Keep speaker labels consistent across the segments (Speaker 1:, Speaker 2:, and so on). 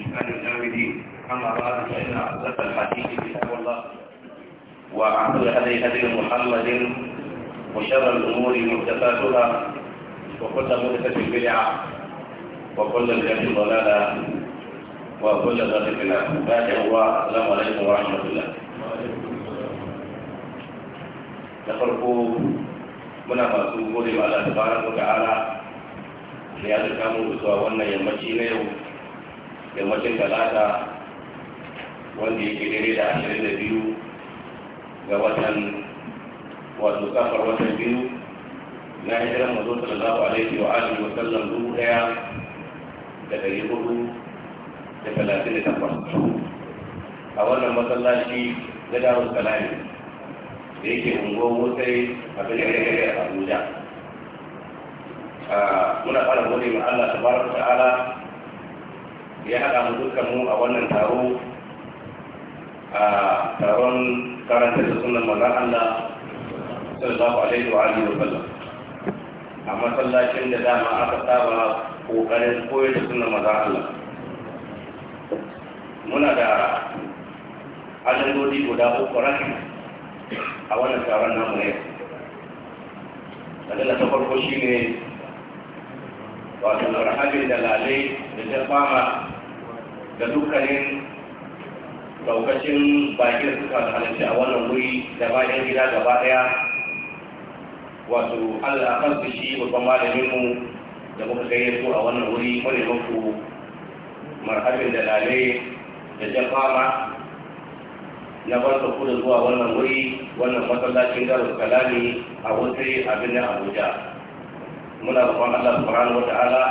Speaker 1: الإنسان الآمدين أما بعد فإن أصدق الحديث كتاب الله وأحسن هدي هدي محمد وشر الأمور محدثاتها وكل محدثة بدعة وكل بدعة ضلالة وكل ضلالة في النار السلام عليكم ورحمة الله نخرج من muna الله gode وتعالى Allah tabaraka wa ta'ala يمشي ya yammacin talata wanda yake daidai da ashirin da biyu ga watan wato kafar watan biyu na hijiran mazo sallallahu alaihi wa alihi wa sallan dubu daya da dari hudu da talatin da takwas a wannan masallaci na dawon kalami da yake unguwar wutsai a a abuja muna fara gode ma allah tabaraka ta'ala ya haɗa mu dukkan mu a wannan taro a taron karanta da sunan manzon Allah sallallahu alaihi wa alihi wa sallam a masallacin da dama aka saba kokarin koyar da sunan manzon Allah muna da adadodi guda uku rakin a wannan taron namu ne. Dalila ta farko shi ne wato marhabin da lalai da jafama da dukkanin daukacin baki da suka halarci a wannan wuri da bayan gida gaba daya wato allah kan su shi babban malaminmu da muka su a wannan wuri wani muku marhabin da lalai da jafama na barka ku da zuwa wannan wuri wannan masallacin garin kalami a wuce abin da abuja muna roƙon Allah subhanahu wa ta'ala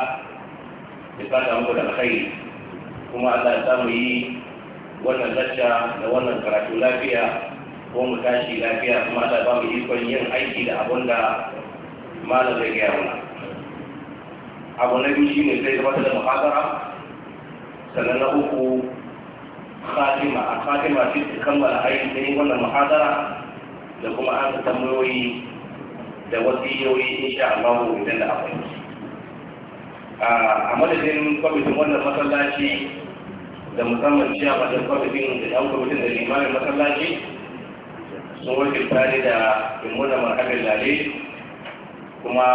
Speaker 1: ya saka muku da alkhairi kuma Allah ya samu yi wannan lacca da wannan karatu lafiya ko mu tashi lafiya kuma Allah ba mu ikon yin aiki da abun da malam zai gaya mana abu na biyu shine sai gabatar da muhadara sannan na uku khatima a khatima shi kammala aiki da wannan muhadara da kuma an tambayoyi da wasu wasiyoyi insha Allah mu da akwai a madadin kwamitin wannan masallaci da musamman ciya wajen kwamitin da ɗan kwamitin da limanin masallaci sun wakilta tare da imuna marhabin lalai, kuma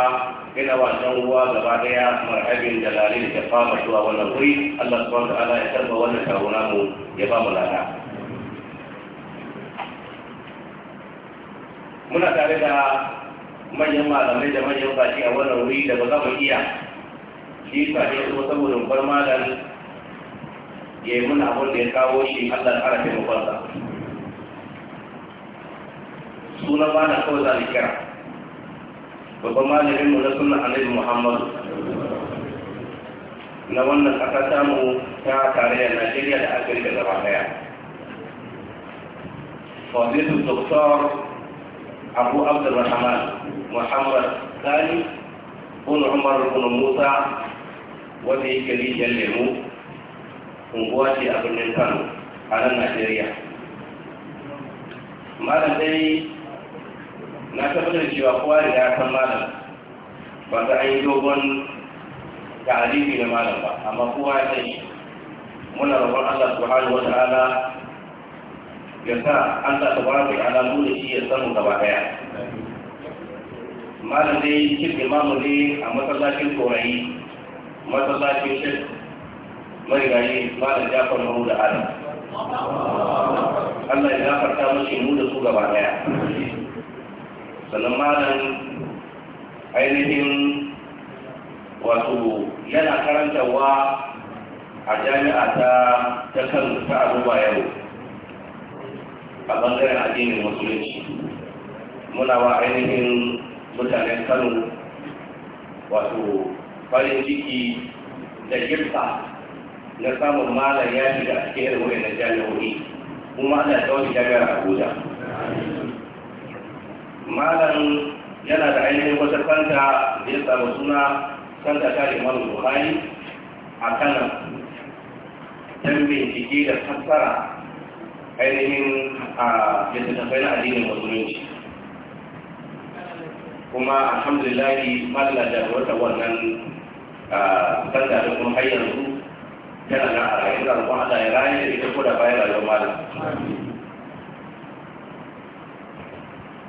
Speaker 1: ina wajen ruwa gaba daya marhabin da lalai da ta fama zuwa wannan wuri Allah subhanahu wa ta'ala ya tarba wannan taro mu ya ba mu lada muna tare da manyan malamai da manyan baki a wannan wuri da ba za mu iya shi ba ne kuma saboda bar malam ya yi muna abin da ya kawo shi Allah ƙara fi mafarsa sunan na kawai za ni kira babban malamin mu na sunan annabi Muhammadu na wannan ƙasa mu ta tarayyar Najeriya da Afirka gaba daya. فضيلة الدكتور أبو عبد الرحمن محمد ثاني بن عمر بن موسى wanda yake rijiyar lemu unguwa ce a birnin kano a nan najeriya malam dai na tabbatar cewa kowa da ya san malam ba za a yi dogon ta'arifi da malam ba amma kowa ya sani muna roƙon allah subhanahu wa ta'ala ya sa an allah tabaraka ta'ala mu da shi ya samu gaba daya malam dai ke mamu dai a masallacin korayi masallacin mai marigayi malam fara mu da alama. Allah ya gafarta mushi mu da su gaba daya sannan malam ainihin wato yana wa a jami'a ta ta kan ta abuwa yau a bangaren addinin musulunci muna wa ainihin mutanen kano wato farin ciki da girka na samun malam ya da ake yadda irin na jami'o'i kuma ana tsawon jami'ar abuja malam yana da ainihin wata kanta da ya samu suna kanta ta liman buhari a kanan don bincike da fassara ainihin a tafai na addinin musulunci kuma alhamdulillah malla da wata wannan banda da kuma har yanzu tana na a da kuma da ya rayu da ita ko da bayan rayuwar malam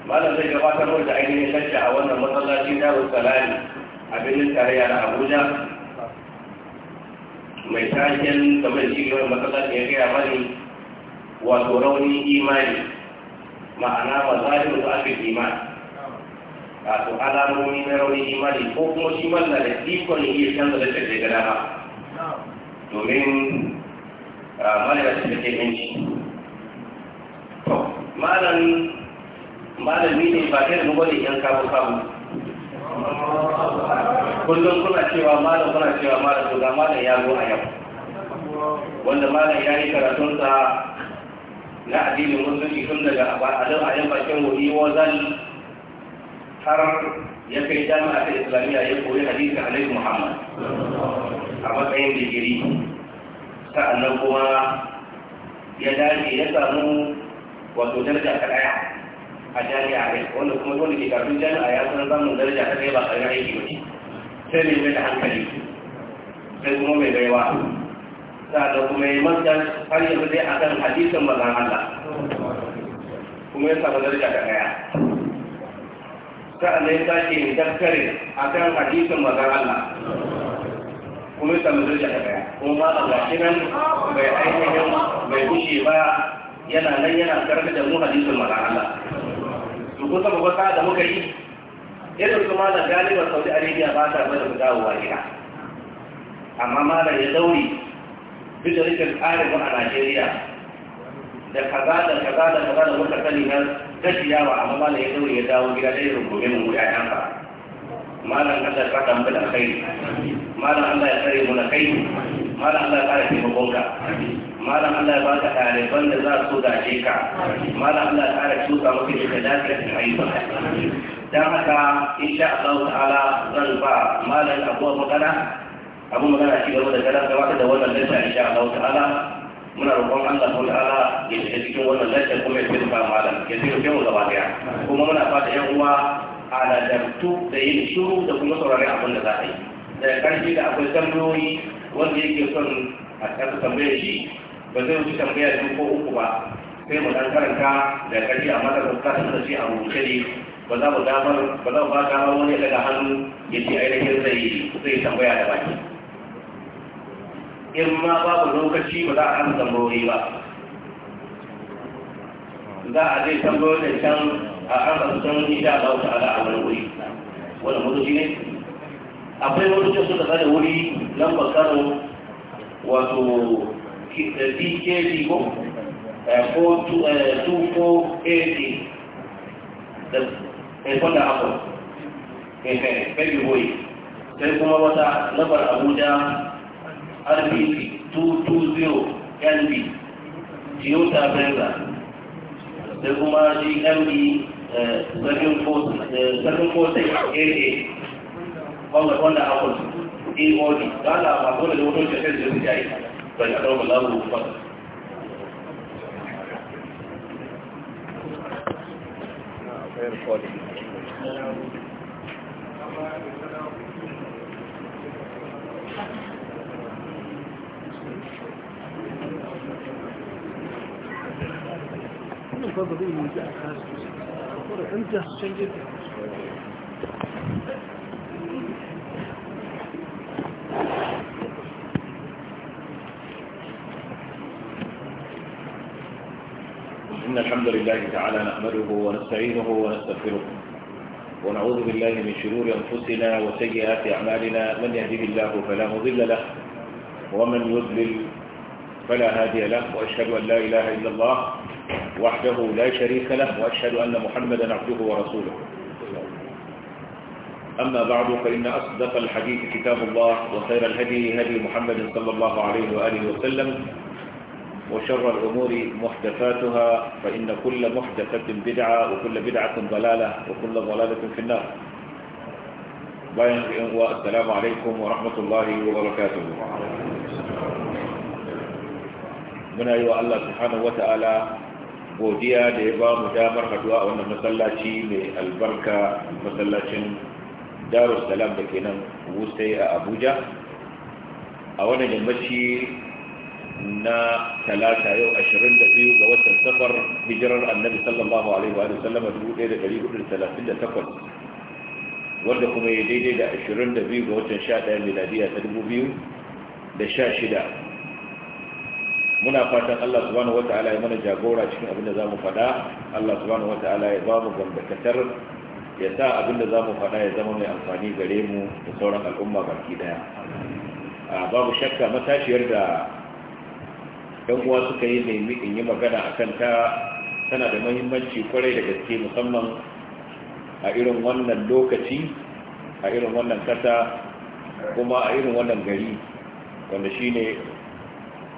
Speaker 1: malam zai gabatar da ainihin kanta a wannan masallaci da salami a birnin tarayya na abuja mai taken kamar shi gaba masallaci ya gaya mani wato rauni imani ma'ana mazahiru da aka imani wato alamomi na rauni imani ko kuma shi wannan da ikon iya canza da tafiye gada ba domin malar da take yanci malam ni ne ba kai da mugwani yan kawo kawo kullum kuna cewa malam kuna cewa malam to ga malam ya zo a yau wanda malam ya yi karatunsa na addinin musulunci tun daga a yau bakin wuri wazan har ya kai jami'a ta islamiyya ya koyi hadisi alaihi muhammad a matsayin digiri sa'annan kuma ya dace ya samu wato daraja ta daya a jami'a ne wanda kuma wanda ke karfin jami'a ya san samun daraja ta daya ba a yi aiki ba sai ne mai da hankali sai kuma mai baiwa sa'annan kuma ya manta har yanzu dai kan hadisin mazan Allah kuma ya samu daraja ta daya sa'an ya sake ni daskare a kan hadisin mazan Allah kuma samu zuciya da baya kuma a gashi nan bai ainihin bai gushe ba yana nan yana karfi da mu hadisin mazan Allah su kusa babata da muka yi irin su da galiba saudi arabia ba ta bada dawowa gida amma da ya dauri duk da rikin tsarin a najeriya da kaza da kaza da kaza da muka sani nan ta yawa amma malam ya daure ya dawo gida dai rungume mu ya yanka malam Allah ya fada mun da kai malam Allah ya tsare mu da kai malam Allah ya fara mu gonga malam Allah ya ka ɗaliban da za su gaje ka malam Allah ya su tuka muke da ka dace da ayyuka dan haka insha Allah ta'ala zan ba malam abuwa magana abu magana shi gaba da gara da wannan lissa insha Allah ta'ala muna roƙon Allah ta ta'ala ya shiga cikin wannan lantar kuma ya taimaka malam ya rufe mu gaba daya kuma muna fata yan uwa a aladartu da yin shiru da kuma saurari abin da za a yi daga ƙarshe da akwai tambayoyi wanda yake son a ƙasa tambayar shi ba zai wuce tambaya biyu ko uku ba sai mu dan karanta da ƙarfi a matsayin kasan da shi a rubuce ne ba za mu damar ba za mu ba damar wani daga hannu ya ce ainihin zai zai tambaya da baki in ma babu lokaci ba za a amsa tambayoyi ba za a je da can a amsa sun yi da ba ta ala a wani wuri wani mutuci ne akwai mutuci suka tsada wuri nan ba kano wato dkd ko eh, ko 2480 eh, da eh, kwanda abu ko baby boy sai kuma wata lambar abuja rbc 220 lb toyota brenda sai kuma gmb 746 wanda wanda akwai aod ba da a dole da wato da da suke yi bai da dawo lawo ba
Speaker 2: Thank you. دي انت
Speaker 1: إن الحمد لله تعالى نحمده ونستعينه ونستغفره ونعوذ بالله من شرور أنفسنا وسيئات أعمالنا من يهده الله فلا مضل له ومن يضلل فلا هادي له وأشهد أن لا إله إلا الله وحده لا شريك له وأشهد أن محمدا عبده ورسوله أما بعد فإن أصدق الحديث كتاب الله وخير الهدي هدي محمد صلى الله عليه وآله وسلم وشر الأمور محدثاتها فإن كل محدثة بدعة وكل بدعة ضلالة وكل ضلالة في النار السلام عليكم ورحمة الله وبركاته من أيها الله سبحانه وتعالى godiya da ya ba mu damar haduwa a wannan masallaci mai albarka masallacin darussalam da ke nan wusai a abuja a wannan yammaci na talata yau 22 ga watan safar hijirar annabi sallallahu alaihi wa sallama 1438 wanda kuma ya daidai da 22 ga watan 11 miladiya ta 2016 muna fatan Allah subhanahu wata'ala ya mana jagora cikin abin da za mu faɗa Allah subhanahu wata'ala ya ba mu gambatar ya sa abin da za mu faɗa ya zama mai amfani gare mu da sauran al'umma baki daya babu shakka matashiyar da yan uwa suka yi nemi in yi magana a kan ta tana da mahimmanci kwarai da gaske musamman a irin wannan lokaci a irin wannan kasa kuma a irin wannan gari wanda shine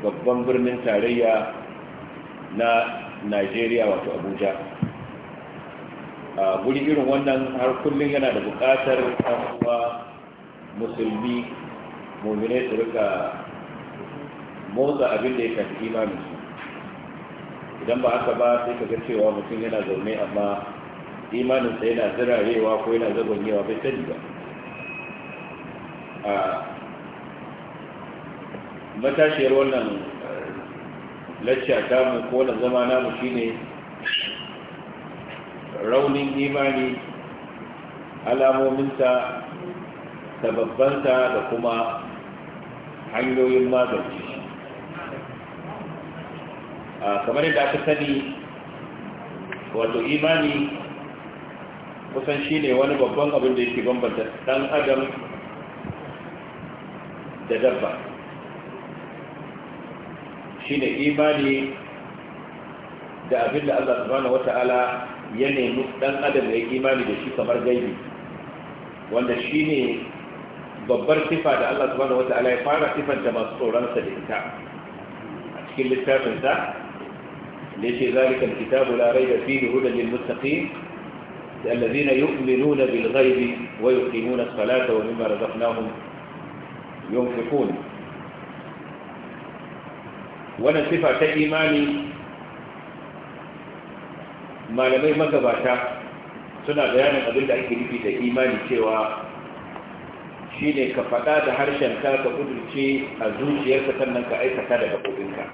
Speaker 1: babban birnin tarayya na najeriya wato abuja a guri irin wannan har kullum yana da bukatar kuma musulmi mummune su rika motsa abin da ya kafi imanin su idan ba aka ba sai ka cewa mutum yana zaune amma imaninsa yana zirarewa ko yana zagonyewa bai sani ba matashiyar wannan lacca ta mu ko wannan zama namu shine raunin imani alamominta sababbanta da kuma hanyoyin magance shi kamar yadda aka sani wato imani kusan shi ne wani babban abin da yake bambanta ɗan adam da dabba shi da imani da abin da Allah subhanahu wata'ala ya nemi dan adam ya imani da shi kamar gaibi wanda shi ne babbar sifa da Allah subhanahu wata'ala ya fara sifanta masu tsoronsa da ita a cikin littafinsa ne ce zalikan kitabu la raiba fihi hudan lil muttaqin الذين يؤمنون بالغيب ويقيمون الصلاة ومما رزقناهم ينفقون wannan sifa ta imani malamai magabata suna bayanin abin da ake nufi da imani cewa shi ne ka faɗa da harshen ka ka kudurce a zuciyarka sannan ka aikata da gaɓoɓinka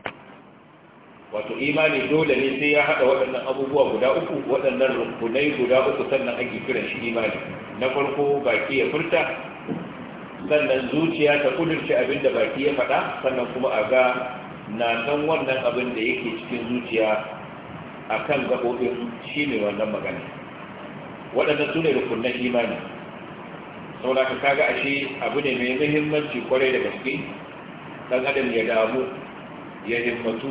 Speaker 1: wato imani dole ne sai ya haɗa waɗannan abubuwa guda uku waɗannan rukunai guda uku sannan ake kiran shi imani na farko baki ya furta sannan zuciya ta kudurce abin da baki ya faɗa sannan kuma a ga na san wannan abin da yake cikin zuciya a kan gaɓoɓin shi ne wannan magana waɗanda su ne rukunan imani saboda ka kaga ashe abu ne mai muhimmanci kwarai da gaske ɗan adam ya damu ya himmatu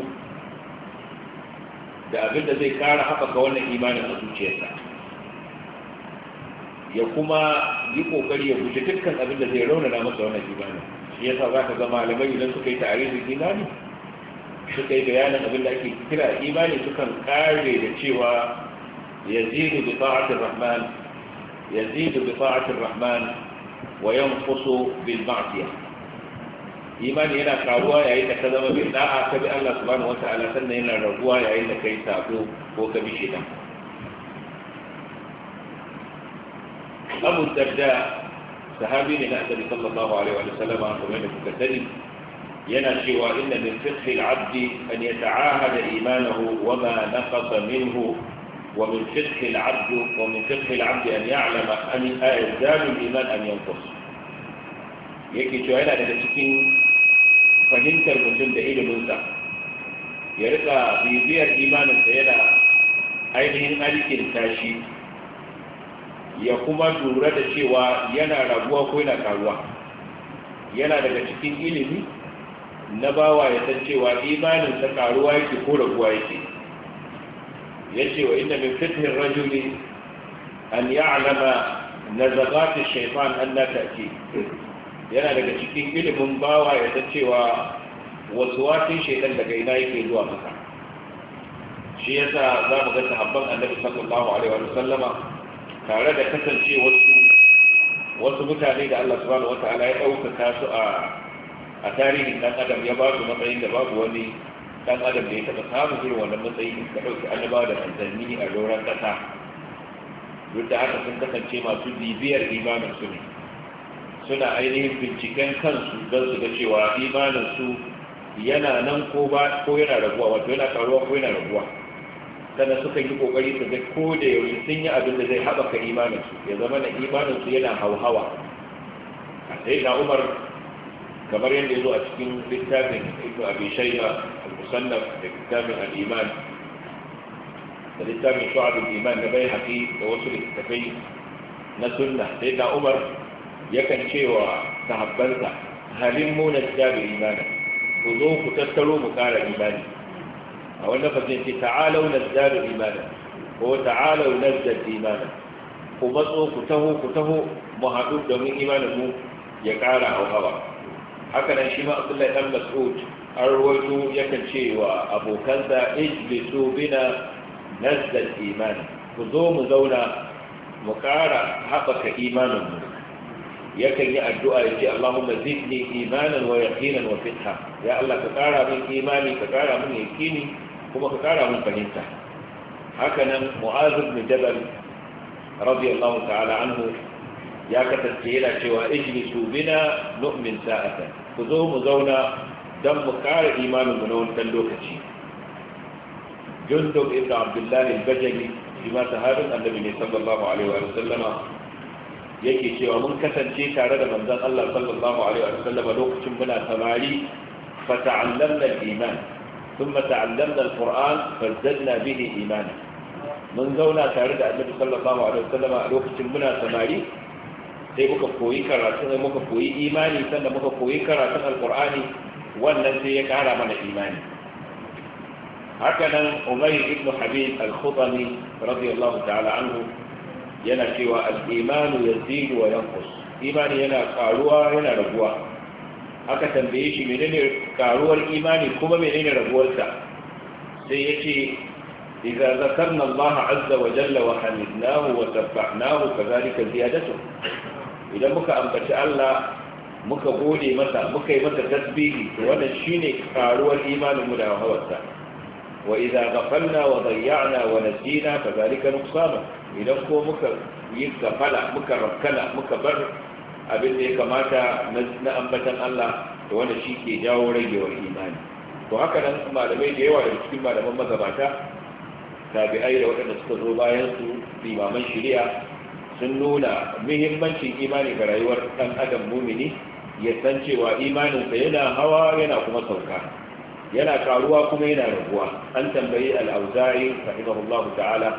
Speaker 1: da abin da zai kara haɓaka wannan imanin a zuciyarsa ya kuma yi ƙoƙari ya guji dukkan abin da zai raunana masa wannan imanin shi yasa za ka ga malamai idan suka yi tarihin imani suka yi bayanin abin da ake kira imani sukan kare da cewa yazidu bi ta'atir rahman yazidu bi ta'atir rahman wa yanqusu bil ma'siyah imani yana karuwa yayin da ka zama bi da'a ka bi Allah subhanahu wa ta'ala sannan yana raguwa yayin da kai sabo ko ka bi shaitan Abu Darda sahabi ne na Annabi sallallahu alaihi wa sallam kuma ne kuka sani yana cewa inda min fiqhi al-abdi an yata'ahada imanahu wa ma naqasa minhu ومن فقه العبد ومن فقه العبد an يعلم أن يزداد الإيمان أن ينقص yake cewa yana daga cikin fahimtar mutum da iliminsa ya rika bibiyar imaninsa yana ainihin alikin tashi ya kuma lura da cewa yana raguwa ko yana karuwa yana daga cikin ilimi na bawa ya san cewa imanin ta karuwa yake ko raguwa yake ya ce wa inna min fithi rajuli an ya'lama nazabat ash shaifan Allah ta ta'ti yana daga cikin ilimin bawa ya san cewa waswasin shaytan daga ina yake zuwa maka shi ya sa za mu ga sahabban annabi sallallahu alaihi wa sallama tare da kasancewar wasu mutane da Allah subhanahu wataala ya ɗaukaka su a a tarihin dan adam ya ba su matsayin da babu wani dan adam da ya taba samun irin wannan matsayi da ɗauki annaba da manzanni a doran ƙasa duk da haka sun kasance masu bibiyar imanin su ne suna ainihin binciken kansu don su ga cewa imanin su yana nan ko ba ko yana raguwa wato yana karuwa ko yana raguwa sannan suka yi kokari su ga ko da yaushe sun yi abin da zai haɓaka imanin su ya zama na imanin su yana hauhawa sai na umar kamar yadda yazo a cikin littafin ibnu abi shayba al-musannaf da littafin al-iman da littafin shu'ab al-iman na baihaqi da wasu littafai na sunna sai da umar yakan wa sahabbansa halin mu na tabi imana ku zo ku tattaro mu kara imani a wannan fasin ce ta'alau na tabi imanin ko ta'alau na tabi imanin ku matso ku taho ku taho mu haɗu domin imanin mu ya kara hauhawa haka nan shi ma abdullahi dan mas'ud an rawaito yakan ce wa abokansa ijlisu bina nazdal iman ku zo mu zauna mu ƙara haɓaka imanin mu yakan yi addu'a ya ce Allahumma zidni imanan wa yaqinan wa fitha ya Allah ka ƙara min imani ka ƙara min yaqini kuma ka ƙara min fahimta haka nan Mu'az ibn Jabal radiyallahu ta'ala anhu ya kasance yana cewa ijlisu bina nu'min sa'atan ku zo mu zauna don mu ƙara imanin mu na wani ɗan lokaci jundub ibn abdullahi al-bajali shi ma sahabin annabi ne sallallahu alaihi wa sallama yake cewa mun kasance tare da manzon Allah sallallahu alaihi wa sallama lokacin muna samari fa ta'allamna al-iman ثم تعلمنا القرآن فازددنا به إيمانا من زونا تارد النبي صلى الله عليه sallama lokacin muna samari. sai muka koyi karatu sai muka koyi imani sanda muka koyi karatun alqur'ani wannan sai ya kara mana imani haka nan umayr ibn habib al-khutami radiyallahu ta'ala anhu yana cewa al-imanu yazidu wa yanqus imani yana karuwa yana raguwa haka tambaye shi menene karuwar imani kuma menene raguwarsa sai yace إذا ذكرنا الله عز وجل وحمدناه وسبحناه كذلك زيادته idan muka ambaci Allah muka gode masa muka yi masa tasbihi to wannan shine karuwar imanin mu da hawarsa wa idza ghafalna wa dayya'na wa nasina kadhalika nuqsana idan ko muka yi gafala muka rakkala muka bar abin da ya kamata na ambatan Allah to wannan shi ke jawo ragewar imani to haka nan malamai da yawa da cikin malaman magabata tabi'ai da waɗanda suka zo bayan su limaman shari'a sun nuna muhimmancin imani ga rayuwar ɗan adam mumini ya san cewa imaninsa yana hawa yana kuma sauka yana karuwa kuma yana raguwa an tambayi al'auzari rahimahullahu ta'ala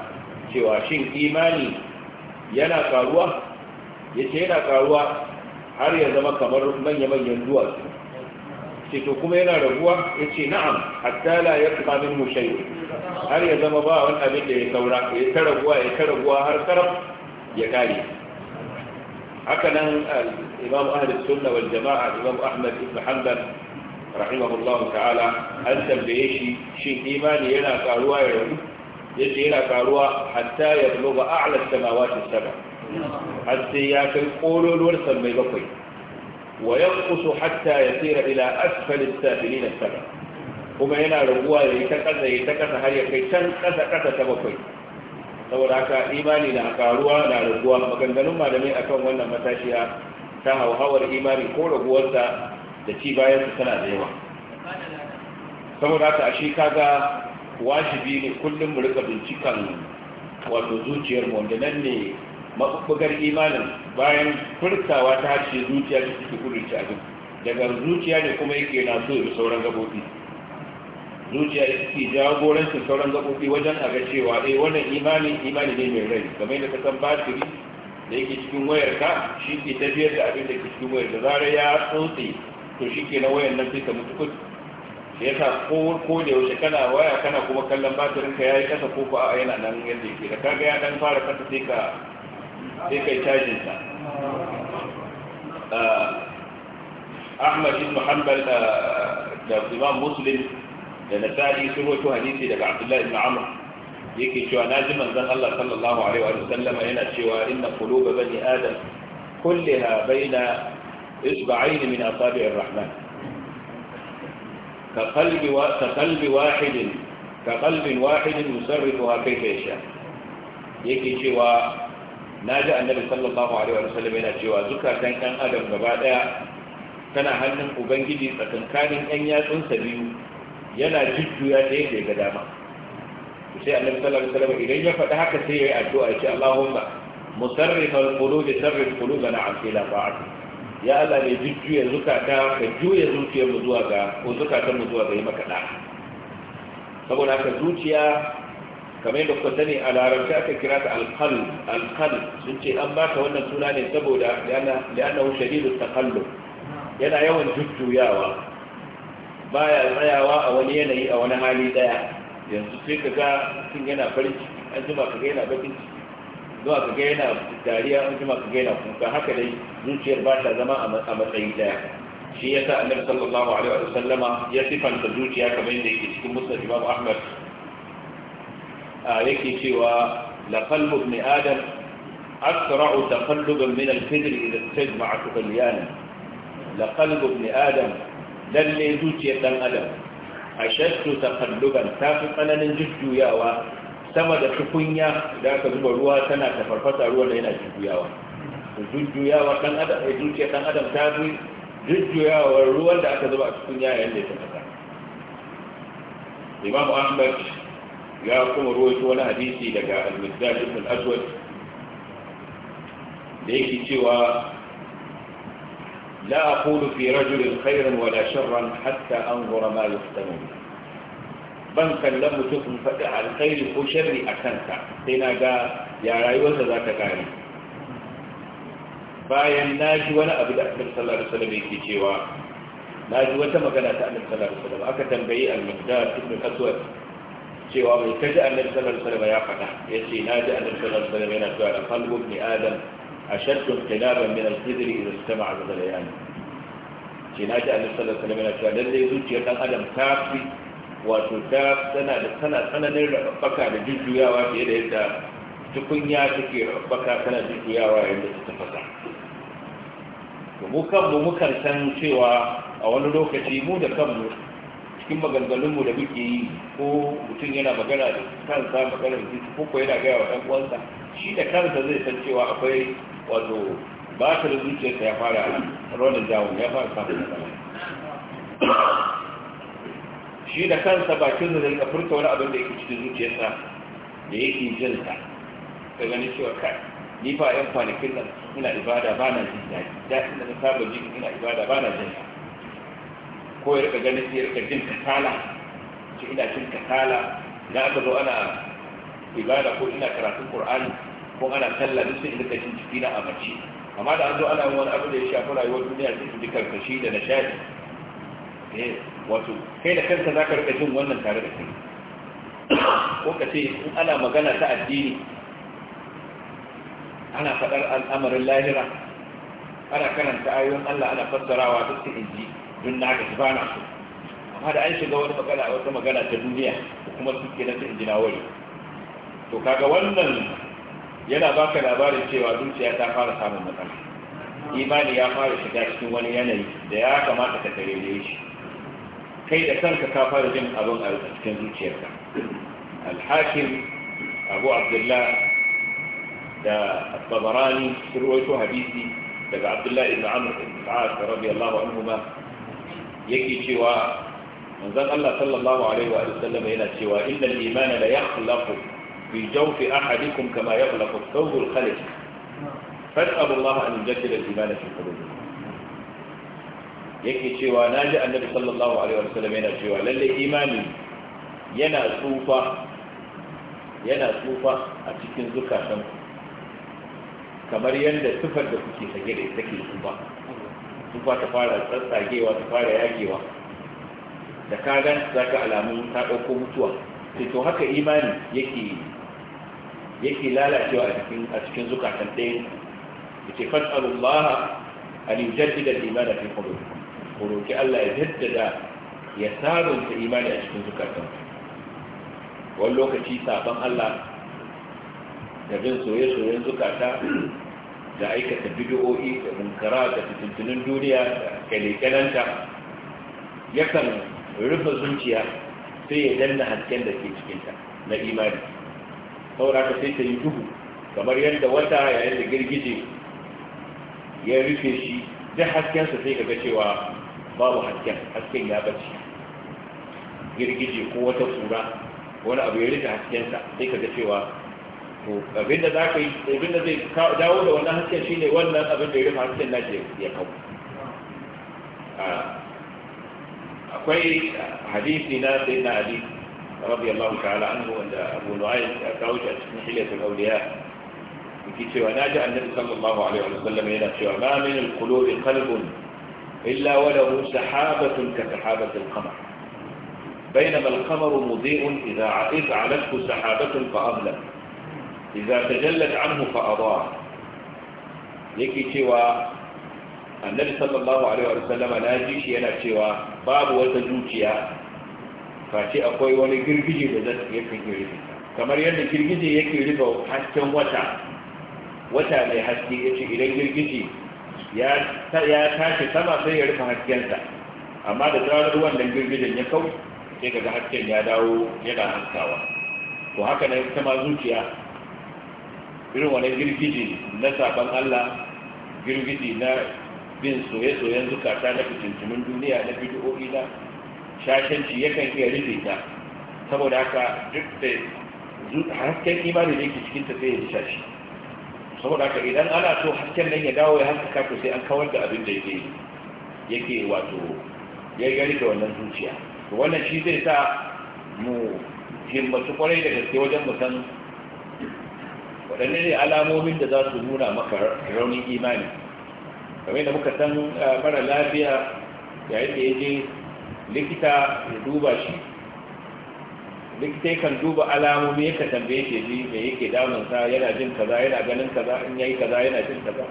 Speaker 1: cewa shin imani yana karuwa ya ce yana karuwa har ya zama kamar manya-manyan duwatsu Ceto kuma yana raguwa ya ce na'am hatta ya kuma min mushayi har ya zama ba wani abin da ya saura ya ta raguwa ya ta raguwa har karam? ya kare haka nan imam ahlus sunna wal jama'a imam ahmad ibn hanbal rahimahullah ta'ala an tambaye shi shin imani yana karuwa ya rabu yadda yana karuwa hatta ya buluga a'la samawati saba har sai ya kai kololuwar sammai bakwai wa yanqusu hatta yasira ila asfali as-safilin as-saba kuma yana raguwa ya yi ta kasa ya ta kasa har ya kai can kasa kasa ta bakwai saboda haka imani na karuwa na raguwa maganganun malamai akan wannan matashiya ta hauhawar imani ko raguwarsa da ci bayan tana da yawa saboda haka ashe kaga wajibi ne kullum mu rika bincikan wato zuciyar mu wanda nan ne mabubbugar imanin bayan furtawa ta harshe zuciya ta take kudurci abin daga zuciya ne kuma yake na so da sauran gabobi zuciya ya suke jagorancin sauran gaɓoɓi wajen a ga cewa eh wannan imani imani ne mai rai kamar da ka san batiri da yake cikin wayar ka shi ke tafiyar da abin da ke cikin wayar da zarar ya tsotse to shi ke na wayar nan sai ta mutu kudu yasa ko ko da yaushe kana waya kana kuma kallon batirin ka yayi kasa ko ko a yana nan yadda yake da kaga ya dan fara kasa sai ka sai kai cajin sa ah, Ahmad ibn Hanbal ah, da Imam Muslim da nasari sun rawaito hadisi daga abdullahi ibn amr yake cewa na ji manzon Allah sallallahu alaihi wa sallama yana cewa inna quluba bani adam kullaha baina isba'ayn min asabi'ir rahman ka qalbi wa ka kalbin wahidin ka qalbin kai yusarrifuha kayfa yake cewa na ji annabi sallallahu alaihi wa sallama yana cewa zukatan ɗan adam gaba ɗaya tana hannun ubangiji tsakankanin ɗan yatsunsa biyu yana jujjuya ta yadda ya ga dama sai annabi sallallahu alaihi wasallam idan ya faɗi haka sai ya yi addu'a ya ce Allahumma musarrif al-qulub sarrif qulubana an ila ba'd ya Allah ne jujjuya zukata ka juya zuciyar mu zuwa ga ko zukatar mu zuwa ga maka da saboda haka zuciya kamar yadda kuka sani a larabci aka kira ta alqalb alqalb sun ce an baka wannan suna ne saboda yana yana shadidu takallub yana yawan jujjuyawa baya tsayawa a wani yanayi a wani hali daya yanzu sai ka ga yana an jima ka ga bakin ciki zuwa ka ga dariya an jima ka kuka haka dai zuciyar ba ta zama a matsayi daya shi ya sa annabi sallallahu alaihi wa sallama ya sifanta zuciya kamar yadda yake cikin musnad imam ahmad yake cewa la qalbu ibn adam أسرع تقلبا من الفجر إذا استجمعت la لقلب ابن adam. lalle zuciyar dan adam a shattu ta fi tsananin jujjuyawa sama da tukunya da aka zuba ruwa tana farfasa ruwan da yana jujjuyawa jujjuyawa dan adam a eh, zuciyar dan adam ta fi jujjuyawa ruwan da aka zuba a tukunya yayin da ta tafasa imam ahmad ya kuma ruwaito wani hadisi daga al-mizdad ibn al-aswad da yake cewa لا أقول في رجل خيرا ولا شرا حتى أنظر ما يحتمون ban kallon mutum in faɗi alkhairi ko sharri a kansa sai na ga ya rayuwarsa za ta ƙare bayan na ji wani abu da annabi sallallahu alaihi wasallam yake cewa na ji wata magana ta annabi sallallahu alaihi wasallam aka tambayi al-muqdad ibn aswad cewa bai kaji annabi sallallahu alaihi wasallam ya faɗa yace na ji annabi sallallahu alaihi wasallam yana cewa qalbu ibn adam أشد انقلابا من الخضر إذا اجتمع بغليان shi na ji a nufin sallar salamina cewa lallai zuciyar ɗan adam ta fi wato سنة tana da tana tsananin rabbaka da jujjuyawa fiye da yadda tukunya take rabbaka tana jujjuyawa yadda ta tafasa mu kanmu mukan san cewa a wani lokaci mu da kanmu cikin maganganunmu da muke yi ko mutum yana magana da kansa da su ko ko yana gaya wa ɗan uwansa shi da kansa zai san cewa akwai wato ba ta da zuciyarsa ya fara ronin jawon ya fara samun matsala shi da kansa bakin da zai furta wani abin da yake cikin zuciyarsa da yake jin ta ka gani cewa kai ni fa yan kwanakin nan ina ibada ba na jin daɗi daɗin da na saba jin ina ibada ba na jin ko ya rika ganin sai ya rika jin kasala ce ina jin kasala na aka zo ana ibada ko ina karatun qur'ani ko ana sallah duk sai duka jin jiki na a mace amma da an zo ana wani abu da ya shafi rayuwar duniya sai su ji karkashi da nishadi eh wato kai da kanka zaka rika jin wannan tare da kai ko ka ce in ana magana ta addini ana faɗar al'amarin lahira ana karanta ayoyin Allah ana fassarawa duk sai in ji dun na ga bana so amma da an shiga wani magana wata magana ta duniya kuma suke na ta injina wani to kaga wannan yana baka labarin cewa zuciya ta fara samun matsala imani ya fara shiga cikin wani yanayi da ya kamata ka da shi kai da kanka ka fara jin abin a cikin zuciyarka alhakim abu abdullah da tabarani sun hadisi daga abdullah ibn amr ibn sa'ad radiyallahu anhuma yake cewa manzon Allah sallallahu alaihi wa sallam yana cewa innal imana la yakhlaqu في جوف أحدكم كما يغلق الثوب الخلج فاسألوا الله أن يجدد الإيمان في قلوبكم yake cewa na ji annabi sallallahu alaihi wasallam yana cewa lalle imani yana tsufa yana tsufa a cikin zukatan kamar yadda tufar da kuke sake da ita ke tsufa tsufa ta fara tsatsagewa ta fara yagewa da ka gan za ka alamun ta ɗauko mutuwa sai to haka imani yake yake lalacewa a cikin zukatan ɗaya yace a an yujaddida al-iman fi qulubikum ku ki Allah ya jaddada ya sabunta imani a cikin zukatan wani lokaci sabon Allah da bin soye-soyen zukata da aikata bidiyo'i da munkara da fitintunin duniya da kyalekyalanta yakan rufe zuciya sai ya danna hasken da ke cikinta na imani saura ta sai ta yi duhu kamar yadda wata yayin da girgije ya rufe shi duk sa sai kaga cewa babu hasken hasken ya bace girgije ko wata kura wani abu ya rufe haskensa sai kaga cewa to abin za ka yi da zai dawo da wannan hasken shine wannan abin da ya rufe hasken na ya kawo ah, akwai hadisi na sai na hadisi رضي الله تعالى عنه عند أبو نعيم أتاوش من حلية الأولياء يكي سوى ناجع النبي صلى الله عليه وسلم إلى سوى ما من القلوب قلب إلا وله سحابة كسحابة القمر بينما القمر مضيء إذا اذ علته سحابة فأظلم إذا تجلت عنه فأضاء يكي سوى النبي صلى الله عليه وسلم ناجيش ينا سوى باب وتجوتيا face akwai wani girgije da zai iya yi kamar yadda girgije yake rufe hasken wata wata mai haske ya ce idan girgije ya tashi sama sai ya rufe haskensa amma da zarar wannan girgijen ya kau sai kaga hasken ya dawo yana haskawa to haka na ta zuciya irin wani girgije na saban Allah girgije na bin soye-soyen zukata na fitintunin duniya na bidiyo'i na shashanci yakan iya rufe ta saboda haka duk da hasken imanin da yake cikin ta sai ya shi saboda haka idan ana so hasken nan ya dawo ya haskaka kafin sai an kawar da abin da yake yake wato ya gari da wannan zuciya to wannan shi zai sa mu himmatu kwarai da gaske wajen mu san waɗanne ne alamomin da za su nuna maka raunin imani kamar da muka san eh, mara lafiya yayin da ya je likita ya duba shi likita kan duba alamomi yake tambaye shi ji me yake damunsa yana jin kaza yana ganin kaza in yayi kaza yana jin kaza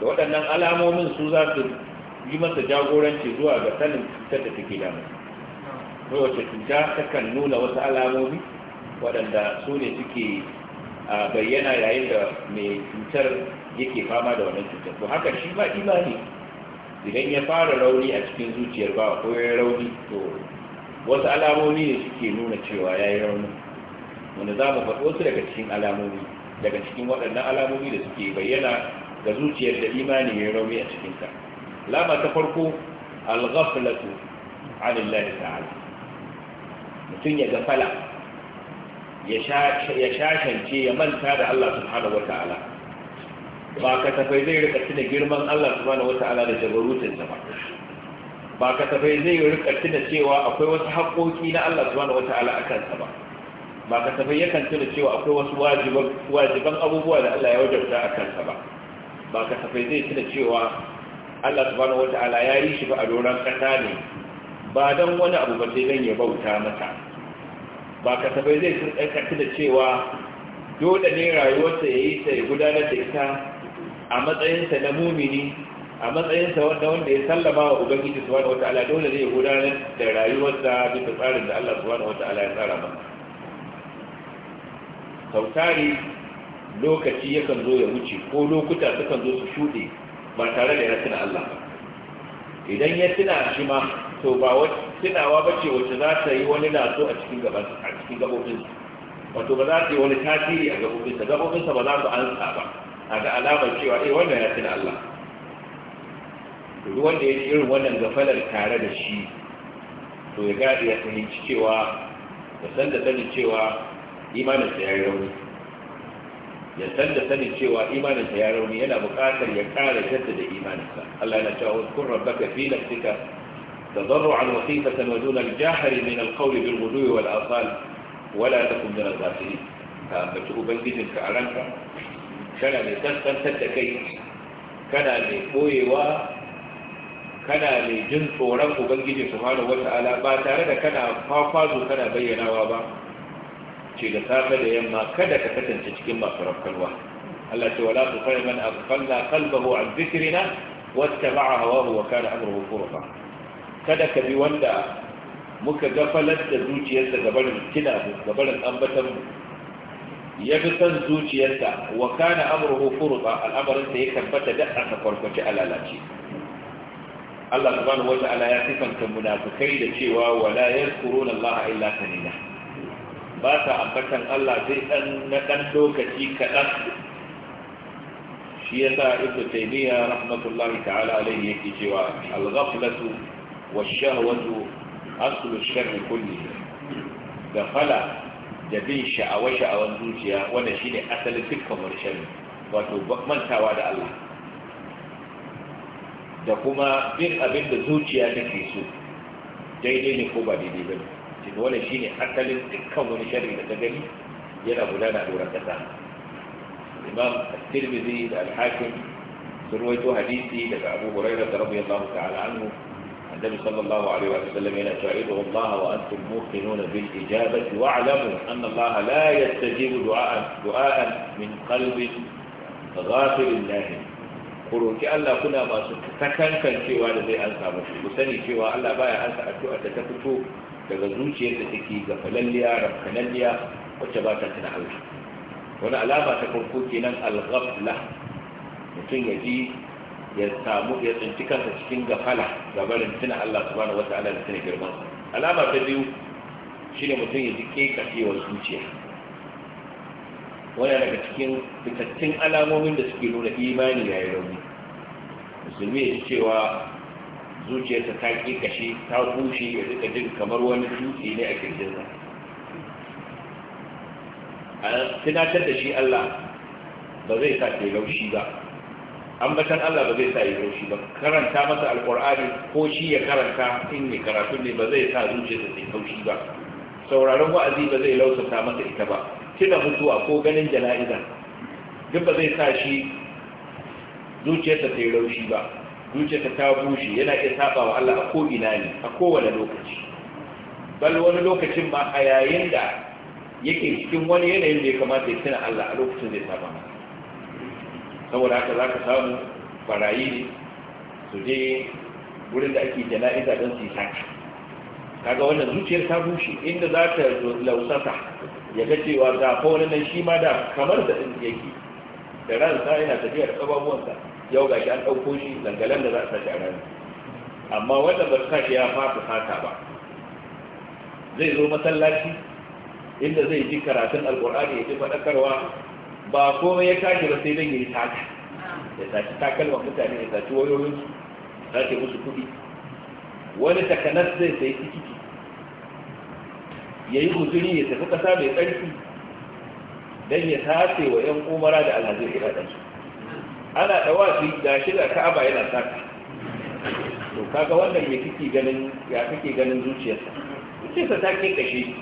Speaker 1: da waɗannan alamomin su za su yi masa jagoranci zuwa ga sanin cutar da take damunsa wace cuta ta kan nuna wasu alamomi waɗanda su ne suke bayyana yayin da mai cutar yake fama da wannan cutar to haka shi ba imani idan ya fara rauni a cikin zuciyar ba ko ya rauni to wasu alamomi ne suke nuna cewa ya yi rauni wanda za mu faɗo su daga cikin alamomi daga cikin waɗannan alamomi da suke bayyana ga zuciyar da imani ya rauni a cikinta lama ta farko alghaflatu anillahi ta'ala mutum ya gafala ya shashance ya manta da Allah subhanahu wa ta'ala ba ka tafai zai rika tuna girman Allah subhanahu wata'ala da jabarutin ba ba ka tafai zai rika tuna cewa akwai wasu haƙoƙi na Allah subhanahu wata'ala a kansa ba ba ka tafai yakan tuna cewa akwai wasu wajiban abubuwa da Allah ya wajabta a kansa ba ba ka tafai zai tuna cewa Allah subhanahu wata'ala ya yi shi ba a doron ƙasa ne ba don wani abu ba sai don ya bauta mata ba ka tafai zai tuna cewa dole ne rayuwarsa ya yi ta ya gudanar da ita a matsayinsa na mumini a matsayinsa wanda wanda ya sallama wa ubangiji subhanahu wataala dole zai gudanar da rayuwarsa bisa tsarin da Allah subhanahu wataala ya tsara ba. sautari lokaci yakan zo ya wuce ko lokuta sukan zo su shuɗe ba tare da ya tuna Allah ba idan ya tuna shi ma to ba tunawa ba ce wacce za ta yi wani naso a cikin gabobinsa wato ba za ta yi wani tasiri a gabobinsa gabobinsa ba za su ansa ba a ga alamar cewa eh wannan ya tuna Allah duk wanda ya ji irin wannan gafalar tare da shi to ya ga ya fahimci cewa ya san da sanin cewa imaninsa ya yi rauni ya san da sanin cewa imaninsa ya rauni yana buƙatar ya ƙara jaddada imaninsa Allah yana cewa kun rabbaka fi nafsika تضرعا وخيفة ودون الجاهر من القول بالغدو wala ولا تكن من الغافلين ka ambaci ubangijinka a ranka kana mai kaskantar da kai kana mai boyewa kana mai jin tsoron ubangiji subhanahu wata'ala ba tare da kana fafazo kana bayyanawa ba ce da safe da yamma kada ka kasance cikin masu rafkalwa Allah ce wala tu fara man aghfalna qalbahu an dhikrina wattaba'a hawahu wa kana amruhu furqa kada ka bi wanda muka gafalar da zuciyarsa gabarin kina gabarin ambatan ya bi son zuciyarsa wa kana amruhu furqa al'amarinsa ya tabbata da aka farkwace alalaci Allah subhanahu wata'ala ya sifanta munafikai da cewa wala yazkuruna Allah illa qalila ba ta ambatan Allah sai dan na dan lokaci kadan shi yasa ibnu taymiya rahmatullahi ta'ala alayhi yake cewa al-ghaflatu wash-shahwatu aslu ash kullihi da fala da bin sha'awa-sha'awan zuciya wanda shi ne asalin dukkan wani sharri wato mantawa da Allah da kuma bin abin da zuciya ke so daidai ne ko ba daidai ba ne cikin wani shi ne asalin dukkan wani sharri da ta gani yana gudana a doron kasa imam tirmidhi da alhakim sun rawaito hadisi daga abu hurairah radiyallahu ta'ala anhu النبي صلى الله عليه وسلم إن تعيده الله وأنتم موقنون بالإجابة واعلموا أن الله لا يستجيب دعاء دعاء من قلب غافل الله قلوا كي ألا كنا ما سكتكن كان شيء وعلى ذي أنسى مشروب سني شيء وعلى بايا أنسى أتوأ تتكتو كغزوشي يتتكي غفلليا ربكنليا وشباتا تنحوش هنا ألا ما تقول كنا الغفلة مثل يجيب ya samu ya tsinci kansa cikin gafala gabarin tuna Allah subhanahu wataala da tuna girman alama ta biyu shine mutum ya ji kekacewar zuciya wani daga cikin fitattun alamomin da suke nuna imani ya yi rauni musulmi ya ji cewa zuciyarsa ta kashe ta bushe ya rika jin kamar wani dutse ne a kirjinsa a tunatar da shi Allah ba zai sa ta laushi ba An ambatan Allah ba zai sa yi roshi ba karanta masa alkur'ani ko shi ya karanta in ne karatu ne ba zai sa zuciyarsa sai kaushi ba sauraron wa'azi ba zai lausata masa ita ba tuna mutuwa ko ganin jana'iza duk ba zai sa shi zuciyarsa sai raushi ba zuciyarsa ta bushe yana iya saba wa Allah a ko ina ne a kowane lokaci bal wani lokacin ma a yayin da yake cikin wani yanayin da ya kamata ya tuna Allah a lokacin zai saba masa saboda haka za ka samu barayi ne su je wurin da ake jana'iza don su yi saka kaga wannan zuciyar ta bushe inda za ta lausata ya ga cewa ga fa nan shi ma da kamar da ɗin yake da ransa yana tafiya da ƙababuwansa yau ga shi an ɗauko shi langalan da za a sace a rami amma wanda ba su shi ya fasa sata ba zai zo masallaci inda zai ji karatun alƙur'ani ya ji faɗakarwa ba komai ya tashi ba sai zan yi sata ya saci takalman mutane ya saci wayoyin su sace musu kuɗi wani takanas zai sai tikiti ya yi guzuri ya tafi ƙasa mai tsarki don ya sace wa 'yan umara da alhazin su ana ɗawafi da shi da ka'aba yana sata to kaga wannan ya kike ganin ya kike ganin zuciyarsa zuciyarsa ta ke kashe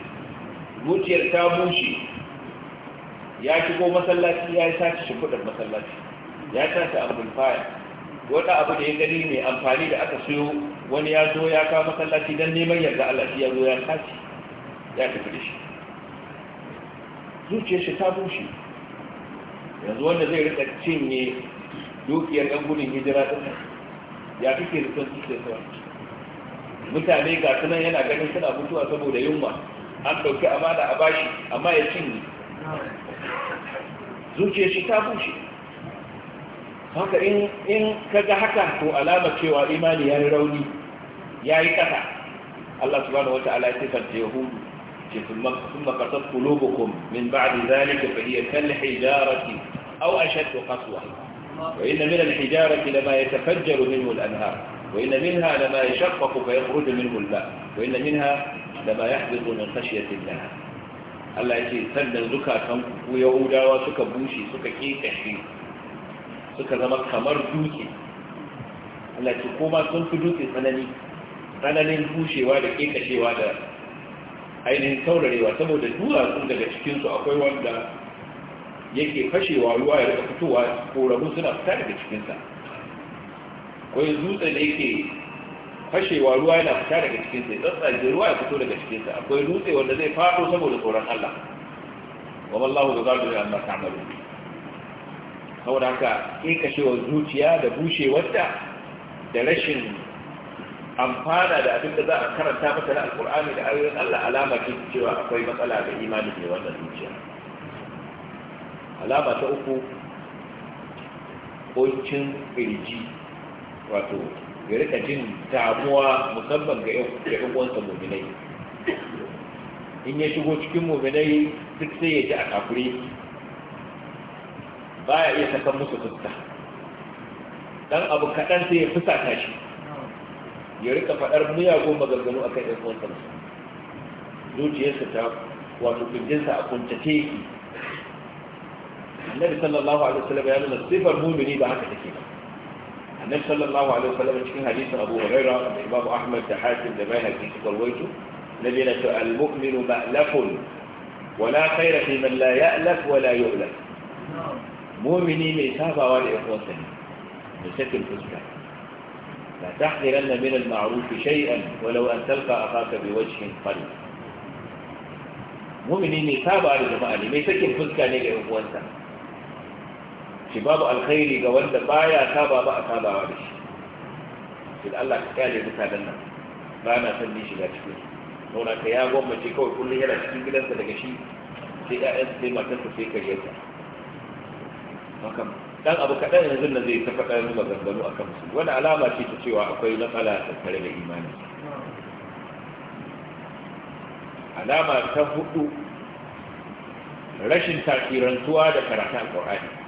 Speaker 1: zuciyar ta bushe ya shigo masallaci ya yi sace shi kudin masallaci ya sace abdul faya wata abu da ya gani mai amfani da aka siyo wani ya zo ya kawo masallaci don neman yarda Allah shi ya zo ya sace ya tafi da shi
Speaker 2: zuciyar shi ta bushe
Speaker 1: yanzu wanda zai rika cinye dukiyar ɗan gudun hijira ɗin ya kike rikon zuciyar sa mutane ga sunan yana ganin suna mutuwa saboda yunwa an ɗauki amana a bashi amma ya cinye zuciyar shi ta bushe haka in kaga haka to alama cewa imani ya rauni ya yi kasa Allah subhanahu ta'ala ya sifanta yahudu ce sun makasar kulubukum min ba'a da zalika fa hiya kal hijarati aw ashaddu qaswa wa inna min al hijarati lama yatafajjaru minhu al anhar wa inna minha lama yashaqqaqu fa yakhruju minhu al ma' wa inna minha lama yahbitu min khashyati Allah Allah ya ce sannan zukatan ku yahudawa suka bushe suka kekashe suka zama kamar duki. Allah ce ko ba sun fi dutse tsanani tsananin bushewa da kekashewa da ainihin saurarewa saboda duwatsu daga cikinsu akwai wanda yake fashewa ruwa ya rika fitowa rabu suna fita daga cikinsa akwai dutse da yake fashewa ruwa yana fita daga cikin sai tsatsaje ruwa ya fito daga cikinsa. akwai dutse wanda zai faɗo saboda tsoron Allah wa wallahu ghazalun amma ta'malu saboda haka in kashewar zuciya da bushewarta da rashin amfana da abinda za a karanta masa na alkur'ani da ayoyin Allah alama ce cewa akwai matsala ga imani ne wannan zuciya alama ta uku ƙuncin ƙirji wato ya rika jin damuwa musamman ga yan uwansa muminai in ya shigo cikin muminai duk sai ya ji a kafure ya iya sakan musu fuska dan abu kaɗan sai ya fusata shi ya rika faɗar miyagun maganganu a kan yan uwansa zuciyarsa ta wato kirjinsa a kuntace annabi sallallahu alaihi wasallam ya nuna sifar mumini ba haka take ba annabi sallallahu alaihi wasallam cikin hadisin Abu Hurairah da Imam Ahmad da Hakim da Baihaqi suka rawaito nabi na ta al-mu'minu ma'lafun wala khayra fi man la ya'laf wala yu'laf mu'mini mai sabawa da ikhwansa ne da sakin fuska la tahqiranna min al-ma'ruf shay'an walau an talqa akhaka bi wajhin qalb mu'mini mai sabawa da jama'a ne mai sakin fuska ne ga ikhwansa ce babu alkhairi ga wanda baya taba ba a tabawa da shi sai Allah ka kyale mutanen nan ba na son ni shiga cikin saboda ka ya gwammace kawai kullum yana cikin gidansa daga shi sai ƴaƴan sai matarsa sai kariyarsa haka dan abu kaɗan yanzu na zai ta faɗa mu maganganu a kan su wani alama ce ta cewa akwai matsala tattare da imani alama ta hudu rashin tasirantuwa da karatun alƙur'ani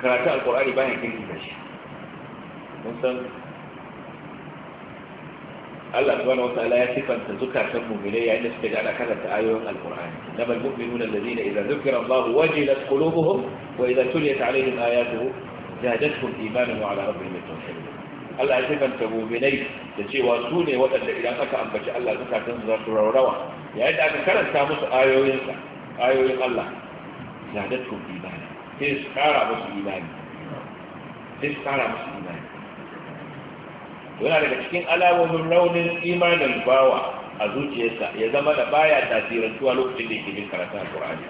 Speaker 1: karatu alkur'ani bayan kirki da shi mun san Allah subhanahu wa ta'ala ya sifanta zukatan mu'minai yayin da suka ji ana karanta ayoyin alkur'ani lamal mu'minuna allazina idza dhukira Allah wajilat qulubuhum wa idza tuliyat alaihim ayatuhu zadatkum imanan wa ala rabbihim yatawakkalun Allah ya sifanta mu'minai da cewa su ne waɗanda idan aka ambaci Allah zukatan su za su raurawa yayin da aka karanta musu ayoyinsa ayoyin Allah zadatkum imanan sai su kara musu imani sai su kara musu imani yana daga cikin alamomin raunin imanin bawa a zuciyarsa ya zama da baya tasirantuwa lokacin da yake bin karatun alkur'ani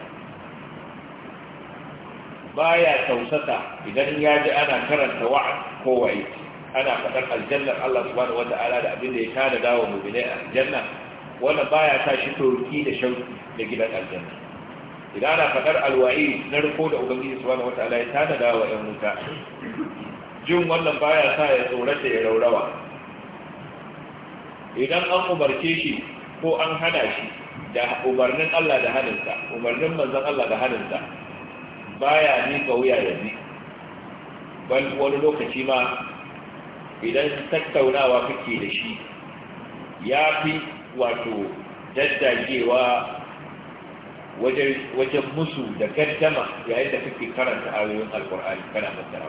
Speaker 1: baya tausata, idan ya ji ana karanta wa'ad ko ana faɗar aljannar Allah subhanahu wata'ala da abin da ya tada dawo mu'minai a aljanna wannan baya sa shi turki da shauki da gidan aljanna idan ana faɗar alwa'i na riko da ubangiji su wata ya tana da wa ‘yan wuta jin wannan baya sa ya tsorata ya raurawa idan an umarce shi ko an hana shi da umarnin Allah da hannunsa umarnin manzan Allah da hannunsa baya ga wuya ya bi wani lokaci ma idan tattaunawa kake da shi ya fi wato daddagewa wajen musu da gaddama yayin da kake karanta ayoyin alkur'ani kana fassara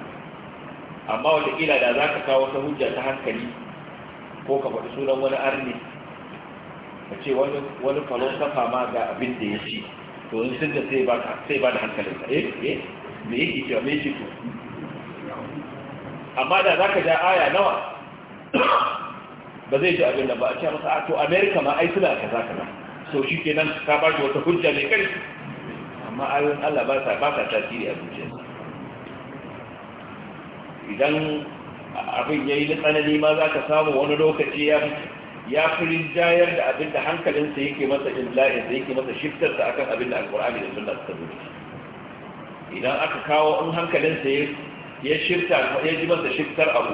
Speaker 1: amma wata kila da za ka kawo ta hujja ta hankali ko ka faɗi sunan wani arni ka ce wani falosafa ma ga abin da ya ci to in sun da sai ba da hankalinsa eh eh me yake cewa me yake amma da za ka ja aya nawa ba zai ji abin da ba a ce masa to america ma ai suna kaza kaza to shi ke nan ta ba shi wata hujja mai kai amma Allah ba sa ba ta tasiri a zuciya idan abin ya yi na tsanani ma za ka samu wani lokaci ya ya fi rinjayar da abin da hankalinsa yake masa imla'in da yake masa ta akan abin da alkur'ani da sunna suka zuci idan aka kawo in hankalinsa ya shifta ya ji masa shiftar abu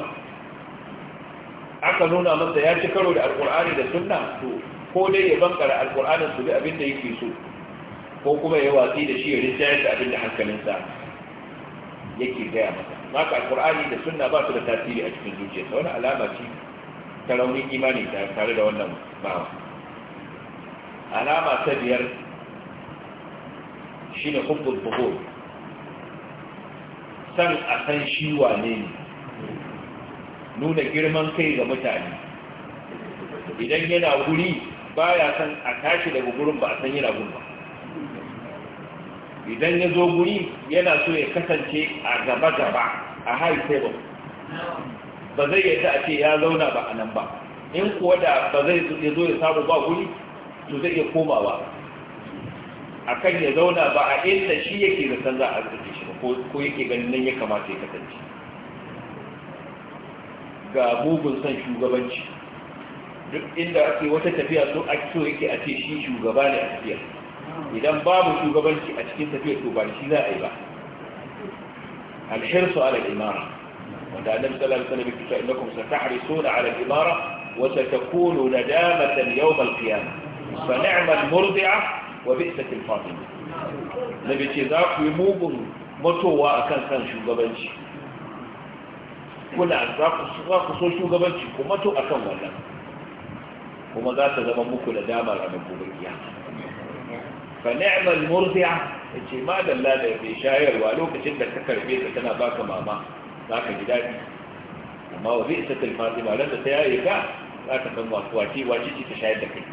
Speaker 1: aka nuna masa ya ci karo da alkur'ani da sunna to ko dai ya bankara alkur'anin su bi abin da yake so ko kuma ya watsi da shi ya rinjayar da abin da hankalinsa yake gaya masa maka Alƙur'ani da sunna ba su da tasiri a cikin zuciyarsa wani alama ce ta raunin imani tare da wannan bawa alama ta biyar shine hubbul buhur san a san shi wane ne nuna girman kai ga mutane idan yana wuri baya san a tashi daga gurin ba a san yana gurin ba idan ya zo guri yana so ya kasance a gaba gaba a high table ba zai yadda a ce ya zauna ba a nan ba in kuwa da ba zai ya zo ya samu ba guri to zai iya komawa a kan ya zauna ba a inda shi yake da san za a arziki shi ba ko yake ganin nan ya kamata ya kasance ga mugun son shugabanci duk inda ake wata tafiya so ake so yake a ce shi shugaba ne a tafiya idan babu shugabanci a cikin tafiya to ba shi za a yi ba alhirsu ala imara wanda annabi sallallahu alaihi wasallam ya ce innakum satahrisuna ala imara wa satakunu nadamatan yawm al-qiyamah fa ni'ma al-murdi'a wa bi'sat al-fatima nabi ce za ku yi mugun mutowa akan kan shugabanci kuna za ku so shugabanci ku mato akan wannan kuma za ta zama muku da dama a gobe giya. fa ni'mal murdi'a yace ma dalla da bai shayarwa lokacin da ka karbe ka tana baka mama za ka ji daɗi amma wa zai isa tilmazi ba da ta yaye ka za ka san wasu wace wace ce ta shayar da kai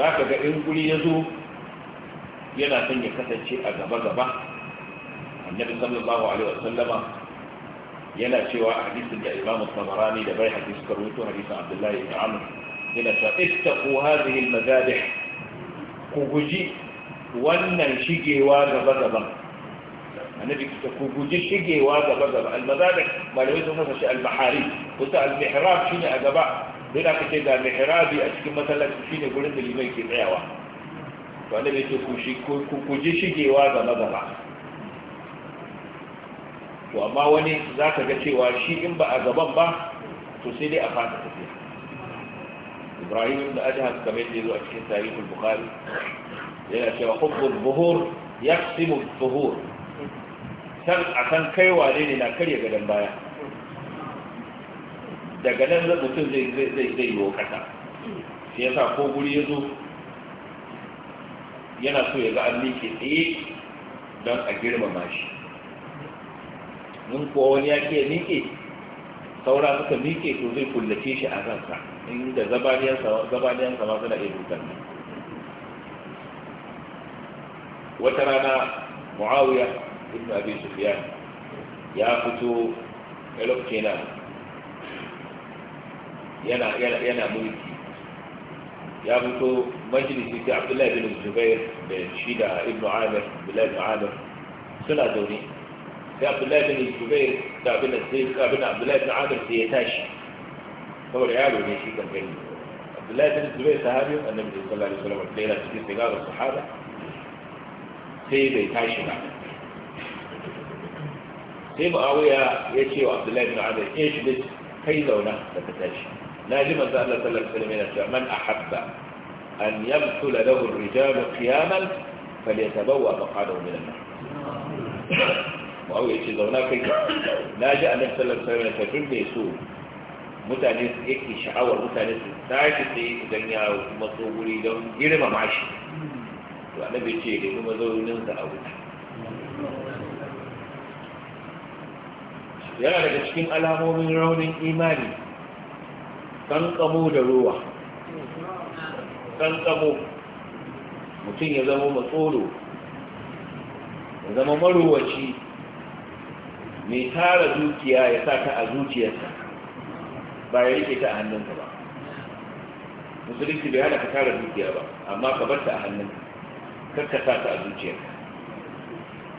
Speaker 1: za ka ga in guri ya zo yana son ya kasance a gaba-gaba annabi sallallahu alaihi wasallama yana cewa a hadisin da imam tabarani da bai hadis karuto hadisin abdullahi ibn amr yana cewa ittaqu hadhihi al-mazabih ku guji wannan shigewa gaba gaban annabi ta ku guji shigewa gaba gaba al-mazabih malamai sun fasa shi al-mahari wata al-mihrab shine a gaba duk aka ce ga mihrabi a cikin masallaci shine gurin da limai ke tsayawa to annabi ya ce ku guji shigewa gaba gaba to amma wani za ka ga cewa shi in ba a gaban ba to sai dai a fata fiye ibrahim ibn ajhas kamar yadda zuwa zo a cikin tarihin bukari yana cewa hubbul buhur mu buhur san kan kai wane ne na karya gadon baya daga nan mutum zai zai zai yi wokata shi sa ko guri ya zo yana so ya ga an miƙe tsaye don a girmama shi mun kuwa wani ya ke miƙe saura suka miƙe to zai kullace shi a kansa, inda zabaniyansa ma suna iya dukkan nan wata rana muawiya ibn abi sufyan ya fito ya lokaci yana yana mulki ya fito majalisi ta abdullahi bin zubair da shi da ibn amir abdullahi bin amir suna zaune في عبد الله بن الزبير بن الزيد بن عبد الله بن عامر سيتاشي هو رياله اللي يشيك الجنة عبد الله بن الزبير صحابي النبي صلى الله عليه وسلم في ليلة في صغار الصحابة في بيتاشي معه في معاوية يشي عبد الله بن عامر ايش بس كيلا ونه سكتاشي ناجم الله صلى الله عليه وسلم من أحب أن يبتل له الرجال قياما فليتبوأ مقعده من النار ya ce zauna kai na ji nan sallallahu alaihi da tafiya da so mutane su yake sha'awar mutane su tashi sai idan ya matso wuri don girmama shi to nabi ce da kuma zaunin sa a wuta yana daga cikin alamomin raunin imani kankamo da ruwa kankamo mutum ya zama matsoro ya zama maruwaci mai tara dukiya ya sa ta a zuciyarsa ba ya rike ta a hannunka ba musulunci bai hana ka tara dukiya ba amma ka bar ta a hannunka kar ka sa ta a zuciyarka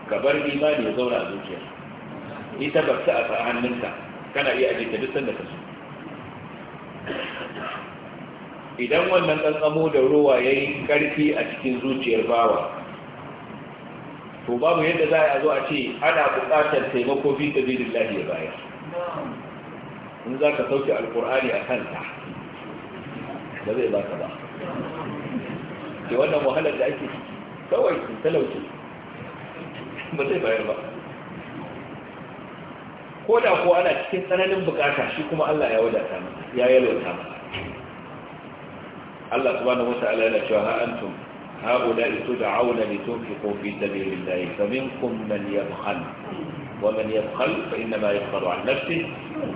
Speaker 1: ka bar imani ya zauna a zuciyarka ita ba ta a hannunka kana iya ajiye duk sanda ka so idan wannan ɗanɗamo da ruwa ya yi ƙarfi a cikin zuciyar bawa to babu yadda za a zo a ce ana buƙatar taimako fi sabilillah ya bayar in za ka sauke alkur'ani a kanta ba zai ba ka ba ke wannan wahalar da ake kawai sun talauce ba zai bayar ba ko da ko ana cikin tsananin bukata shi kuma Allah ya wadata ya yalwata masa Allah subhanahu ta'ala yana cewa ha antum هؤلاء تدعون لتنفقوا في سبيل الله فمنكم من يبخل ومن يبخل فإنما يبخل عن نفسه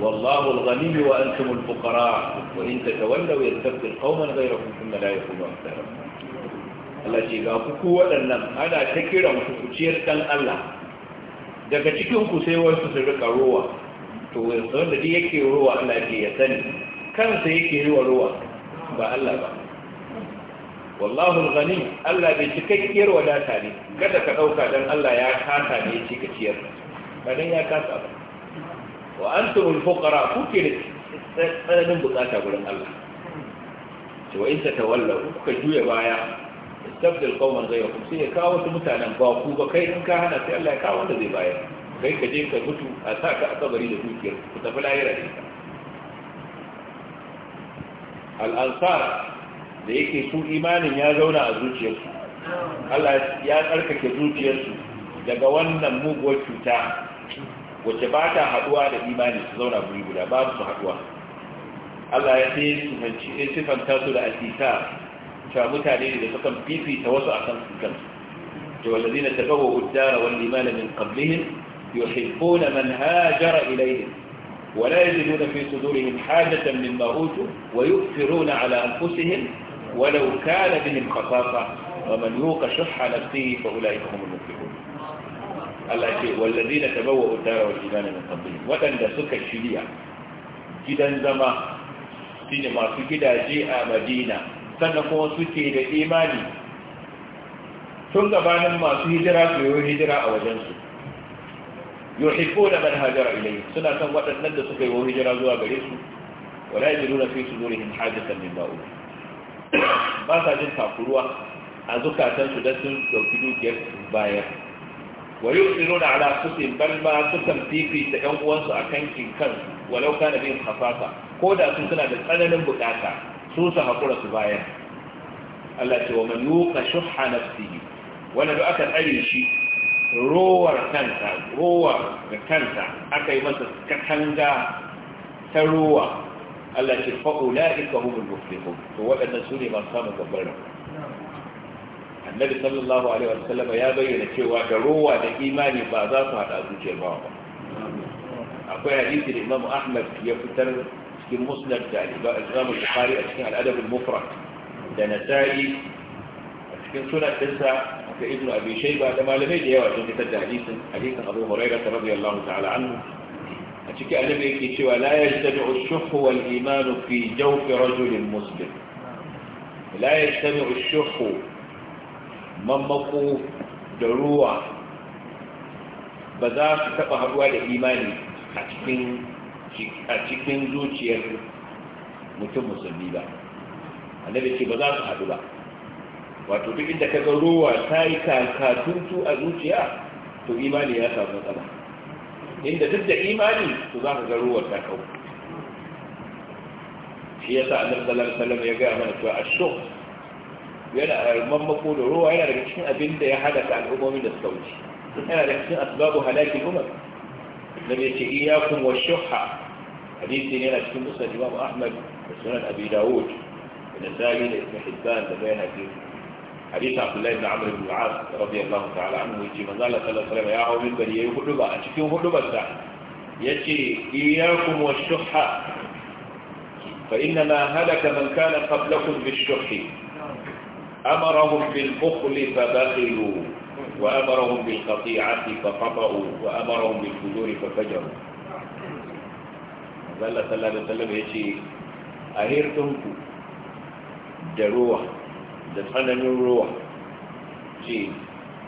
Speaker 1: والله الغني وأنتم الفقراء وإن تتولوا يستبدل قوما غيركم ثم لا يكونوا أمثالكم Allah ce ga ku ku waɗannan ana ta kira musu kuciyar Allah daga cikin ku sai wasu su rika ruwa to yanzu da yake ruwa Allah ya sani kansa yake yi ruwa ba Allah wallahu gani Allah bai cikakkiyar wadata ne kada ka ɗauka dan Allah ya kasa ne ci ka ciyar dan ya kasa ba wa antumul fuqara kuke da tsananin bukata gurin Allah wa in ta kuka juya baya istabdil qauman ghayrakum sai ya kawo wasu mutanen ba ku ba kai in ka hana sai Allah ya kawo wanda zai bayar kai ka je ka mutu a sa ka a kabari da dukiyar ku tafi lahira ne al-ansar da yake su imanin ya zauna a zuciyarsu Allah ya tsarkake zuciyarsu daga wannan muguwar cuta wacce ba ta haduwa da imani su zauna guri guda ba su haduwa Allah ya sai su hanci ya sifanta su da alisa cewa mutane da sukan fifita wasu akan su kansu to wallazina tabawwa'u ad-dara wal imana min qablihim yuhibbuna man hajara ilayhi ولا يجدون في صدورهم حاجة مما أوتوا ويؤثرون على أنفسهم ولو كان بهم خصاصة ومن يوق شح نفسه فأولئك هم المفلحون الأشياء والذين تبوأوا الدار والإيمان من قبلهم وتندى سكة الشريعة gidan zama shi masu gidaje a madina sannan kuma suke da imani gabanin masu hijira su yi hijira a wajensu yuhibbu da man hajara ilayhi suna son waɗannan da suka yi hijira zuwa gare su wala yajiduna fi sudurihim hajatan mimma utu ba sa jin takuruwa a zukatansu don sun dauki dukiyar bayan. wa yi tsiro da ala kusin bal ma sukan fifita ‘yan uwansu a kankin kan walau kana bin hafasa ko da su suna da tsananin bukata su su haƙura su bayar Allah ce wa man yuka shuhha nafsihi wanda aka tsare shi rowar kanta ga kanta aka yi masa katanga ta rowa التي فأولئك هم المفلحون هو أن سوني من صامت وبرنه النبي صلى الله عليه وسلم يا بينا شوى جروى لإيمان بعضات على أزوج الرابع أقول حديث الإمام أحمد يفتر في المسند ذلك بأجرام البخاري أشكي على الأدب المفرد دنسائي أشكي سنة تسعة في ابن أبي شيبة لما لم يجي يوى جنة الحديث حديث أبو هريرة رضي الله تعالى عنه ciki annabi yake cewa la yajtami'u shuhu wal iman fi jawfi rajulin muslim la yajtami'u shuhu mamako da ruwa ba za su taba haduwa da imani a cikin a cikin zuciyar mutum musulmi ba annabi ce ba za su haɗu ba wato duk inda ka ga ruwa ta yi kakatutu a zuciya to imani ya samu matsala inda duk da imani su za ka ga ruwa ta kawo shi yasa annabi sallallahu alaihi ya ga mana cewa ashuk yana mamako da ruwa yana daga cikin abin da ya halaka al'ummomin da suka wuce yana daga cikin asbabu halaki umar da bai ce iyakun wa shuha hadisi ne yana cikin musa imam ahmad da sunan abi dawud da sami da ibn hibban da bayan hadisi حديث عبد الله بن عمرو بن العاص رضي الله تعالى عنه يجي من قال صلى الله عليه وسلم يا هو من بني يهدبا أشكي هدبا يجي إياكم والشح فإنما هلك من كان قبلكم بالشح أمرهم بالبخل فبخلوا وأمرهم بالقطيعة فقطعوا وأمرهم بالفجور ففجروا قال صلى الله عليه وسلم يجي اهيرتم جروح da tsananin ruwa ce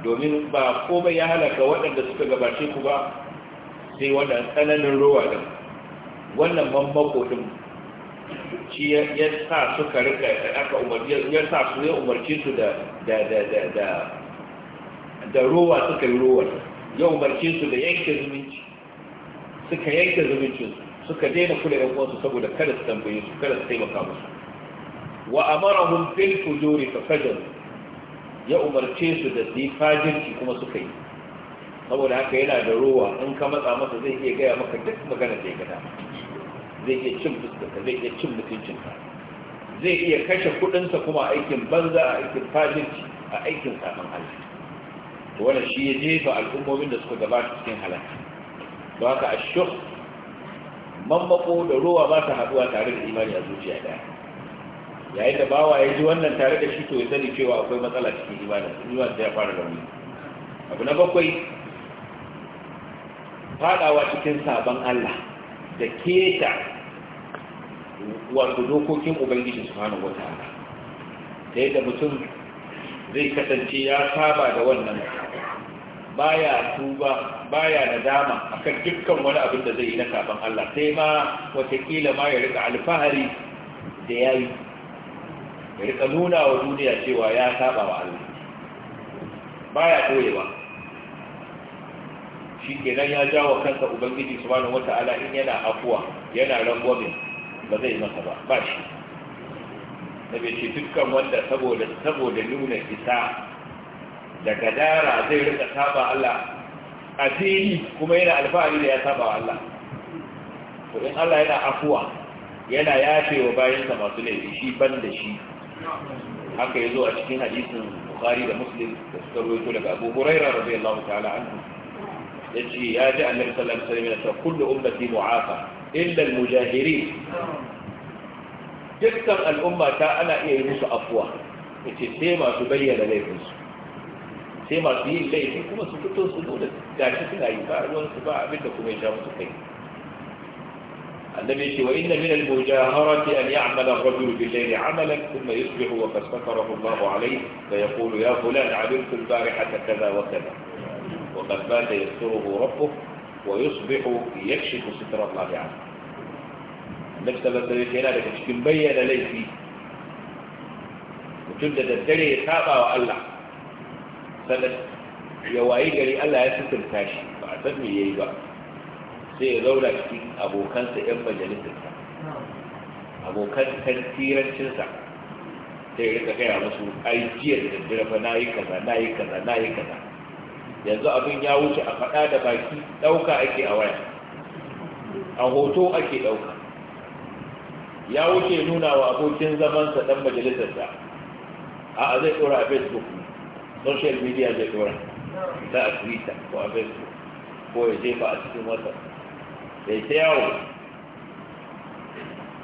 Speaker 1: domin ba komai ya halaka waɗanda suka gabace ku ba sai waɗanda tsananin ruwa ɗin wannan mamako ɗin shi ya sa suka rika aka umarci ya sa su ya umarci su da da da da da da ruwa suka yi ruwa ya umarci su da yanke zumunci suka yanke zumuncin suka daina kula yan uwansu saboda kada su tambaye su kada su taimaka musu wa amarahum bil fujuri fa fajaru ya umarce su da su yi fajirci kuma suka yi saboda haka yana da ruwa, in ka matsa masa zai iya gaya maka duk magana da ya gada zai iya cin fuskarka zai iya cin mutuncinka zai iya kashe kudinsa kuma aikin banza a aikin fajirci a aikin saman halin to wannan shi ya jefa al'ummomin da suka gabata cikin halaka don haka ashuk mammako da rowa ba ta haɗuwa tare da imani a zuciya daya yayin da bawa ya ji wannan tare da shi to ya sani cewa akwai matsala cikin imanin imanin da ya fara rauni abu na bakwai fadawa cikin sabon Allah da keta wato dokokin ubangiji subhanahu wataala ta yadda mutum zai kasance ya saba da wannan baya tuba baya nadama akan dukkan wani abin da zai yi na sabon Allah sai ma watakila ma ya rika alfahari da yayi ya rika nuna wa duniya cewa ya saba wa Allah baya koyewa shi kenan ya ja wa kansa ubangiji subhanahu wata'ala in yana afuwa yana rangwame ba zai masa ba ba shi nabi ce dukkan wanda saboda saboda nuna isa da gadara zai rika saba Allah a fili kuma yana alfahari da ya saba wa Allah to in Allah yana afuwa yana yafe wa bayansa masu laifi shi ban da shi haka ya zo a cikin hadisin bukhari da muslim da suka rawaito daga abu huraira radiyallahu ta'ala anhu yace ya ji annabi sallallahu alaihi wasallam ya ce ummati mu'afa illa al dukkan al'umma ta ana iya yi musu afuwa yace sai masu bayyana laifinsu sai masu yin laifi kuma su fito su nuna gashi suna yi ba ruwansu ba abinda kuma ya sha musu kai النبي وإن من المجاهرة أن يعمل الرجل بالليل عملا ثم يصبح وقد ستره الله عليه فيقول يا فلان عملت البارحة كذا وكذا وقد بات يستره ربه ويصبح يكشف ستر الله عليه نفس ما bayyana هنا mutum da بيّن لي saba wa Allah sannan ya wayi gari Allah ya sutunta shi ba sai ya zauna cikin abokansa 'yan majalisarsa abokan tantirancinsa sai ya rika gaya musu ajiyar da jirfa na yi kaza na yi kaza na yi kaza yanzu abin ya wuce a faɗa da baki ɗauka ake a waya a hoto ake ɗauka ya wuce nuna wa abokin zamansa ɗan majalisarsa a zai tsora a facebook social media zai tsora ta a twitter ko a facebook ko ya jefa a cikin whatsapp sai ta yawo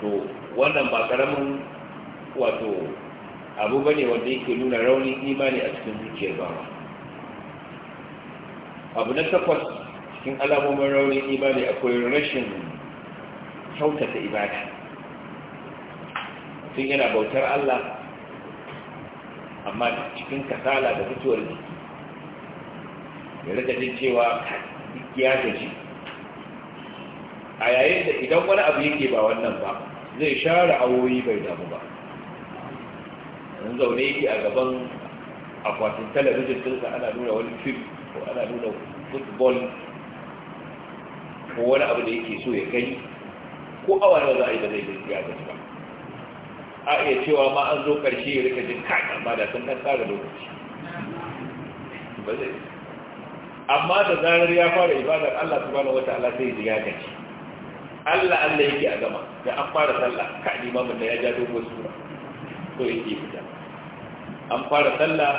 Speaker 1: to wannan ba karamin wato abu bane wanda yake nuna raunin imani a cikin zuciyar bawa abu na takwas cikin alamomin raunin imani akwai rashin kyautata ibada sun yana bautar Allah amma cikin kasala da fitowar jiki ya rika jin cewa ya gaji a yayin da idan wani abu yake ba wannan ba zai share awoyi bai damu ba Mun zaune yake a gaban akwatin talabijin dinsa ana nuna wani fil ko ana nuna football ko wani abu da yake so ya kai, ko awa nawa za a yi da zai gani ya gani ba a iya cewa ma an zo karshe ya rika jin kai amma da sun kan tsara lokaci ba zai amma da zarar ya fara ibadar Allah subhanahu ta'ala sai ya gaji Allah Allah yake a gama da an fara sallah ka limamin da ya ja dogon sura to yake fita an fara sallah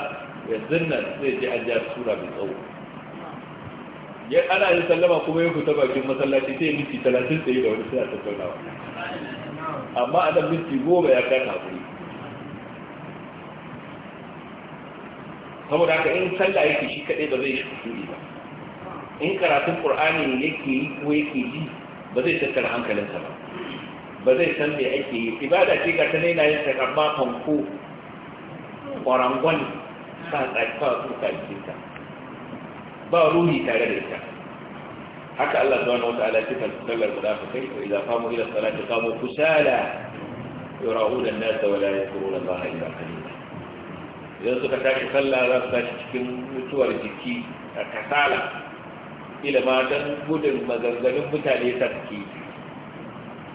Speaker 1: ya zinna sai ji an ja sura mai tsawo ya ana yin sallama kuma ya fita bakin masallaci sai minti talatin tsaye da wani suna tattaunawa amma a nan minti goma ya kan haƙuri. saboda haka in sallah yake shi kaɗai ba zai shi ba in karatun ƙur'ani yake yi ko yake ji ba zai tattara hankalinsa ba ba zai san me ake yi ibada ce ga ta nena yin ta amma fanko kwarangon sa tsaki su ka ba ruhi tare da ita haka Allah subhanahu wataala ya tafi sallar munafikai wa idza qamu ila ya qamu kusala yura'una an-nas wa la yadhkuruna Allah kan yi idan suka tashi sallah za su tashi cikin mutuwar jiki a kasala kila don gudun maganganun mutane tafki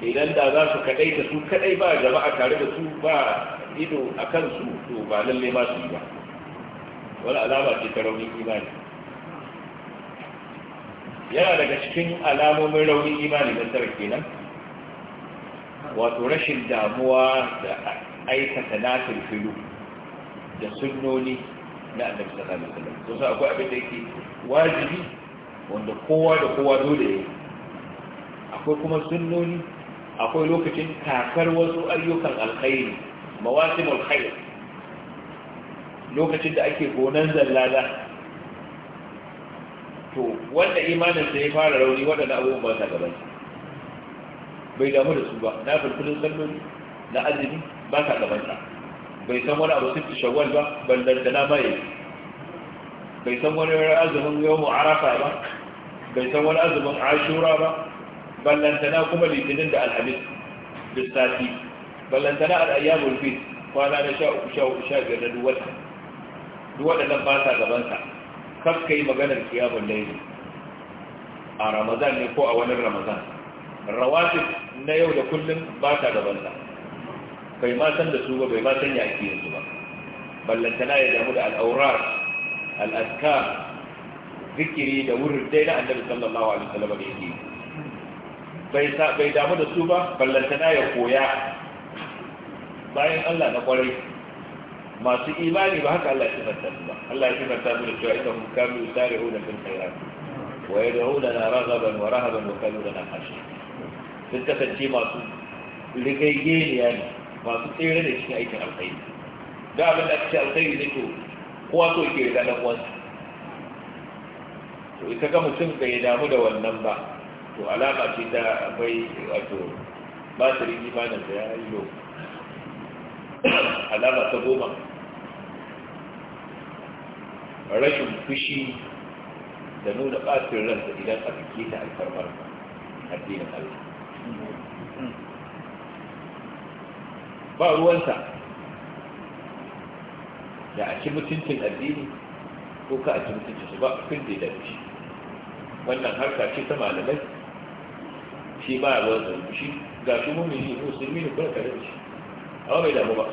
Speaker 1: idan da za su kadai da su kadai ba jama'a tare da su ba ido a kansu to ba lalle ma su yi ba wani alama ce ta raunin imani yana daga cikin alamomin raunin imani don tara kenan wato rashin damuwa da aikata natin filu da sunnoni na annabi sallallahu alaihi wasallam to sai akwai abin da yake wajibi wanda kowa da kowa dole ya akwai kuma sunnoni akwai lokacin kakar wasu ayyukan alkhairi mawasim alkhair lokacin da ake gonan zallada to wanda imanin sai ya fara rauni waɗanda abubuwan ba sa gaban bai damu da su ba na fulfulin salloli na azumi ba sa gaban sa bai san wani abu sun shawwal ba ban ballantana ba, bai san wani azumin yau arafa ba bai san wani azumin ashura ba ballantana kuma litinin da alhamis lissafi ballantana al'ayyamul fit kwana na sha uku sha uku sha biyar da duk wata duk waɗannan ba sa gabansa kaf ka yi maganar kiyamun laili a ramazan ne ko a wani ramazan rawatib na yau da kullum ba ta gabansa bai ma san da su ba bai ma san ya ake yanzu ba ballantana ya damu da al'aurar al'askar zikiri da wurin dai na annabi sallallahu alaihi wasallam da yake bai sa bai damu da su ba ballantana ya koya bayan Allah na kwarai masu imani ba haka Allah ya sifanta su ba Allah ya sifanta su da cewa innahum hu da kan tsaya wa da raghaban wa rahaban wa kanu lana khashi'in sun kasance masu rigaigeniya ne masu tsere da cikin aikin alkhairi da abin da ake alkhairi ne ko kowa so ke riga dan uwansa to ita ga mutum bai damu da wannan ba to alama ce ta akwai wato ba imanin da ya yi yau alama ta goma rashin fushi da nuna ɓacin ransa idan aka keta alfarmar addinin Allah ba ruwansa da a ci mutuncin addini ko ka a ci mutuncin su ba a fin da ya dace wannan harka ce ta malamai shi ba ruwan zarfi shi ga shi yi musulmi ne kuma kare shi amma bai damu ba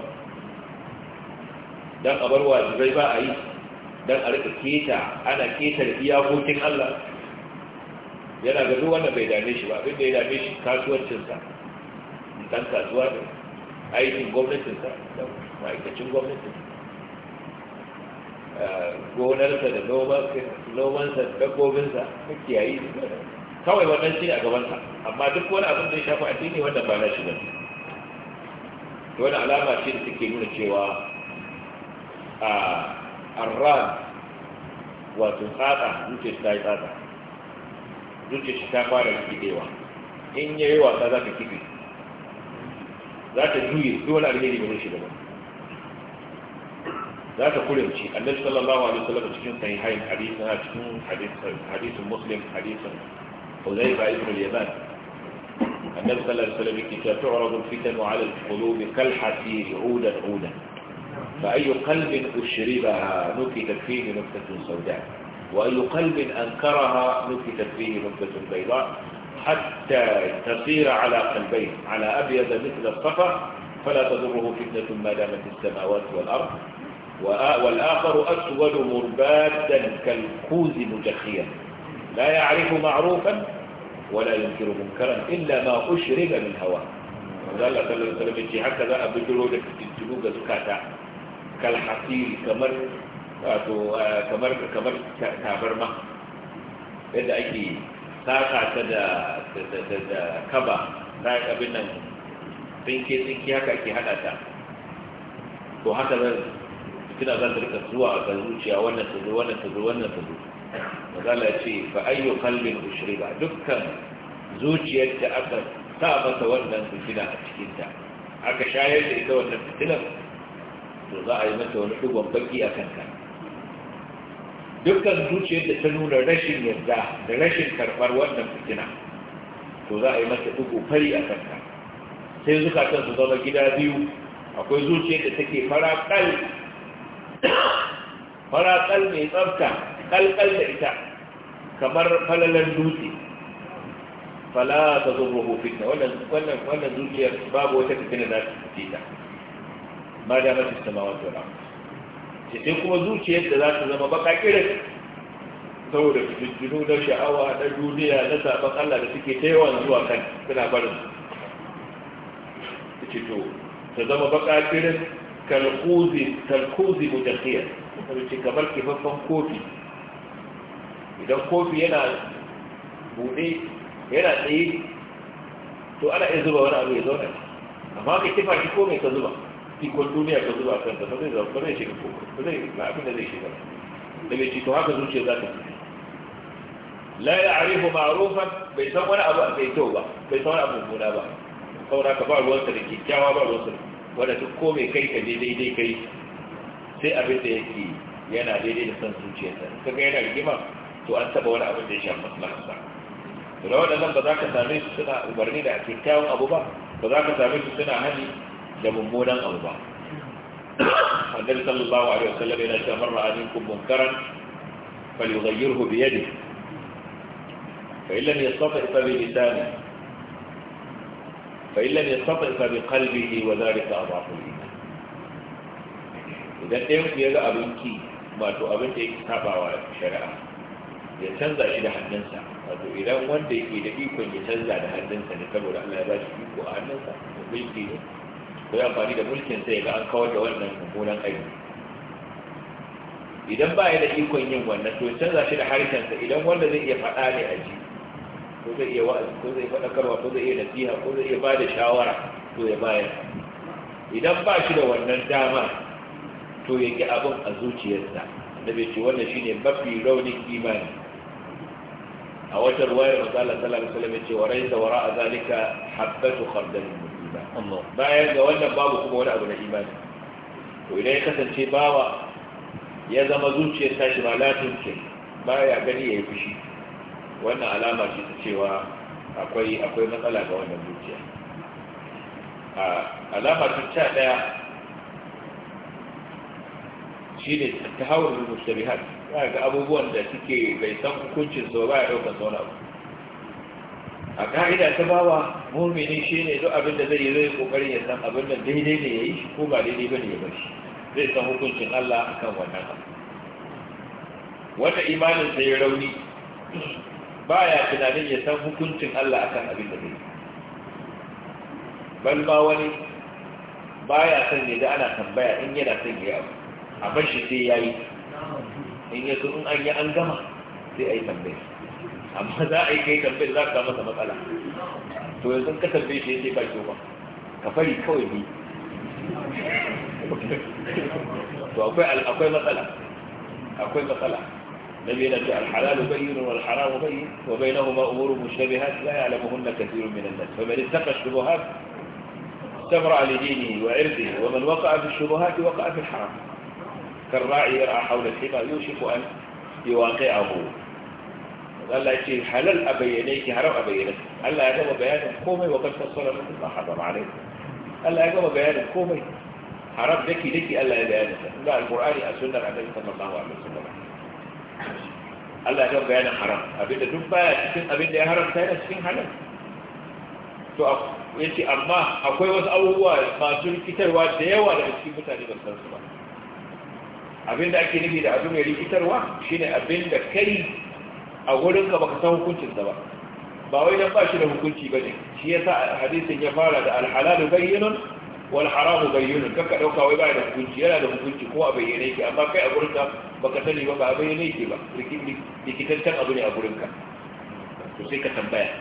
Speaker 1: dan a bar wajibai ba a yi dan a rika keta ana keta da iyakokin Allah yana ga duk wannan bai dame shi ba abin da ya dame shi kasuwancinsa dan kasuwa ne aikin gwamnatinsa da ma'aikacin gwamnatinsa gonarsa da nomansa da dabbobinsa ta kiyayi kawai wannan shi ne a gabansa amma duk wani abin da ya shafi cikin wannan ba na shi ba wani alama ce da take nuna cewa a arran wato tsatsa, zuciya ta yi tsatsa, zuciya shi ta fara kidewa in yayi wasa za ka kifi, za ta juye wani alheri ba zai shiga ba za ta kurinci annabi sallallahu alaihi wasallam cikin sahihain hadisin a cikin hadisin muslim hadisin huzaifa ibn al-yaman annabi sallallahu alaihi wasallam yake cewa tu'radu al-fitan 'ala al-qulubi kal hasir 'udan 'udan fa ayyu qalbin ushribaha nukitat fihi nuktatun sawda wa ayyu qalbin ankaraha nukitat fihi nuktatun bayda حتى تصير على قلبين على أبيض مثل الصفا فلا تضره فتنة ما دامت السماوات والأرض والآخر أسود مربادا كالكوز مجخيا لا يعرف معروفا ولا ينكر منكرا إلا ما أشرب من هواه وذا الله صلى الله عليه وسلم يجي هكذا أبدلو لك الجنوب زكاتا كالحصير كمر آه، كمر كمر كابرما ما إذا saka ta تدا تدا كبا abin nan tsinke تنكي haka ake hada ta to haka fitina zan ta rika zuwa ga zuciya wannan ta zo wannan ta zo wannan ta zo magana ya ce fa ayyu qalbin ushriba dukkan zuciyar da aka sa mata wannan fitina a cikin ta aka shayar da ita wannan fitinar to za a yi mata wani dugon baki a kanta dukkan zuciyar da ta nuna rashin yarda da rashin karbar wannan fitina to za a yi mata dugo fari a kanta sai zukatan su zama gida biyu akwai zuciyar da take fara kal faraƙal mai tsafta ƙalƙal da ita kamar falalar dutse fala ta zo ruhu fitna wannan wannan zuciyar babu wata fitina za ta fice ta ba da mace ta ma ba ce sai kuma zuciyar da za ta zama baka kirin saboda fitintunu na sha'awa na duniya na sabon Allah da suke ta yawan zuwa kan suna barin su ce to ta zama baka kirin kalkuzi mutakhiyar wanda ce kamar kifaffen kofi idan kofi yana buɗe yana tsaye to ana iya zuba wani abu ya zauna amma ka kifa shi ko ka zuba ikon duniya ka zuba kan ta zai zama ba zai shiga ko zai ba abin da zai shiga da bai ci to haka zuciya za ta fi la ya arifu ma'rufan bai san wani abu a kai kyau ba bai san wani abu gona ba saboda ka ba ruwansa da kyakkyawa ba ruwansa da wanda duk ko mai kai ka je daidai kai sai abin da yake yana daidai da son zuciyarsa ka ga yana rigima to an taba wani abin da ya shafi maslaharsa to da waɗannan ba za ka same su suna umarni da kyakkyawan abu ba ba za ka same su suna hani da mummunan abu ba annabi sallallahu alaihi wasallam yana cewa marra aminkum munkaran falyughayyirhu bi yadihi fa illam yastati fa bi lisanihi fa illam yastati fa bi qalbihi wa dhalika adhafu al idan ɗayan ku ya ga abin ki wato abin da yake sabawa shari'a ya canza shi da hannunsa wato idan wanda yake da ikon ya canza da hannunsa ne saboda Allah ya ba shi iko a hannunsa da mulki ne ko ya amfani da mulkin sai ga an kawar da wannan mummunan aiki idan ba ya da ikon yin wannan to ya canza shi da harshensa idan wanda zai iya faɗa ne a ji ko zai iya wa'azi ko zai faɗakarwa ko zai iya nasiha ko zai iya ba da shawara to ya bayar idan ba shi da wannan dama to ya ki abin a zuciyarsa da bai ce wannan shine mafi raunin imani a wata ruwayar masala sallallahu alaihi wasallam ce warai da wara a zalika habbatu khardal musiba bayan ga wannan babu kuma wani abu na imani to idan ya kasance bawa ya zama zuciyar tashi ba latin ce baya gani ya yi fushi wannan alama ce ta cewa akwai akwai matsala ga wannan zuciya alama ta ta ɗaya shi ne ta hawar har ya ga abubuwan da suke bai san hukuncin su ba ya ɗaukar sauran na a ka'ida ta bawa mummini shi ne duk abin da zai yi zai kokarin ya san abin da daidai ne ya yi shi ko ba daidai ba ne ya bar shi zai san hukuncin Allah akan wannan abu wata imanin sai rauni baya tunanin ya san hukuncin Allah akan abin da zai bal ma wani baya san ne da ana tambaya in yana son ya yi. a bar shi sai yayi in ya in an yi an gama sai a yi tambaya amma za a yi kai tambayar za ka masa matsala to yanzu ka tambaye shi sai ba kyau ba ka fari kawai ne to akwai akwai matsala akwai matsala النبي الحلال بين والحرام بين وبينهما أمور مشتبهات لا يعلمهن كثير من الناس فمن اتقى الشبهات استبرأ لدينه وعرضه ومن وقع في الشبهات وقع في الحرام كالراعي يرعى حول الحمى يوشك أن يواقعه قال لك الحلال حلال أبينيك حرام أبينك قال لك أجاب بيان كومي وقد فصل لك ما حضر عليك قال لك أجاب بيان كومي حرام ذكي ذكي ألا يبيانك لا القرآن السنة عن صلى الله عليه وسلم Allah ya bayanin haram abinda duk baya cikin abinda ya haramta yana cikin halal to yace amma akwai wasu abubuwa masu rikitarwa da yawa da cikin mutane ba san su ba abinda ake nufi da abu mai rikitarwa shine abinda kai a wurin ka baka san hukuncin sa ba ba wai dan ba shi da hukunci bane shi yasa hadisin ya fara da al halal bayyinun wal haramu bayyinun kaka dauka wai bai da hukunci yana da hukunci ko a bayyane yake amma kai a gurin ka baka sani ba ba a bayyane yake ba likitantan abu ne a gurin ka to sai ka tambaya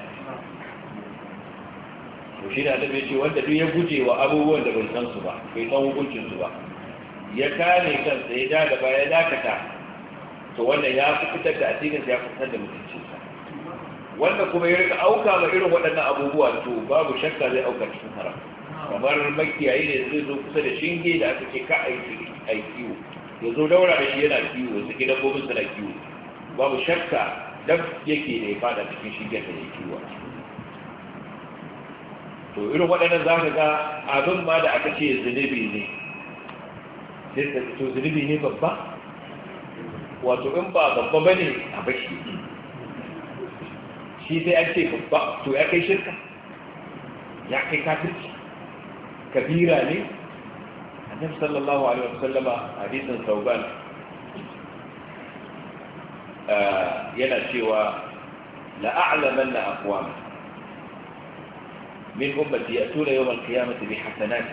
Speaker 1: to shi da annabi ce wanda duk ya guje wa abubuwan da bai san su ba bai san hukuncin su ba ya kare kansa ya ja gaba ya dakata to wannan ya fi fitar da addinin ya fitar da mutuncinsa wanda kuma ya rika auka ma irin waɗannan abubuwa to babu shakka zai auka cikin haram kamar makiyayi ne zai zo kusa da shinge da aka ce ka a yi ya zo daura da shi yana kiwo su ke dabbobin suna kiwo babu shakka dab yake da ya fada cikin shingen da ya kiwo to irin waɗannan za ka ga abin ma da aka ce zunubi ne sai ka to zunubi ne babba wato in ba babba ba ne a bashi shi sai an ce babba to ya kai shirka ya kai kafirci كبيرة لي النبي صلى الله عليه وسلم حديث ثوبان آه، ينأتي ولأعلم أن أقوام من أمتي يأتون يوم القيامة بحسنات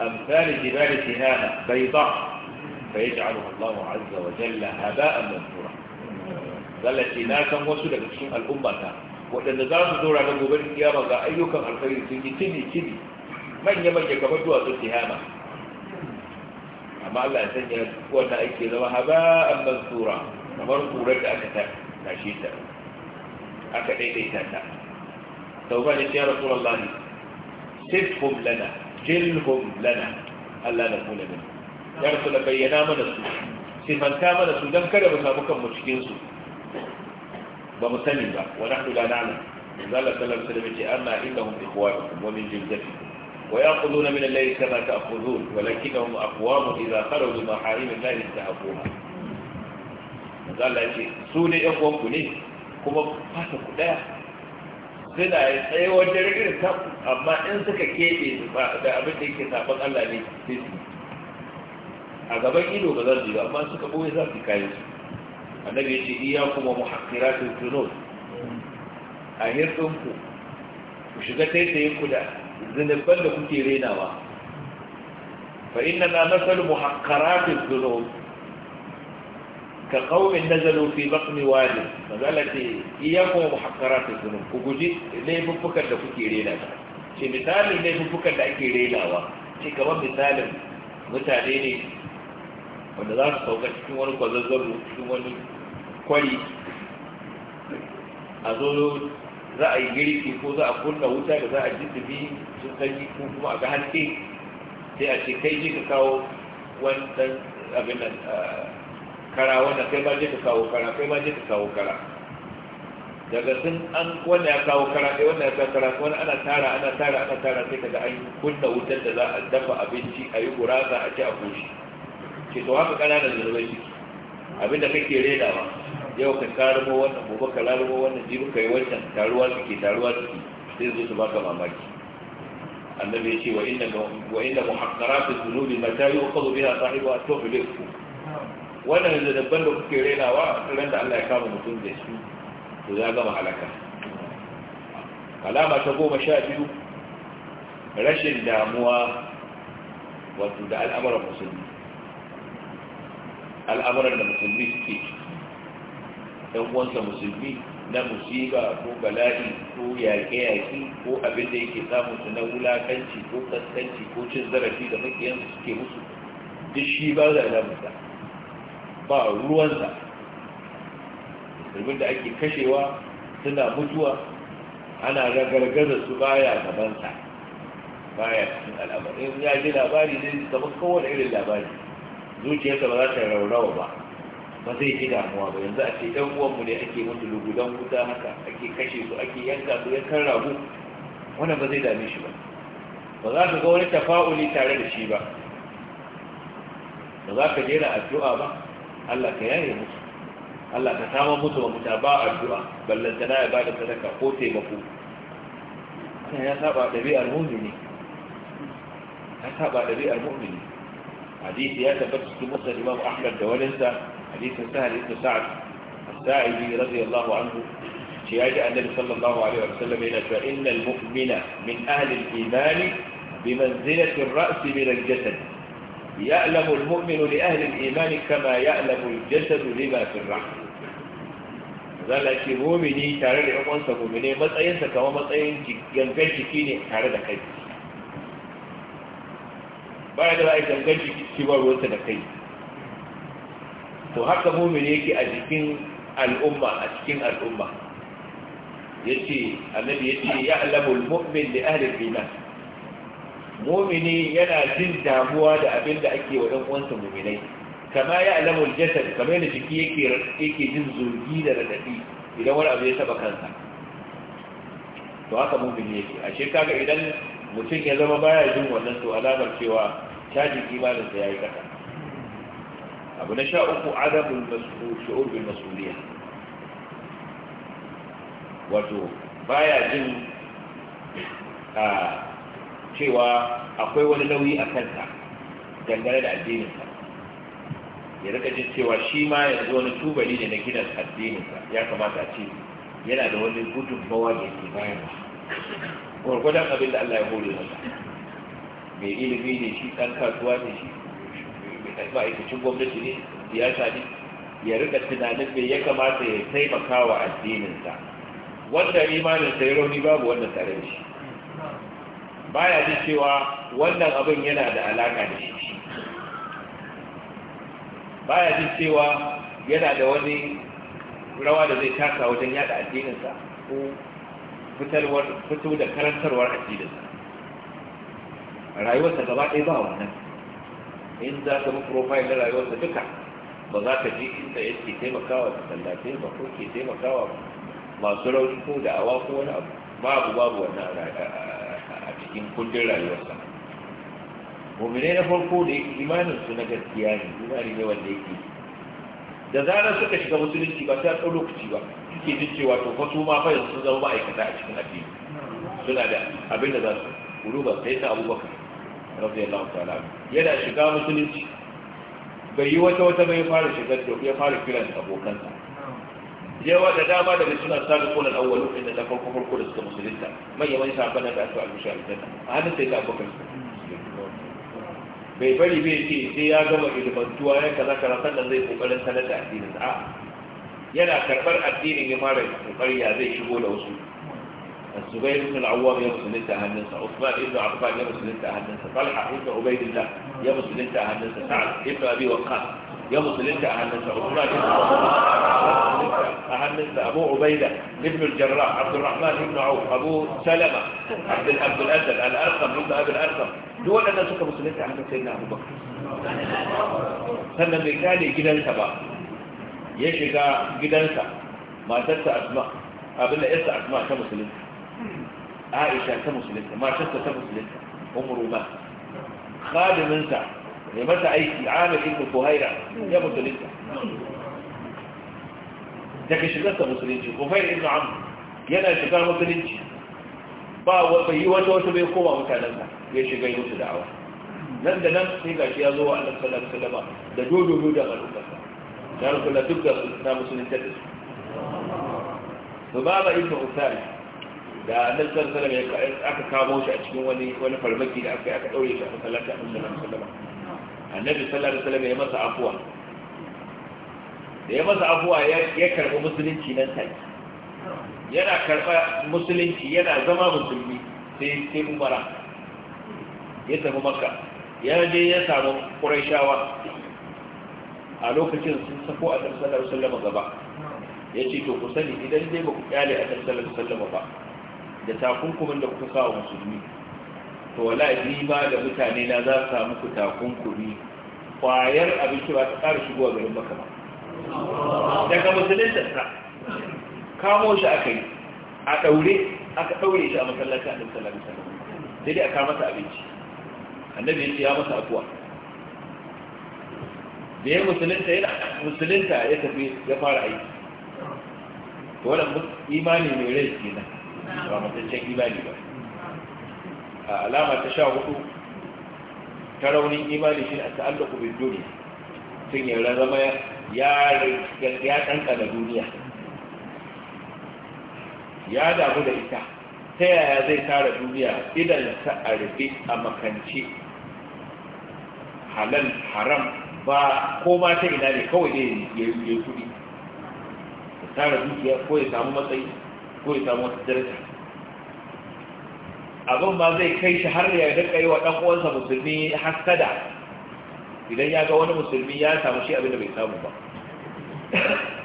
Speaker 1: أمثال جبال سهانة بيضاء فيجعلها الله عز وجل هباء منذورا ذلك ناسا وسل بسوء الأمة وإذا نزال ذورا لنبن يا رب أيكم الخير سيدي سيدي سيدي manya-manya kamar duwatsun tihama amma Allah ya sanya wannan aiki zama haba an mansura kamar kurar da aka tashi ta aka daidaita ta tauba ne ya rasulullahi sifhum lana jilhum lana Allah na kula da ya rasu da bayyana mana su sifanta mana su don kada mu samu kanmu cikinsu, ba mu sani ba Wani wa nahnu la na'lam zalla sallallahu an na inda amma innahum ikhwanukum wa min jilzatikum ويأخذون من الليل كما تأخذون ولكنهم أقوام إذا خرجوا محارم الله انتهكوها قال لك سوني أقوام كني كما فاتك لا suna tsaye wajen rikin amma in suka keɓe da abin da yake sabon Allah ne sai su a gaban ido ba za su yi ba amma suka ɓoye za su kuma a ku shiga zunuban da kuke renawa fa inna na nasalu muhakkaratin zunub ka kaumin nazalu fi batni wadi magana ce iyakum muhakkaratin zunub ku guji laifuffukan da kuke renawa ce misalin laifuffukan da ake renawa ce kamar misalin mutane ne wanda za su sauka cikin wani kwazazzaro cikin wani kwari a zo za a yi girki ko za a kunna wuta da za a ji dubi sun sanyi ko kuma a ga hanke sai a ce kai je ka kawo wannan abin nan kara wannan kai ma je ka kawo kara kai ma je ka kawo kara daga sun an wanda ya kawo kara kai wanda ya kawo kara wani ana tara ana tara ana tara sai kaga an kunna wutar da za a dafa abinci a yi gurasa a ci a kushi ke to haka ƙananan zunubai ciki abinda kake redawa yau ka karbo wannan gobe ka lalubo wannan jibi kai wannan, wancan taruwa suke taruwa suke sai zo su baka mamaki annabi ya ce wa inna wa inna muhaqqaratu dhunubi mata yuqadu biha sahibu at-tawfiq wannan da dabban da kuke rainawa? ran da Allah ya kama mutum da shi to ya gama halaka kalama ta goma sha biyu rashin damuwa wato da al'amuran musulmi al'amuran da musulmi suke ciki ɗan uwansa musulmi na musiba ko bala'i ko yaƙe-yaƙi ko abin da yake samun su na wulakanci ko kaskanci ko cin zarafi da makiyansu suke musu duk shi ba za a musa ba ruwansa musulmin da ake kashewa suna mutuwa ana ragargaza su baya gabansa baya cikin al'amari in ya ji labari ne kamar kowane irin labari zuciyarsa ba za ta raurawa ba ba zai ji damuwa ba yanzu a ce ɗan uwanmu ne ake mutu lugudan wuta haka ake kashe su ake yanka su ya kan ragu. wannan ba zai dame shi ba ba za ka ga wani tafa'uli tare da shi ba ba za ka jera addu'a ba Allah ka yaye musu Allah ka samu musu mamuta ba addu'a na ya ba da sadaka ko taimako wannan ya saba ɗabi'ar mumini ya saba ɗabi'ar mumini hadisi ya tabbata cikin musa imam ahmad da waninsa حديث سهل بن سعد الساعدي رضي الله عنه شياج النبي صلى الله عليه وسلم إلى فإن المؤمن من أهل الإيمان بمنزلة الرأس من الجسد يألم المؤمن لأهل الإيمان كما يألم الجسد لما في الرحم zala ce momini tare da yawansa momini matsayinsa kama matsayin gangan jiki ne tare بعد kai ba da ba a gangan jiki to haka mumin yake a cikin al'umma a cikin al'umma yace annabi yace ya alamul mu'min li ahli al-iman mu'mini yana jin damuwa da abin da ake wa dan uwansa mu'minai kama ya alamul jasad kamar da jiki yake yake jin zurgi da radadi idan wani abu ya taba kansa to haka mu'mini yake ashe kaga idan mutum ya zama baya jin wannan to alamar cewa cajin imaninsa yi kasa abu na sha uku adabul shu'ur bil mas'uliyya wato baya jin a cewa akwai wani nauyi a kanta dangane da addininsa ya rika jin cewa shi ma yanzu wani tubali ne na gidan addininsa ya kamata a ce yana da wani bawa da yake bayarwa gwargwadon abin da Allah ya hore masa mai ilimi ne shi ɗan kasuwa ne shi ma'aikacin gwamnati ne siyasa ne ya rika tunanin mai ya kamata ya taimaka wa addininsa wanda imanin sai rauni babu wannan tare da shi baya ji cewa wannan abin yana da alaka da shi baya ji cewa yana da wani rawa da zai taka wajen yada addininsa ko fito da karantarwar addininsa rayuwarsa gaba ɗaya ba wannan in za ka bi profile na rayuwarsa duka ba za ka ji inda yake taimakawa da tallafe ba ko ke taimakawa masu rauni ko da awa ko wani abu babu babu wannan a cikin kundin rayuwarsa mummune na farko da imanin su na gaskiya ne imani ne wanda yake da zarar suka shiga musulunci ba ta tsaro lokaci ba suke jin cewa to fa su ma fa yanzu sun zama ma'aikata a cikin addini suna da abin da za su kuru ba sai ta abubakar radiyallahu ta'ala yana shiga musulunci bai yi wata wata bai fara shigar da ya fara kiran abokansa yawa da dama daga suna sabi kunan awwalu inda da farko farko da suka musulunta manyan manya sabon da aka almusha aljanna a hannun sai ta abokan bai bari bai ce sai ya gama ilmantuwa ya kaza kaza sannan zai kokarin sanar da addinin a yana karɓar addinin ya fara kokari ya zai shigo da wasu الزبير بن العوام يبس اللي انت اهنسه عثمان ابن عطفان يبس اللي انت اهنسه طلحه ابن عبيد الله يبس اللي انت اهنسه سعد ابن ابي وقاص يبس اللي انت اهنسه عثمان ابن اهنسه ابو عبيده ابن الجراح عبد الرحمن بن عوف ابو سلمه عبد عبد الاسد الارقم ابن ابي الارقم دول الناس suka musulunta hannun sayyidina abubakar أبو بكر kare gidansa ba ya shiga gidansa matarsa asma abin da yarsa asma ta musulunta aisha ta musulunta matarsa ta musulunta umru ma khadiminsa mai mata aiki amir ibn kuhaira ya musulunta daga ta musulunci kuhaira ibn amr yana shiga musulunci ba wata yi wata wata bai koma mutanensa ya shiga yi musu da'awa nan da nan sai gashi ya zo wa annabi sallallahu alaihi wasallam da dodo da al'ummarsa ya rasulullah duk da na musulunta da su Lubaba ibn Usari da nan sallallahu sallama ya aka kamo shi a cikin wani wani farmaki da aka aka daure shi a masallacin annabi sallallahu A wasallam annabi sallallahu alaihi wasallam ya masa afuwa da ya masa afuwa ya karɓi musulunci nan take yana karɓa musulunci yana zama musulmi sai sai umara ya tafi makka ya je ya samu quraishawa a lokacin sun sako a sallallahu alaihi wasallam gaba ya ce to ku sani idan dai ba ku kyale a sallallahu alaihi wasallam ba da takunkumin da kuka sa wa musulmi to wala ni ba da mutane na za su samu takunkumi kwayar abinci ba ta ƙara shigowa garin maka ba daga musulunta ta kamo shi aka yi a ɗaure aka ɗaure shi a masallaci a ɗin salami salami sai dai a kama masa abinci annabi ya ce ya masa afuwa da ya musulunta yana musulunta ya tafi ya fara aiki to wannan imani mai rai kenan ba mataccen imani ba a alama ta sha hudu ta raunin imani shi a ta'allaku bin duniya sun yarda zama ya ɗanɗana duniya ya damu da ita ta yaya zai tara duniya idan ta a a makance halal haram ba ko ma ta ina ne kawai ne ya yi kuɗi ta tara dukiya ko ya samu matsayi ko ya samu wata daraja abin ma zai kai shi har ya rika yi wa ɗan uwansa musulmi hasada idan ya ga wani musulmi ya samu shi abin da bai samu ba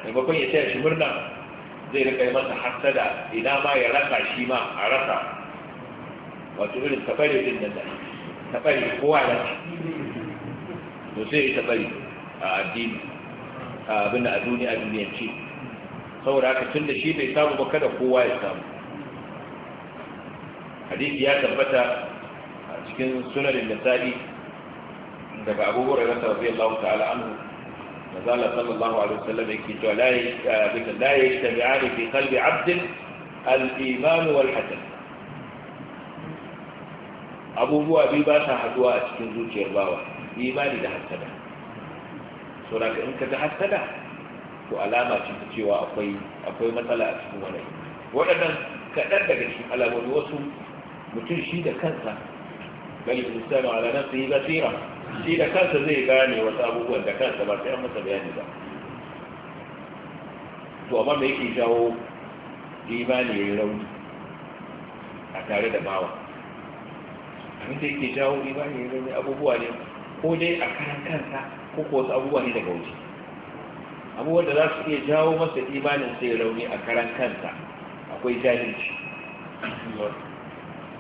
Speaker 1: maimakon ya taya shi murna zai rika yi masa hasada ina ma ya rasa shi ma a rasa wato irin tabari din nan da tabari kowa ya to sai ya tabari a addini abin da a duniya a duniyar ce saboda haka tun da shi bai samu ba kada kowa ya samu hadisi ya tabbata a cikin sunanin da misali daga abubuwar rasa rabbi Allah ta'ala anhu mazala sallallahu alaihi wasallam yake cewa la yake la yake fi qalbi abd al-iman wal hasan abubuwa bi ba sa haduwa a cikin zuciyar bawa imani da hasada so da in ka ga hasada to alama ce ta cewa akwai akwai matsala a cikin wani waɗannan kaɗan daga cikin alamomi wasu mutum shi da kansa bal insanu ala nafsihi basira shi da kansa zai gane wasu abubuwan da kansa ba sai an masa bayani ba to amma me yake jawo imani ya yi rauni a tare da bawa abin da yake jawo imani ya yi rauni abubuwa ne ko dai a karan kansa ko ko wasu abubuwa ne daga waje abubuwan da za su iya jawo masa imanin sai rauni a karan kansa akwai jahilci wani yana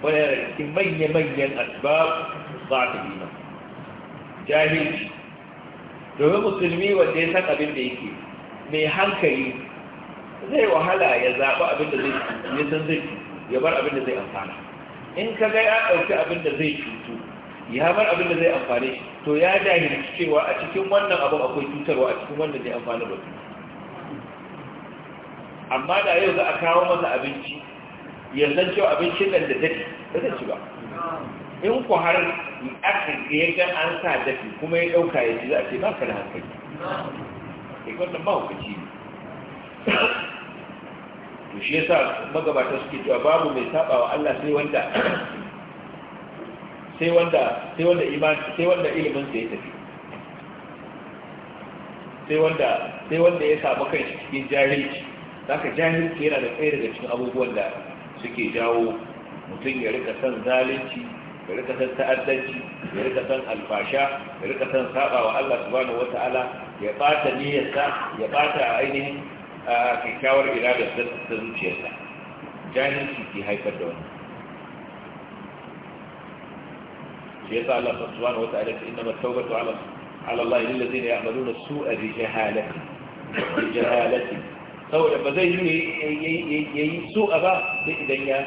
Speaker 1: da cikin manya-manyan asbab za ta iman jahilci domin musulmi wanda ya san abin da yake mai hankali zai wahala ya zaɓi abin da zai ya san zai ya bar abin da zai amfana in ka ga ya ɗauki abin da zai cutu ya bar abin da zai amfane shi to ya jahilci cewa a cikin wannan abu akwai cutarwa a cikin wannan zai amfane ba amma da yau za a kawo masa abinci yanzu cewa abincin nan da dafi ba zai ci ba in ku har aka ga an sa dafi kuma ya ɗauka ya ci za a ce ba ka da hankali
Speaker 2: ya
Speaker 1: eh, wannan ba ku ne to shi yasa magabata suke cewa babu mai saba Allah sai wanda sai wanda sai wanda iman sai wanda ilimin sai ya tafi sai wanda sai wanda ya samu kai cikin jahilci zaka jahilci yana da tsaye daga cikin abubuwan da suke jawo mutum ya rika san zalunci ya rika san ta'addanci ya rika san alfasha ya rika san saba wa Allah subhanahu wata'ala ya bata niyyarsa ya bata ainihin kyakkyawar iradar da zuciyarsa jahilci ke haifar da wannan shi yasa Allah subhanahu wa ta'ala inna at-tawbatu 'ala ala Allah lil ladina ya'maluna as-su'a bi jahalati bi saboda ba zai yi yayi su'a ba sai idan ya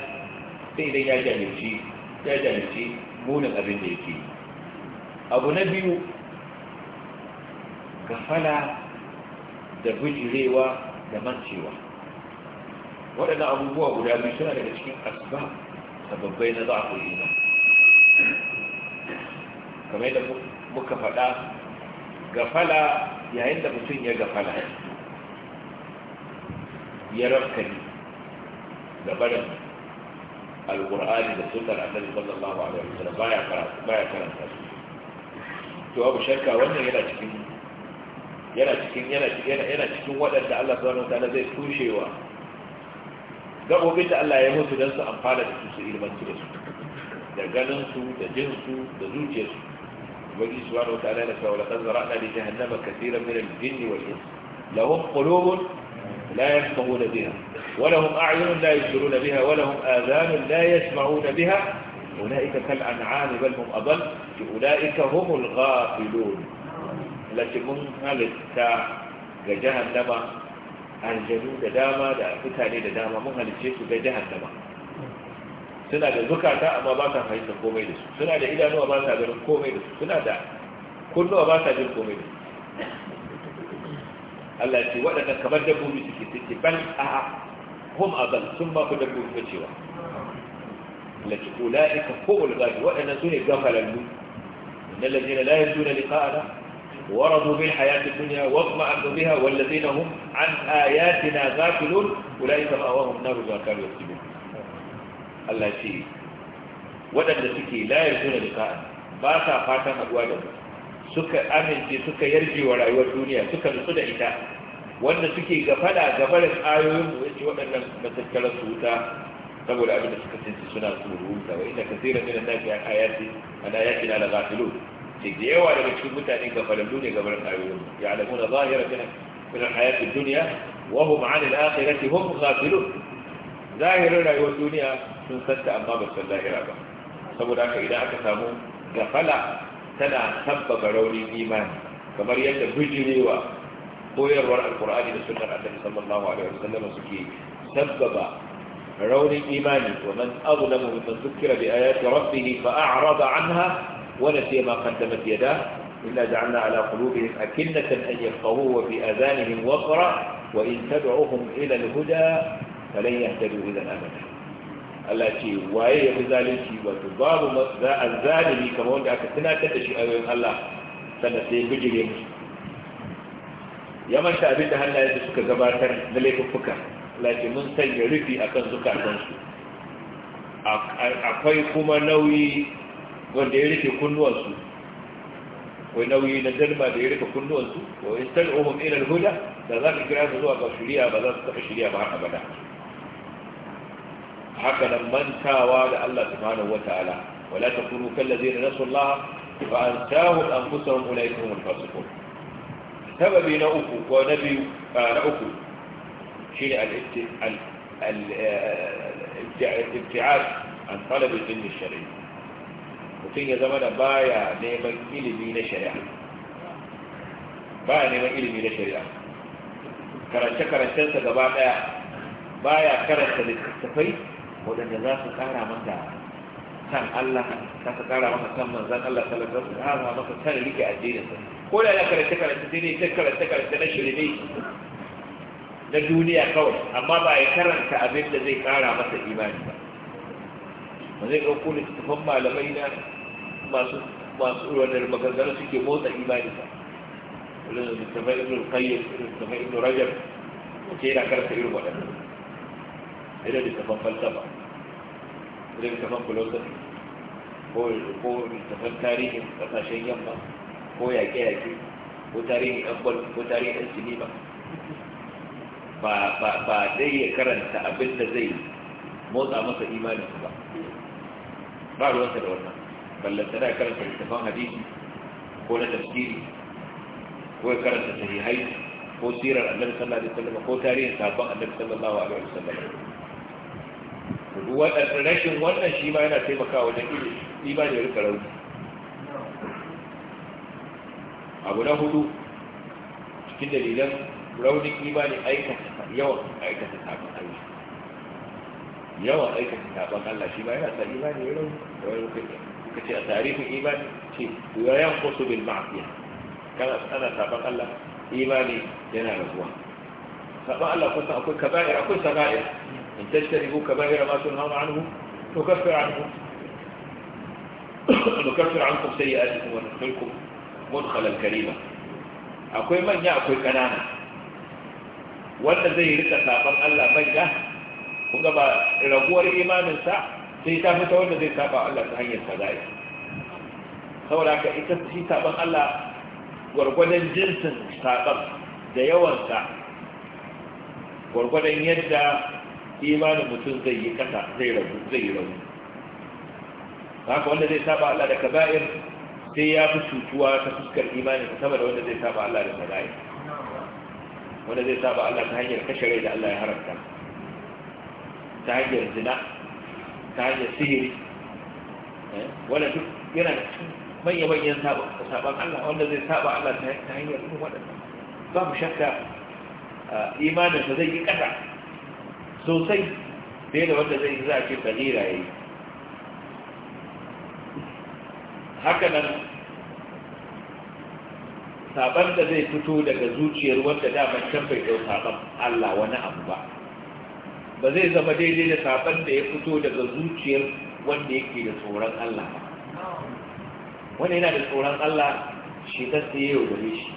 Speaker 1: sai idan ya jahilci ya jahilci munin abu na biyu gafala da bujirewa da mancewa waɗannan abubuwa guda biyu suna daga cikin asbab sababbai na za'a iman kamar da muka faɗa gafala yayin da mutum ya gafala ya rafkani da barin alƙur'ani da sunnar annabi sallallahu alaihi wasallam baya karanta baya karanta su to abu shakka wannan yana cikin yana cikin yana cikin yana cikin waɗanda Allah subhanahu wa ta'ala zai tushewa gabobin da Allah ya mutu don su amfana da su su ilmantu da su da ganin su da jin su da zuciyarsu وجل سبحانه وتعالى ولقد ذرعنا لجهنم كثيرا من الجن والإنس لهم قلوب لا يسمعون بها ولهم أعين لا يسرون بها ولهم آذان لا يسمعون بها أولئك كالأنعام بل هم أضل أولئك هم الغافلون التي من هلتا جهنم الجنود داما دا فتاني داما من هلتشيس جهنم جهنم suna da zukata amma ba sa fahimtar komai da su suna da idanuwa ba sa ganin komai da su suna da kunnuwa ba sa jin komai da su Allah ce waɗannan kamar dabbobi suke suke ban a hum azal sun ba ku dabbobi ba cewa lati ulaika humul ghafil waɗannan sune gafalallu innal ladina la yarjuna liqa'ana ورضوا بالحياة الدنيا واطمأنوا بها والذين هم عن آياتنا غافلون أولئك مأواهم نار ما كانوا يكسبون Allah ce waɗanda suke la yarjuna liqa'a ba sa fatan haduwa da mu suka amince suka yarje wa rayuwar duniya suka nutsu da ita wanda suke gafada da ayoyin mu yace waɗannan matattalar su wuta saboda abin da suka tsinci suna suruta wa inna kaseeran da an-nasi an ayati an ayatina na ghafilun ce da yawa daga cikin mutane gaba da gafalallu ne gabarin ayoyin mu ya'lamuna zahiratan min al-hayati ad-dunya wa hum 'an al-akhirati hum ghafilun zahirin rayuwar duniya sun santa amma ba san lahira ba saboda haka idan aka samu gafala tana sabbaba raunin imani kamar yadda bijirewa koyarwar alkur'ani da sunnar annabi sallallahu alaihi wasallam suke sabbaba raunin imani wa man azlamu mimman zukkira bi ayati rabbih fa a'rada anha wa nasiya ma qaddamat yadahu إلا جعلنا على قلوبهم أكنة أن يفقهوه وفي آذانهم وقرا وإن تدعوهم إلى الهدى فلن يهتدوا إذا أبدا Allah ce waye ya fi zalunci wato babu za a zalimi kamar wanda aka tunatar da shi a ayoyin Allah sannan sai bijire musu ya manta abin da hannayen da suka gabatar na laifuffuka Allah ce mun sanya rufi akan zukatansu akwai kuma nauyi wanda ya rufe kunnuwansu akwai nauyi na dalma da ya rufe kunnuwansu wa in tal'uhum ila al-huda da za ka kira su zuwa ga shari'a ba za su taɓa shari'a ba ba da. haka nan mantawa da Allah subhanahu wataala wala takunu kallazina nasu Allah fa antahu anfusahum ulaika humul sababi na uku ko na biyu na uku shine al al an talab al-ilm al-shar'i mutum ya zama da baya neman ilimi na shari'a baya neman ilimi na shari'a karance-karancensa gaba daya baya karanta littattafai waɗanda za su ƙara maka kan Allah za su ƙara maka kan manzan Allah sallallahu alaihi wasallam ƙara maka kan rike addinin sa ko da ya karanta karanta sai ne sai karanta karanta na shirme na duniya kawai amma ba ya karanta abin da zai ƙara masa imani ba ba zai ɗauko littattafan malamai na masu masu ruwanar maganganu suke motsa imani ba wani littattafan ibn al-qayyim littattafan ibn rajab ko ce yana karanta irin waɗannan irin littattafan falsafa irin kamar philosophy ko ko littafan tarihin kasashen yamma ko yaƙe-yaƙe ko tarihin ɗan ko tarihin ɗan sinima ba ba dai ya karanta abin da zai motsa masa imanin ba ba ruwansa da wannan ballanta da karanta littafan hadisi ko na tafsiri ko ya karanta sahihai ko sirar annabi sallallahu alaihi wasallam ko tarihin sabon annabi sallallahu alaihi wasallam to rashin wannan shi ma yana taimakawa wajen imani ya rika rauni abu na hudu cikin dalilan raunin imani aikata yawan aikata sabon Allah yawan aikata sabon Allah shi ma yana sa imani ya rauni wani lokaci ka ce a tarihin imani ce ya yan kusu bil ma'afiya kana ana sabon Allah imani yana rabuwa sabon Allah kusa akwai kaba'ir akwai saba'ir ان تجتنبوا كباهر ما تنهون عنه نكفر عنه نكفر عنكم سيئاتكم وندخلكم مدخلا كريما اكوي من ياكوي كنانا وانا زي رتا سابر الله من جه كنت با رغوار ايمان سا سيتا فتوانا زي سابر الله تهيي الفدائي خورا كا اتت سيتا بان الله ورغوانا جنسن سابر ديوان سا ورغوانا يدى imanin mutum zai yi kasa zai rabu zai yi rabu haka wanda zai saba Allah da kaba'ir sai ya fi cutuwa ta fuskar imani sama da wanda zai saba Allah da kaba'ir wanda zai saba Allah ta hanyar kashe rai da Allah ya haramta ta hanyar zina ta hanyar sihiri eh, wanda duk yana da manya-manyan saban Allah wanda zai saba Allah ta hanyar irin waɗanda ba mu shakka ah, imaninsa zai yi ƙasa sosai fiye da wanda zai za a ce fahira ya yi hakanan nan da zai fito daga zuciyar wanda damar can bai ɗau saban Allah wani abu ba ba zai zama daidai da sabon da ya fito daga zuciyar wanda yake da tsoron Allah ba wani yana da tsoron Allah shi ta tsaye yau gare shi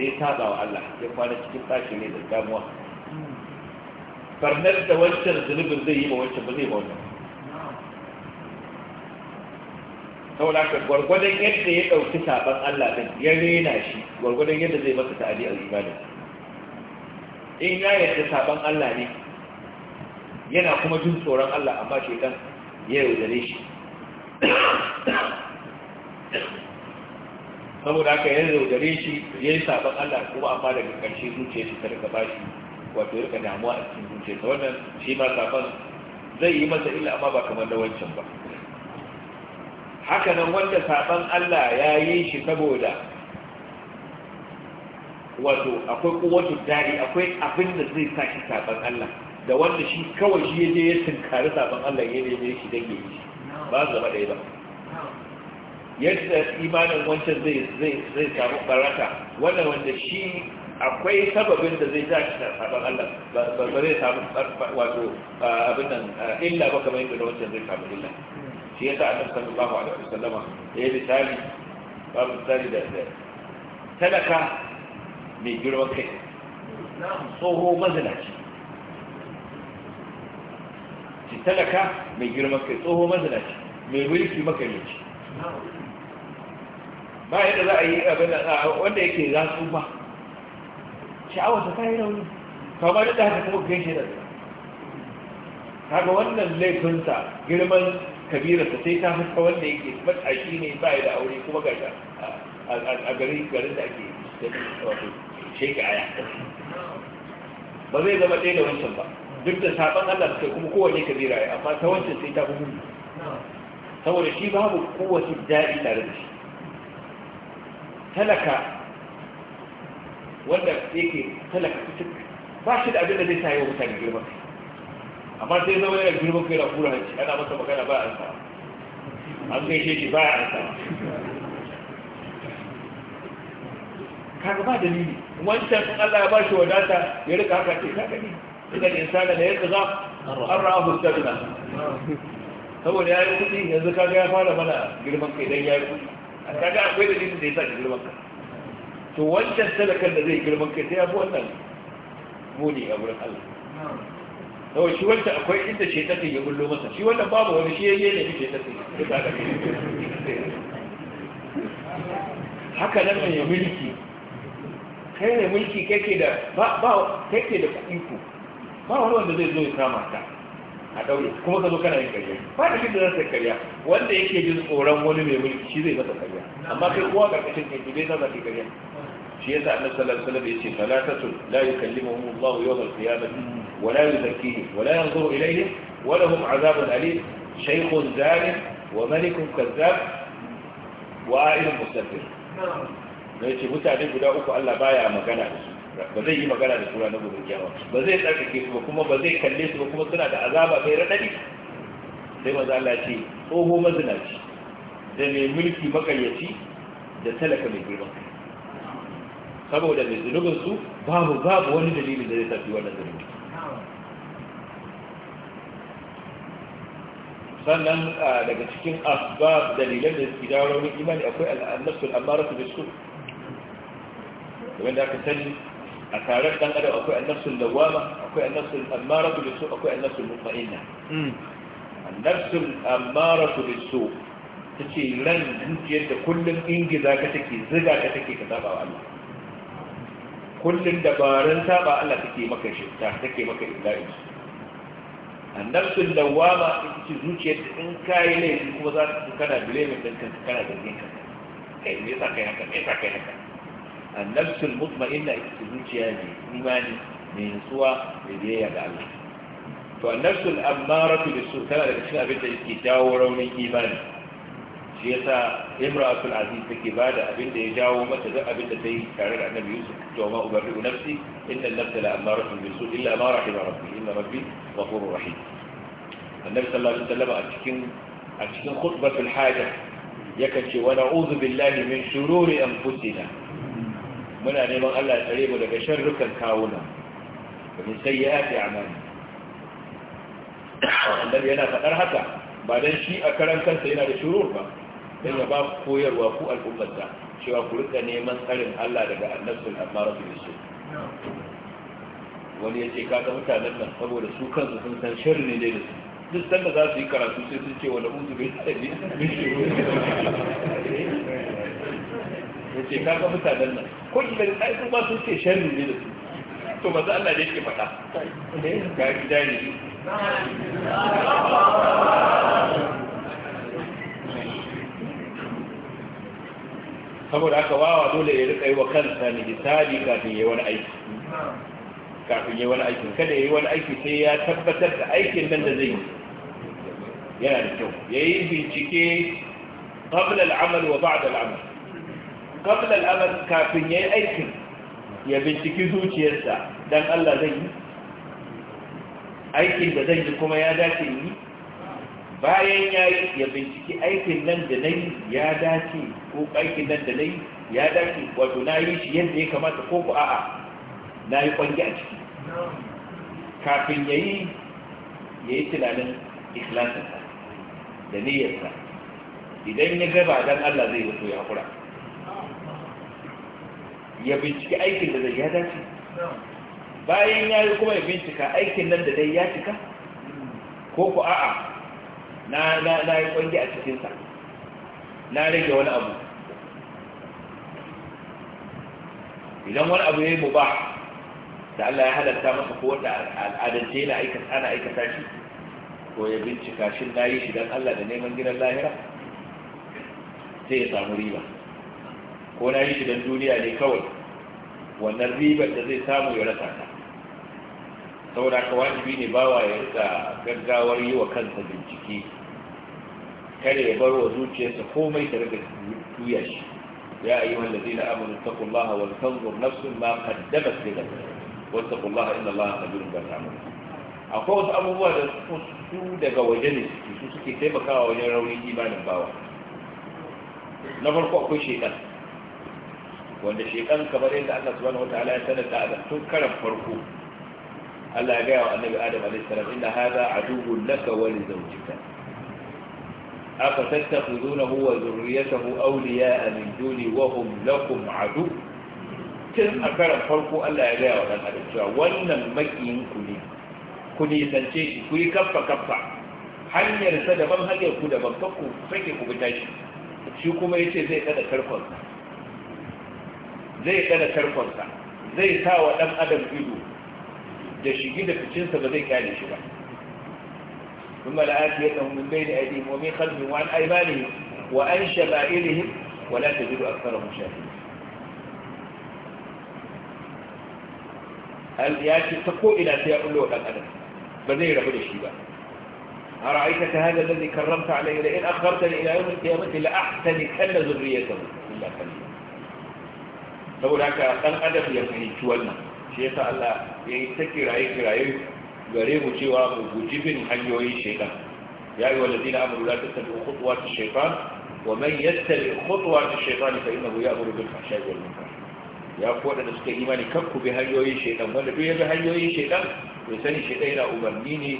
Speaker 1: sai saba wa Allah ya kwana cikin tashi ne da damuwa barnar da wancan zunubin zai yi ma wancan ba zai ba. wannan saboda haka gwargwadon yadda ya ɗauki sabon Allah ɗin ya rena shi gwargwadon yadda zai masa ta'adi a ibadar in ya yadda sabon Allah ne yana kuma jin tsoron Allah amma shaitan ya yaudare shi saboda haka ya yaudare shi ya yi sabon Allah kuma amma daga ƙarshe zuciya shi ta daga bashi wato rika damuwa a cikin zuciyarsa wannan shi ma safan zai yi masa illa amma ba kamar da wancan ba haka nan wanda saban Allah ya yi shi saboda wato akwai kowace dari akwai abin da zai sa shi saban Allah da wanda shi kawai shi ya je ya tunkari saban Allah ya neme shi dan yi shi ba ba ɗaya ba yadda imanin wancan zai samu baraka wannan wanda shi akwai sababin da zai tashi da sabon Allah ba zai samu wato abin nan illa ba kamar yadda wancan zai samu illa shi yasa annabi sallallahu alaihi wasallama yayi misali babu misali da talaka mai girman kai tsoho mazinaci shi talaka mai girman kai tsoho mazinaci mai mulki makamici ba yadda za a yi abin wanda yake za su ba sha'awar ta yi rauni to ba da haka kuma kai shi da kaga wannan laifinsa girman kabirar ta sai ta fuska wanda yake matashi ne ba da aure kuma ga a garin garin da ake wato sheka aya ba zai zama ɗaya da wancan ba duk da saɓan Allah da kuma kowane kabira ya amma ta wancan sai ta fi saboda shi babu kowace daɗi tare da shi talaka wanda yake talaka cikin ba shi da abin da zai sayo mutane girma amma sai zama yana girma kai na kura hanci ana masa magana ba a sa an kai shi ba a sa kaga ba dalili wancan sun Allah ya bashi wadata ya rika haka ce kaga ni idan insana da ya kaza an ra'ahu sabila saboda ya yi kuɗi yanzu kaga ya fara mana girman kai don ya yi kuɗi kaga akwai dalilin da ya sa girman kai to wancan talakan da zai girman kai ta ya fi wannan muni a wurin
Speaker 2: Allah
Speaker 1: kawai shi wancan akwai inda ta ya bullo masa shi wannan babu wani shi yayi ne shaitan ya ta kai haka nan mai mulki kai ne mulki kake da ba ba kake da iko ba wani wanda zai zo ya kama ka a ɗaure kuma ka zo kana yin karya ba da da za karya wanda yake jin tsoron wani mai mulki shi zai masa karya amma kai kowa karkashin kai bai za ka karya shi yasa annabi sallallahu alaihi wasallam yace salatatu la yukallimuhum Allah yawm al-qiyamah wa la yuzakkihim wa la yanzuru ilayhim wa lahum azabun alim shaykhun zalim wa malikun kazzab wa a'ilun mustakbir ne ce mutane guda uku Allah baya magana da su ba zai yi magana da su na gudun kiyama ba zai tsarkake su ba kuma ba zai kalle su ba kuma suna da azaba bai raɗaɗi sai manzo Allah ce tsoho mazinaci da mai mulki makayyaci da talaka mai girma. saboda mai zunubin su babu babu wani dalilin da zai tafi wannan zunubi sannan daga cikin asbab dalilan da suke dawo rauni imani akwai al'annasul amara su da su wanda aka sani a tare dan ɗan akwai annafsul lawama akwai annafsul ammaratu bisu akwai annafsul mutma'inna hmm. annafsul ammaratu bisu ce ran zuciyar da kullum ingiza ka take ziga ka take ka saba wa Allah kullum dabarun saba Allah take maka ta take maka ilahi annafsul lawama ita ce zuciyar da in kai laifi kuma za ka kana blame din kanka kana da kanka kai me yasa kai haka me yasa kai haka النفس المطمئنة إتسجوجيا من إيماني من سوى إليه يدعى فالنفس الأمارة بالسوء كما لكشنا أبدا يتجاو روني إيماني جيسا امرأة العزيز تكبادة أبدا يجاو متى أبدا تيه كارير عن نبي يوسف وما أبرئ نفسي إن النفس لأمارة بالسوء إلا ما رحم ربي إن ربي غفور رحيم النبي صلى الله عليه وسلم أتكين أتكين خطبة الحاجة يكتش ونعوذ بالله من شرور أنفسنا muna neman Allah ya tsare mu daga sharrukan kawuna domin sai ya yafi amani annabi yana faɗar haka ba dan shi a karan kansa yana da shurur ba dan ya ba koyarwa ku al'ummata cewa ku rika neman tsarin Allah daga annasul amma fi shi wani ya ce kaga mutanen nan saboda su kansu sun san sharri ne da su duk sanda za su yi karatu sai sun ce wani uzu bai tsaye ya ce kaga mutanen nan ko idan ai su ba sun ce sharri ne da su to ba za Allah ne yake faɗa ga gida ne saboda haka wawa dole ya rika yi wa kansa ne misali kafin ya yi wani aiki kafin yi wani aikin kada ya yi wani aiki sai ya tabbatar da aikin nan da zai yi yana da kyau ya yi bincike qabla al-amal wa ba'da al-amal kafin al-amal kafin yi aikin ya binciki zuciyarsa don Allah zai yi aikin da zan yi kuma ya dace yi bayan ya yi ya binciki aikin nan da na yi ya dace ko aikin nan da na yi ya dace wato na yi shi yadda ya kamata ko ku a'a na yi kwangi a ciki kafin ya yi ya yi tunanin ikilasinsa da niyyarsa idan ya gaba don Allah zai wato ya kura ya binciki aikin da zai ya dace bayan ya yi kuma ya bincika aikin nan da dai ya cika ko ku a'a na na yi kwangi a cikinsa na rage wani abu idan wani abu ya yi mubah da Allah ya halatta masa ko wanda al'adance yana aikata ana aikata shi ko ya bincika shi na yi shi don Allah da neman gidan lahira sai ya samu riba ko na yi shi don duniya ne kawai wannan ribar da zai samu ya rasa ta saboda ka wajibi ne bawa ya rika gaggawar yi wa kansa bincike kare ya bar wa zuciyarsa komai ta rika juya shi ya ayi wanda zai na amurin takullaha wal tanzur nafsun ma kaddabat li ghadin wal takullaha inna allaha khabirun bi ta'malun akwai wasu abubuwa da su daga waje ne su suke taimakawa wajen rauni imanin bawa na farko akwai shaitan wanda shi shekan kamar yadda Allah subhanahu wataala ya sanata a tun karan farko Allah ya gaya wa annabi Adam alaihi salam inna hadha aduwwun laka wa li zawjika afa tattakhudunahu wa dhurriyyatahu awliya'a min duni wa hum lakum adu tun a karan farko Allah ya gaya wa dan Adam cewa wannan makiyin ku ne ku nisance shi ku yi kaffa kaffa hanyarsa daban hanyar ku daban ku sake ku bi tashi shi kuma yace zai kada karkon زي ɗana tarkonsa zai sa wa ɗan adam ido da shigi da ficinsa ba zai kyale shi ba ثم لآتيتهم من بين أيديهم ومن خلفهم وعن أيمانهم وعن شمائلهم ولا تجد أكثرهم شاكرين يا يأتي تقول إلى سيقول له الأدب بذير أقول الشيبة أرأيتك هذا الذي كرمت عليه لئن أخرتني إلى يوم القيامة لأحسنكن ذريته إلا قليلا saboda haka dan adam ya fahimci wannan shi yasa Allah ya yi ta kiraye kiraye gare mu cewa mu guji bin hanyoyin shaitan ya yi wallazi na amuru la tattabi khutuwat shaitan wa man yattabi khutuwat shaitan fa innahu ya'muru bil fahsha'i wal munkar ya ku wadanda suka imani kan ku bi hanyoyin shaitan wanda duk ya bi hanyoyin shaitan to sani shaitan yana umarni ne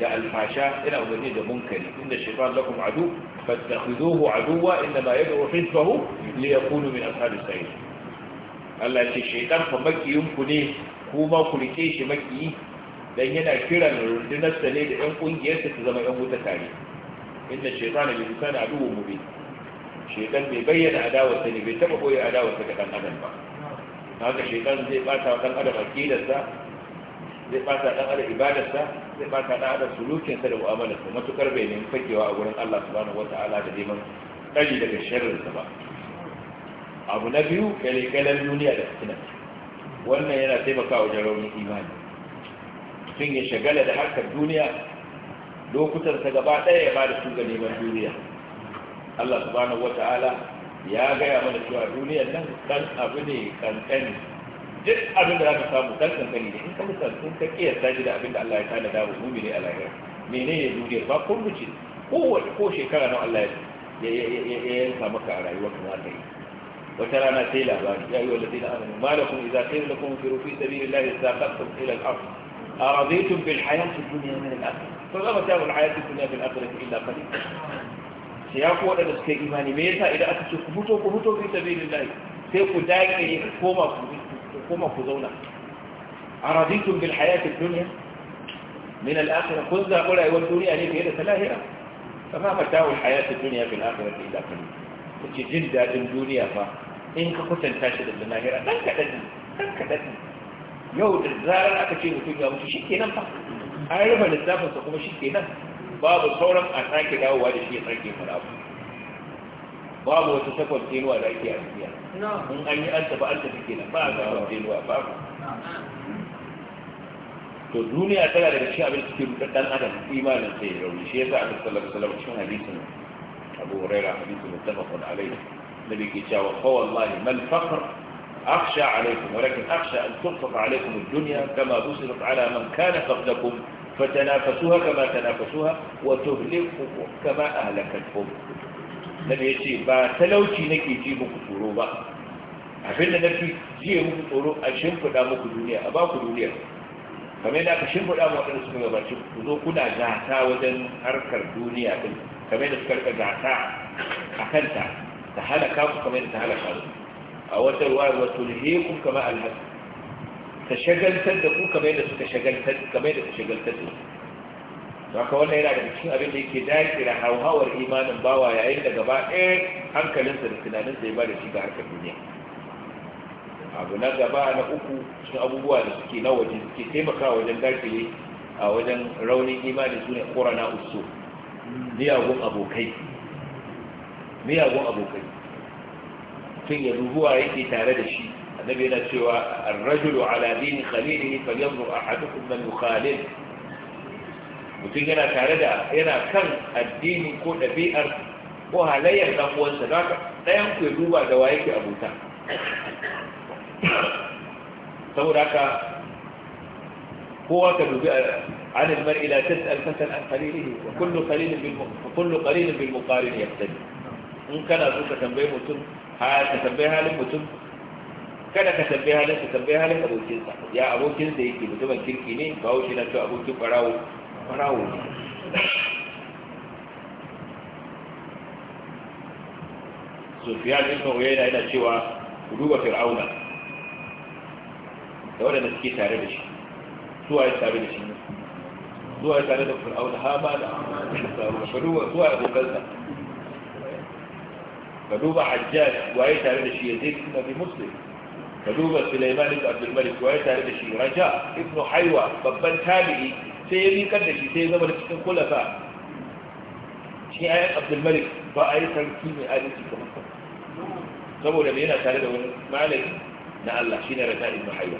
Speaker 1: da alfasha ina umarni da munkari inda shaitan lakum adu fattakhizuhu aduwa inna ma yad'u hizbahu li yakunu min ashabis sa'ir Allah ce shaitan fa makiyin ku ne kuma ku rike shi makiyi dan yana kiran rundunar sa ne da ɗan ƙungiyarsa ta zama ƴan wuta tare inda shaitan bai insani mu mubin shaitan bai bayyana adawarsa ne bai taɓa koyi adawarsa ga ɗan adam ba haka shaitan zai ɓata wa ɗan adam sa. zai ɓata ɗan adam ibadar sa. zai bata sulukin sa da mu'amalar sa matukar bai nemi fakewa a gurin Allah subhanahu wata'ala da neman tsari daga sharrin sa ba abu na biyu kalekalan duniya da fitina wannan yana taimakawa wajen raunin imani mutum ya shagala da harkar duniya lokutan sa gaba ɗaya ya bada su ga neman duniya Allah subhanahu wata'ala ya gaya mana cewa duniyar nan dan abu ne kankani duk abin da zaka samu dan kankani ne in ka misali in ka kiyasta shi da abin da Allah ya tana da mu ne a lahira menene duniyar ba ko mutum ko ko shekara na Allah ya yanka maka a rayuwar ka za yi wata rana sai labari ya yi wa ladina amanu malakum idza qila lakum fi rufi sabilillahi saqattum ila al-ard أرضيتم بالحياة الدنيا من الآخرة فما متاع الحياة الدنيا في الآخرة إلا قليل sai ya kuwa da suka imani me yasa idan aka ce ku fito ku fito fi sabilillahi sai ku dake koma ku bi ku koma ku zauna araditun bil hayatid dunya min al akhirah kun zaɓi rayuwar duniya ne fiye da ta lahira kama mata'ul hayatid dunya fil akhirati illa qalil kuce jin dadin duniya fa in ka kwatanta shi da ta lahira dan kaɗan ne dan kaɗan ne yau da zarar aka ce mutum ya mutu shikenan fa an raba lissafinsa kuma shikenan babu sauran a sake dawowa da shi ya sake fara abu babu wata takwas kenuwa da ake ajiya in an yi alta ba alta take kenan ba a takwas kenuwa ba to duniya tana daga cikin abin cikin dan adam imanin sai ya rauni shi yasa annabi sallar alaihi cikin hadisin Abu Huraira hadisin alai da bai ke cewa fa wallahi mal faqr أخشى عليكم ولكن أخشى أن تقطف عليكم الدنيا كما بصرت على من كان قبلكم فتنافسوها كما تنافسوها وتهلككم كما أهلكتكم nabi ya ce ba talauci nake ji muku tsoro ba abin da nafi jiye muku tsoro a shimfiɗa muku duniya a ba ku duniya kamar yadda aka shimfiɗa mu waɗanda suka gabaci ku zo kuna gasa wajen harkar duniya ɗin kamar yadda suka rika gata a kanta ta halaka ku kamar yadda ta halaka su a wata ruwa wato lihe ku kamar alhaji ta shagaltar da ku kamar yadda suka shagaltar kamar yadda ta shagaltar da su haka wannan yana daga cikin abin da yake dakira hauhawar imanin bawa yayin da gaba ɗaya hankalinsa da tunaninsa ya ba da shi ga harkar duniya abu na gaba na uku cikin abubuwa da suke na waje suke taimakawa wajen dakile a wajen raunin imanin su ne ƙorana usu miyagun abokai miyagun abokai tun ya ruhuwa yake tare da shi annabi yana cewa arrajulu ala dini khalilihi falyanzur ahadukum man yukhalil mutum yana tare da yana kan addini ko ɗabi'ar ko halayyar ɗan uwansa za ka ɗayan ku duba da wa yake abuta saboda haka kowa ka dubi عن المرء لا تسأل فسأل عن قليله وكل قليل وكل قليل بالمقارن يقتدي in kana so ka tambaye mutum ka tambaye halin mutum kada ka tambaye halin ka tambaye halin abokinsa ya abokinsa yake mutumin kirki ne ba wuce na to abokin barawo farawo sufiyan ibn uyayna yana cewa ku duba fir'auna da wadanda suke tare da shi suwa ya tare da shi zuwa ya tare da fir'auna ha ba da ka duba zuwa ya kokarsa ka duba hajjaj waye tare da shi ya zai ibn abi muslim ka duba sulaiman ibn abdul malik waye tare da shi raja ibn haywa babban tabi'i sai ya rikar da shi sai ya zama da cikin kulasa shi ayan abdulmalik ba a yi sarki mai adalci kamar sa saboda mai yana tare da wani malami na Allah shi ne rata ibn hayya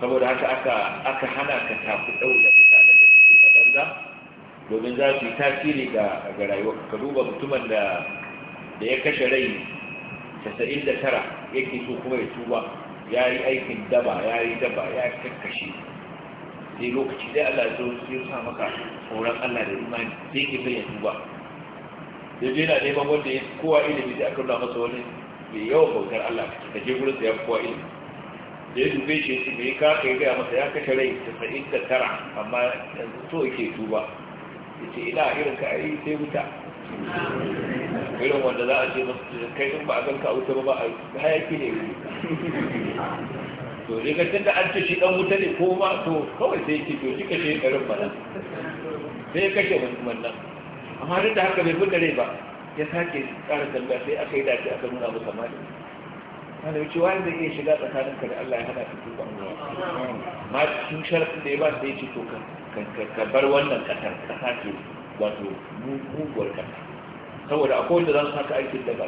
Speaker 1: saboda haka aka aka hana ka tafi dauda mutanen
Speaker 2: da suke da banza
Speaker 1: domin za su yi tasiri ga ga rayuwar ka duba mutumin da da ya kashe rai da tara yake so kuma ya tuba ya yi aikin daba ya yi daba ya kakkashe sai lokaci dai Allah ya ya sa maka horon Allah da imani sai ke bayyana duba da je na neman wanda ya kowa ilimi da aka nuna masa wani mai yawan bautar Allah da je gurin da ya kowa ilimi da ya dube shi su mai ka kai gaya masa ya kashe rai tasa'in da tara amma yanzu so yake tuba ya ce ina irin ka ayi sai wuta irin wanda za a ce masu kai in ba a ganka a wuta ba ba a hayaki ne to ne ga tunda an ce shi dan wuta ne ko ma to kawai sai ki to shi kashe garin bana sai ka kashe wannan amma duk da haka bai fi dare ba ya sake tsara tambaya sai aka yi dace aka nuna masa mali wanda wuce wani zai iya shiga tsakanin ka da Allah ya hana ka tuba ma cikin sharafin da ya ba sai ya to ka bar wannan ƙasar ƙasa ce wato muguwar ƙasa saboda akwai wanda za su haka aikin da ba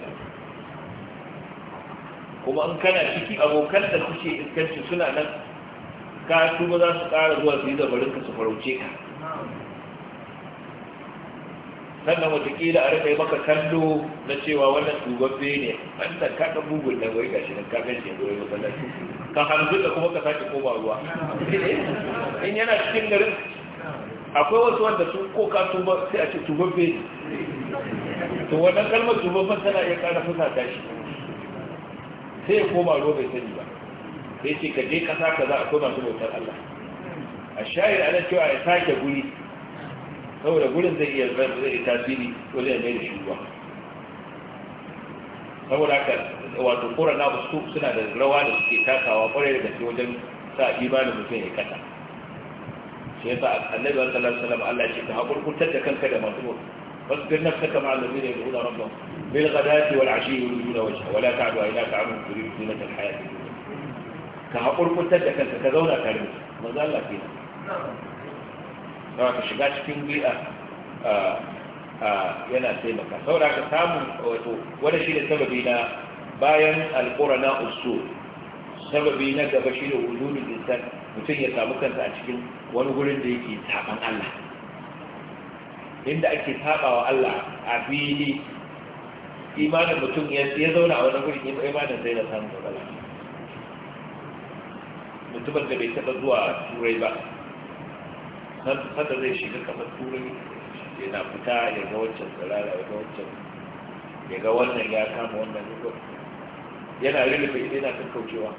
Speaker 1: kuma in kana ciki abokan da kuke iskanci suna nan ka su ba za su ƙara zuwa su yi zabarin ka su farauce ka sannan watakila a rikai maka kallo na cewa wannan tubabbe ne an da ka ɗan bugun da wai gashi nan ka gan shi goyi masallaci ka hanzu da kuma ka sake koma ruwa in yana cikin garin akwai wasu wanda sun koka tuba sai a ce tubabbe ne to wannan kalmar tubabben tana iya ƙara fusa shi sai ya koma ruwa bai sani ba sai ce ka je kasa kaza akwai masu bautar Allah a shayar ana cewa ya sake guri saboda gurin zai iya zai tasiri wajen mai da shi saboda haka wato kora na su suna da rawa da suke takawa kwarai da gaske wajen sa imanin mutum ya kasa shi yasa annabi sallallahu alaihi wasallam Allah ya ce ka hakurkurtar da kanka da masu wasu bautar fasbir nafsaka ma'a da yad'una rabbahum بالغداة والعشي يريدون وجهه ولا تعد عيناك عنهم تريد زينة الحياة الدنيا كهقول كنت كنت كذونا كلمة ما زال لك فيها نعم الشجاع cikin bi'a yana taimaka saboda ka samu wato wani shi ne sababi na bayan alƙura na usul sababi na gaba shi mutum ya samu kansa a cikin wani gurin da yake saban Allah inda ake sabawa Allah a fili imanin mutum ya zauna a wani gurin ya imanin zai na samun matsala mutumin da bai taɓa zuwa turai ba sanda zai shiga kamar turai yana fita ya ga wancan tsirara ya ga wancan ya ga wannan ya kama wannan rikon yana rilifa ita na kakkaucewa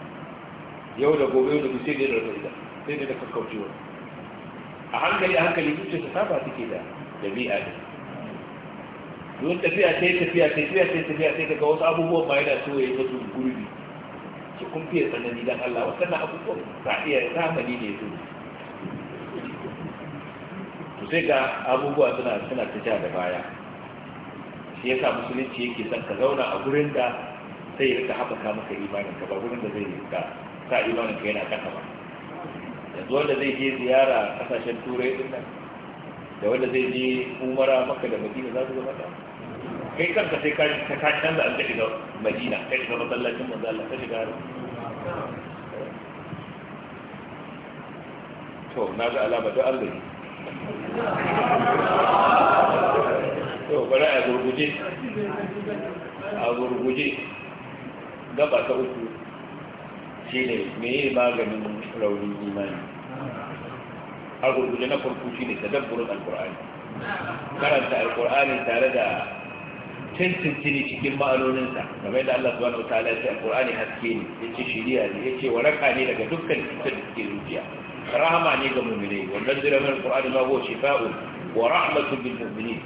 Speaker 1: yau da gobe yau da gobe sai da rarra ita sai da kakkaucewa a hankali a hankali zuciya ta saba take da dabi'a ne don tafiya sai tafiya sai tafiya sai tafiya sai kaga wasu abubuwan ba yana so ya yi musu gurbi su kun fiye sanani don Allah wasu tana abubuwan ba iya zamani ne su to sai ga abubuwa suna suna tafiya da baya shi sa musulunci yake son ka zauna a gurin da sai ya rika haɓaka maka imanin ka ba gurin da zai rika sa imanin ka yana kasa ba yanzu wanda zai je ziyara kasashen turai din nan da wanda zai je umara maka da madina za su zama ta kai kanka sai ka ka canza an kaɗi ga madina kai ga masallacin manzo Allah ka ga to na ga alama da Allah to bari a gurguje a gurguje gaba ta uku shine me maganin raunin imani a gurguje na farko shi shine tadabburin Alkur'ani.
Speaker 2: karanta Alkur'ani
Speaker 1: tare da tantance cikin ma'anoninsa kamar da Allah subhanahu wataala ya ce haske ne yace shiriya ne ya ce waraka ne daga dukkan cutar da ke zuciya rahama ne ga mu'mini wannan jira Alkur'ani ma huwa shifa'un wa rahmatun lil mu'minin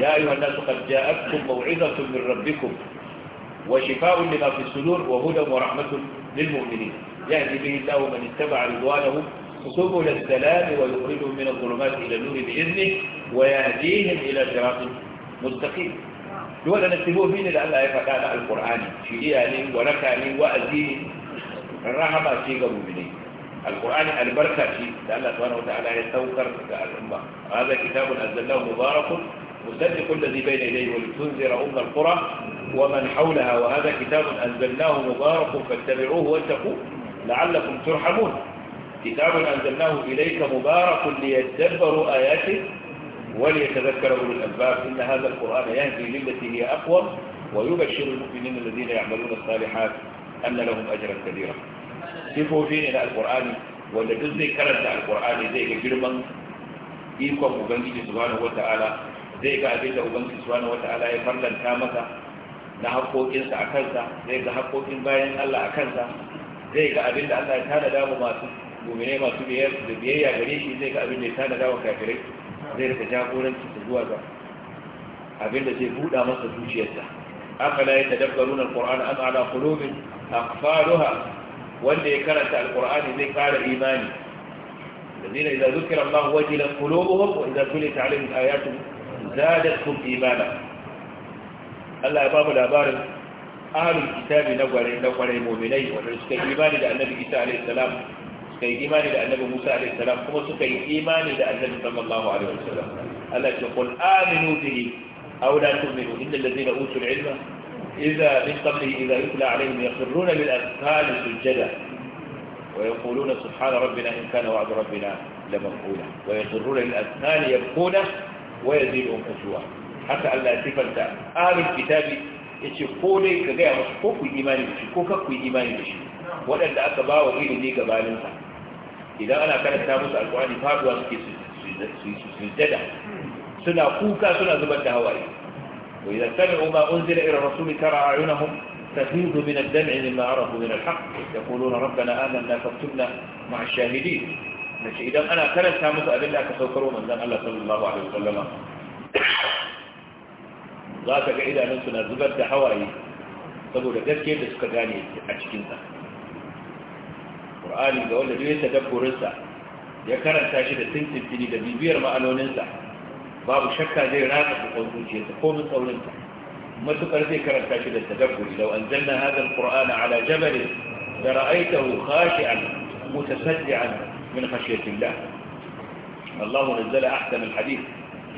Speaker 1: ya yi ayyuhan nasu qad ja'atkum maw'izatun min rabbikum wa shifa'un lima fi sudur wa hudan wa rahmatun lil mu'minin yahdi bihi Allahu man ittaba ridwanahu سبل السلام ويخرجهم من الظلمات إلى النور بإذنه ويهديهم إلى صراط مستقيم دول أنا سيبوه مين اللي الله يفتح القرآن شيئا لي وركا لي وأزيني الرحمة في قبل مني القرآن البركة شيء لأن سبحانه وتعالى يستوكر الأمة هذا كتاب أنزلناه مبارك مصدق الذي بين يديه ولتنذر أم القرى ومن حولها وهذا كتاب أنزلناه مبارك فاتبعوه واتقوه لعلكم ترحمون kitabun anzalnahu ilayka mubarakun liyadabbaru ayatihi وليتذكر أولو الألباب إن هذا القرآن يهدي للتي هي أقوى ويبشر المؤمنين الذين يعملون الصالحات أن لهم أجرا كبيرا سيفو فين إلى القرآن ولا تزي كرنت القرآن زي جرما إيكم أبنجي سبحانه وتعالى زي قابل أبنجي سبحانه وتعالى يفرلا كامتا na haƙoƙin sa a kansa zai ga haƙoƙin bayan Allah a kansa zai ga abin da Allah ya tada damu masu mu'minai masu biyayya gare shi zai ga abin da ya tanada wa kafirai zai rika jagoranci ta zuwa ga abin da zai buɗa masa zuciyarsa afala yatadabbaruna alqur'ana am ala qulubin aqfaluha wanda ya karanta alqur'ani zai kara imani الذين إذا ذكر الله وجلا قلوبهم وإذا تليت عليهم الآيات زادتهم إيمانا الله يباب الأبار أهل الكتاب نقل المؤمنين suka الإيمان لأن النبي إيسى عليه السلام suka yi imani da annabi Musa alaihi salam kuma suka yi imani da annabi sallallahu alaihi wasallam Allah ya qul aminu bihi aw la tu'minu innal ladina utul ilma idza min qablihi idza yutla alaihim yakhruna lil azqani sujada ويقولون سبحان ربنا إن كان وعد ربنا لمفعولا ويخرون للأذهان يبكون ويزيدهم خشوعا حتى ألا تفلت أهل الكتاب yace ko dai ka gaya masu ko ku imani da shi ko kakku imani da shi waɗanda aka ba wa ilimi gabaninsa idan ana karanta musu alkur'ani faduwa suke sujjada suna kuka suna zubar da hawaye wa idan sami'u ma unzila ila rasuli tara a'yunahum تفيض من الدمع مما عرفوا من الحق يقولون ربنا آمنا فاكتبنا مع الشاهدين ماشي إذا أنا كانت تامس أدلة كسوكروا من ذن الله صلى Za عليه ga ذاك إذا zubar da hawaye, saboda gaske da suka gane a cikinsa qur'ani ga wanda duk ya tadabburinsa ya karanta shi da tintintini da bibiyar ma'anoninsa babu shakka zai ratsa kokon zuciyarsa ko mun tsaurinsa matukar zai karanta shi da tadabburi law anzalna hadha alqur'ana ala jabalin la ra'aytahu khashi'an mutasaddian min khashyati allah الله نزل أحسن الحديث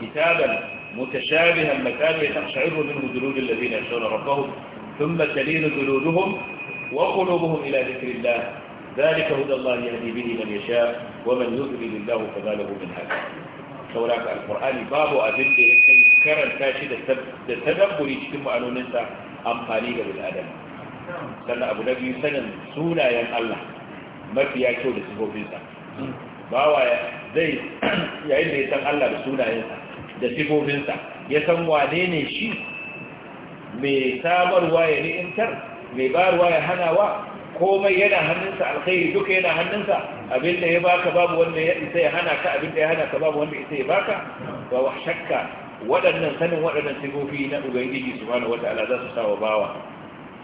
Speaker 1: كتابا متشابها متابع تقشعر منه جلود الذين يخشون ربهم ثم تلين جلودهم وقلوبهم إلى ذكر الله ذلك هدى الله يهدي به من يشاء ومن يضلل الله فما له من هدى sauraka alkur'ani babu abin da ya kai karanta shi da tadabburi cikin ma'anoninsa amfani ga bil'adam sannan abu na biyu sanin sunayen Allah mafiya kyau da sifofinsa bawa zai yayin da ya san Allah da sunayen sa da sifofinsa ya san wane ne shi mai samarwa ya ni'imtar mai barwa ya hanawa komai yana hannunsa alkhairi duka yana hannunsa abinda ya baka babu wanda ya isa ya hana ka abinda ya hana ka babu wanda isa ya baka ba wa shakka waɗannan sanin waɗannan sifofi na ubangiji subhanahu wataala za su sa wa bawa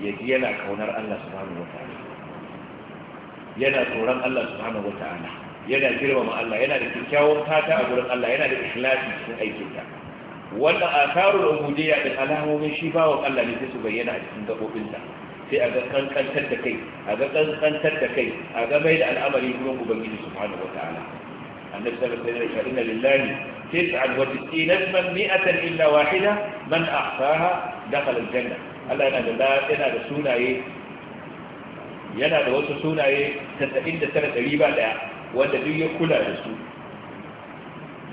Speaker 1: ya ji yana kaunar Allah subhanahu wataala yana tsoron Allah subhanahu wataala yana girmama Allah yana da kyakkyawan fata a gurin Allah yana da ikhlasi cikin aikinsa wannan asarul ubudiyya da alamomin shi bawan Allah ne sai su bayyana a cikin ta. sai a ga kankantar da kai a ga kankantar da kai a ga mai da al'amari gurin ubangiji subhanahu wataala annabi sallallahu alaihi wasallam inna lillahi tis'an wa tis'ina man mi'atan illa wahida man ahsaha dakhala aljanna Allah yana da yana da sunaye yana da wasu sunaye 99 ba daya wanda duk ya kula da su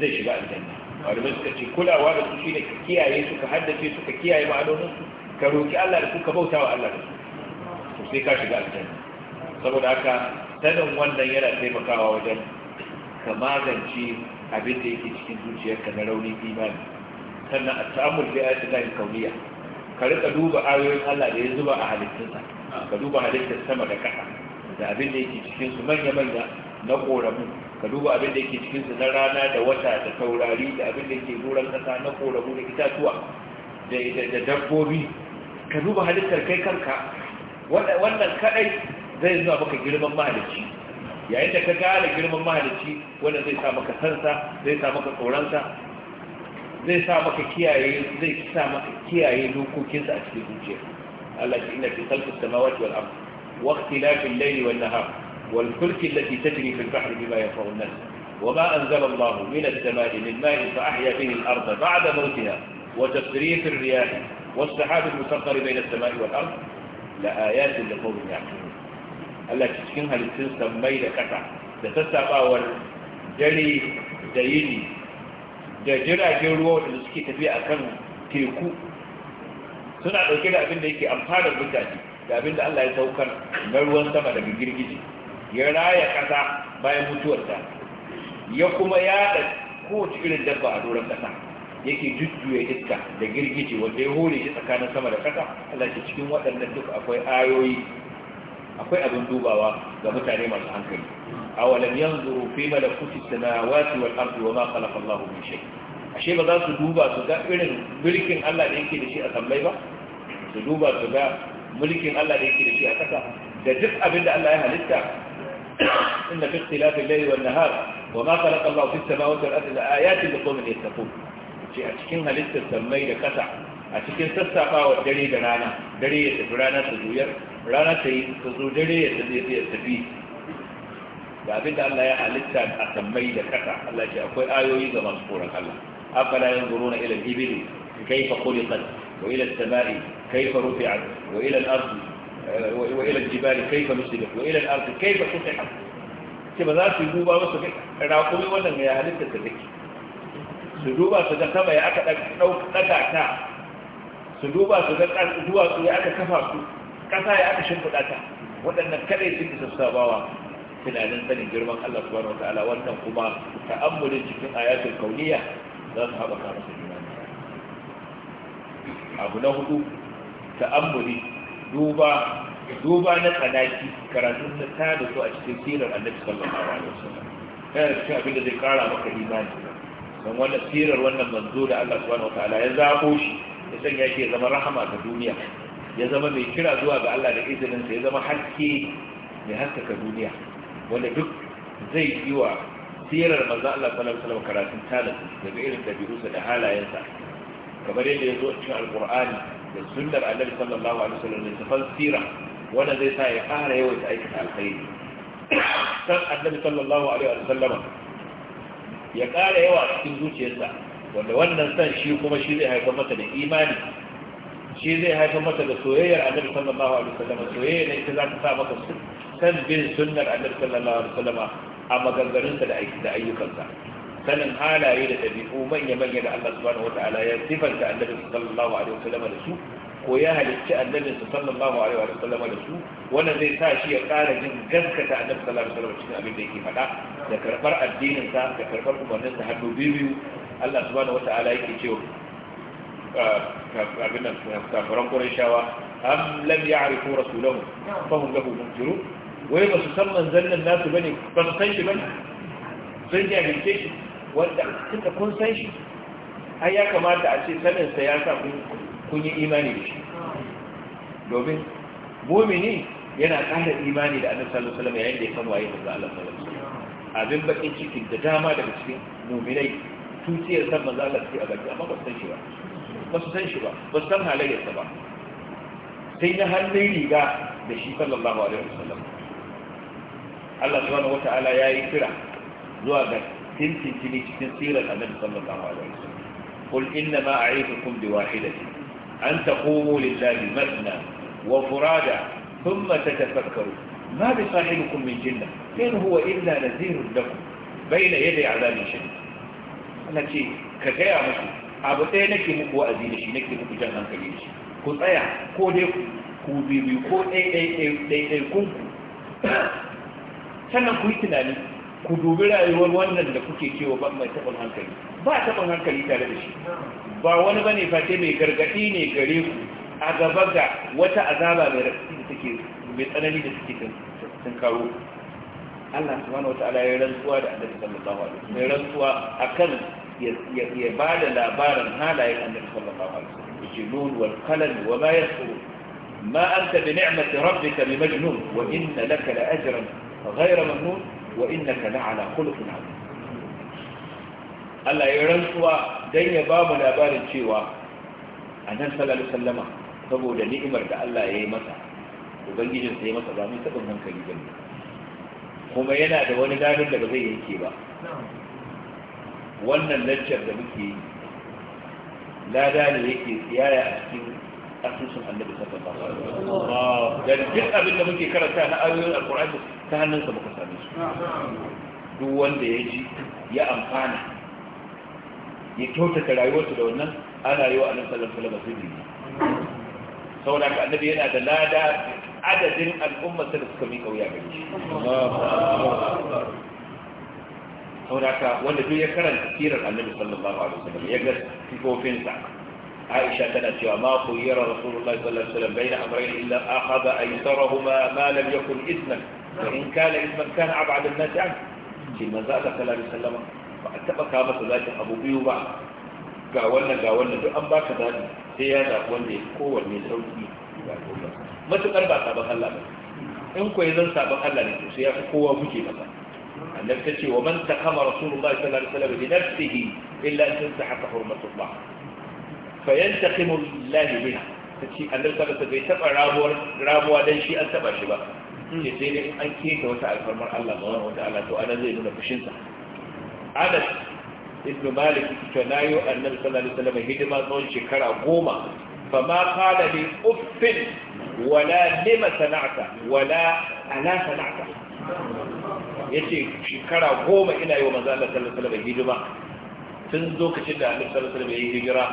Speaker 1: zai shiga aljanna malamai suka ce kulawa da su shine ka kiyaye su ka haddace su ka kiyaye ma'anonin su ka roƙi Allah da su ka bautawa Allah da su sai ka shiga aljanna saboda haka sanin wannan yana taimakawa wajen ka magance abin da yake cikin zuciyarka na raunin imani sannan a ta'amul bi ayati llahi kauniya ka rika duba ayoyin Allah da ya zuba a halittunsa ka duba halittar sama da ƙasa da abin da yake cikin su manya manya na koramu ka duba abin da yake cikin su na rana da wata da taurari da abin da yake goran ƙasa na koramu da itatuwa da dabbobi ka duba halittar kai kanka wannan kadai zai zuwa maka girman mahalicci yayin da ka gane girman mahalicci wanda zai sa maka sansa zai sa maka tsoronsa zai sa maka kiyaye zai sa maka kiyaye dokokinsa a cikin zuciya Allah ya inna fi khalqis samawati wal ardh wa ikhtilafil layli wan nahar wal fulki allati tajri fil bahri bima yanfa'u an-nas وما أنزل الله من السماء من ماء فأحيا به الأرض بعد موتها وتصريف الرياح والسحاب المسخر بين السماء والأرض da ayatin da kawai ya Allah cikin halittun sammai da kasa da sassabawar dare da yini da jiragen ruwa da suke tafiya kan teku suna ɗauke da abin da yake amfanar mutane da abin da Allah ya saukar na ruwan sama daga girgiji ya raya ƙasa bayan mutuwarta ya kuma yaɗa kowace irin dabba a doron ƙasa yake jujjuya iska da girgije wanda ya hore shi tsakanin sama da ƙasa Allah ce cikin waɗannan duk akwai ayoyi akwai abin dubawa ga mutane masu hankali awalam yanzuru fi malakuti samawati wal ardi wa ma khalaqa Allahu min shay ashe ba za su duba su ga irin mulkin Allah da yake da shi a sammai ba su duba su ga mulkin Allah da yake da shi a ƙasa da duk abin da Allah ya halitta inna fi ikhtilafil layli wan nahar wa ma khalaqa Allahu fis samawati wal ardi la ayatin liqawmin yattaqun ce a cikin halittar sammai da ƙasa a cikin sassafawa dare da rana dare ya tafi rana ta juyar rana ta yi ta zo dare ya tafi da abin da Allah ya halitta a sammai da ƙasa Allah ce akwai ayoyi ga masu tsoron Allah afala yanzuruna ila al-ibili kayfa khuliqat wa ila as-sama'i kayfa rufi'at wa ila al-ardi وإلى الجبال كيف نصبت وإلى الأرض كيف فتحت كما ذات يجوبا wannan ya halitta يهلك تتكي su duba su ga sama ya aka ɗaga ta su duba su ga su ya aka kafa su ƙasa ya aka shimfiɗa ta waɗannan kaɗai sun isa sabawa tunanin sanin girman Allah subhanahu wataala wannan kuma ta'ammulin cikin ayatul kauniya za su haɓaka masa ne abu na hudu ta'ammuli duba duba na tsanaki karatun na ta da su a cikin sirar annabi sallallahu alaihi wasallam kana da cikin abin da zai kara maka imani don wannan sirar wannan manzo da Allah subhanahu wataala ya zabo shi ya sanya shi ya zama rahama ga duniya ya zama mai kira zuwa ga Allah da izinin sa ya zama haske mai haskaka duniya wanda duk zai yi wa sirar manzo Allah sallallahu alaihi wasallam karatun talas daga irin sa da halayen sa, kamar yadda ya zo a cikin alqur'ani da sunnar annabi sallallahu alaihi wasallam da tafan sira wanda zai sa ya fara yawaita aikin alkhairi san annabi sallallahu alaihi wasallama ya ƙara yawa cikin zuciyarsa wanda wannan san shi kuma shi zai haifar mata da imani shi zai haifar mata da soyayyar annabi sallallahu alaihi wasallam soyayya ne ita za ta sa maka san bin sunnar annabi sallallahu alaihi wasallam a maganganunsa da ayyukansa sanin halaye da ɗabi'u manya-manya da Allah subhanahu wa ta'ala ya sifanta annabi sallallahu alaihi wasallam da su ko ya halicci annabin sa sallallahu alaihi wa sallam da su wannan zai sa shi ya ƙara jin gaskata annabi sallallahu alaihi wa sallam cikin abin da yake faɗa da karɓar addinin sa da karɓar umarnin sa hannu biyu Allah subhanahu wata'ala yake cewa ah, abin nan kafiran Qurayshawa am lam ya'rifu rasulahum fa hum lahu mumtirun wai ba su san manzannin nasu bane ba su san shi bane sun jahilce shi wanda suka kun san shi ai ya kamata a ce saninsa ya sa kun kun yi imani da shi domin mumini yana ƙara imani da annabi sallallahu alaihi wasallam yayin da ya san waye manzo Allah sallallahu alaihi wasallam abin bakin cikin da dama daga cikin muminai tuciyar san manzo Allah sai a baki amma ba san shi ba ba su san shi ba ba san halayyarsa ba sai na hannun riga da shi sallallahu alaihi wasallam Allah subhanahu wata'ala ya yi kira zuwa ga tintin cikin sirar annabi sallallahu alaihi wasallam qul inna ma a'idukum bi wahidatin أن تقوموا لله مثنى وفرادا ثم تتفكروا ما بصاحبكم من جنة إن هو إلا نذير لكم بين يدي عذاب شديد أنا شيء كتايا مشي abu ɗaya nake muku wa'azi da shi nake muku jan hankali da shi ku tsaya ko dai ku bibi ko ɗaiɗai ku sannan ku yi tunani ku dubi rayuwar wannan da kuke cewa mai taɓin hankali ba taɓin hankali tare da shi ba wani bane face mai gargadi ne gare ku a gaba ga wata azaba mai rafi da take mai tsanani da take sun karo Allah subhanahu wataala ya rantsuwa da Annabi sallallahu alaihi wasallam ya rantsuwa akan ya ba da labarin halayen Annabi sallallahu alaihi wasallam yace nun wal qalam wa ma yasur ma anta bi ni'mati rabbika bi majnun wa inna laka la ajran ghayra mamnun wa innaka la ala khuluqin 'azim Allah ya rantsuwa dan ya ba mu labarin cewa annabi sallallahu alaihi wasallama saboda ni'imar da Allah ya yi masa ubangijin sai masa ba mu tabin hankali bane kuma yana da wani gadin da ba zai yanke ba wannan lancar da muke yi lada ne yake tsiyaya a cikin asusun annabi sallallahu alaihi wasallam da duk abin da muke karanta na ayoyin alqur'ani ta hannunsa muka same su duk wanda ya ji ya amfana ya kyautata rayuwarsu da wannan ana yi wa annabi sallallahu alaihi wasallam sirri saboda ka annabi yana da lada adadin al'ummar da suka mika wuya gare shi saboda ka wanda duk ya karanta sirar annabi sallallahu alaihi wasallam ya ga sifofinsa عائشة كانت ما خير رسول الله صلى الله عليه وسلم بين أمرين إلا أخذ أيسرهما ما لم يكن إثما فإن كان إثما كان أبعد الناس عنه في مزاد صلى الله عليه وسلم ba a taɓa kawo masa zaɓin abu biyu ba ga wannan ga wannan duk an baka zaɓi sai ya zaɓi wanda ya kowanne sauƙi ga al'ummar matuƙar ba sabon Allah
Speaker 2: ba
Speaker 1: in ko ya zan sabon Allah ne to sai ya fi kowa guje masa annabi ta ce wa man takama rasulullahi sallallahu alaihi wasallam bi nafsihi illa an tuntaha hurmatullah fa yantaqimu lillahi biha tace annabi sallallahu alaihi wasallam bai rabuwar rabuwa dan shi an taba shi ba ce sai dai an keta wata alfarmar Allah subhanahu wa ta'ala to ana zai nuna fushinsa anas ibn malik to nayo annabi sallallahu alaihi wasallam hidima tsawon shekara goma fa ma qala li uffin wala lima sana'ta wala ala sana'ta yace shekara goma ina yi wa manzo Allah sallallahu alaihi wasallam hidima tun lokacin da annabi sallallahu alaihi wasallam ya hijira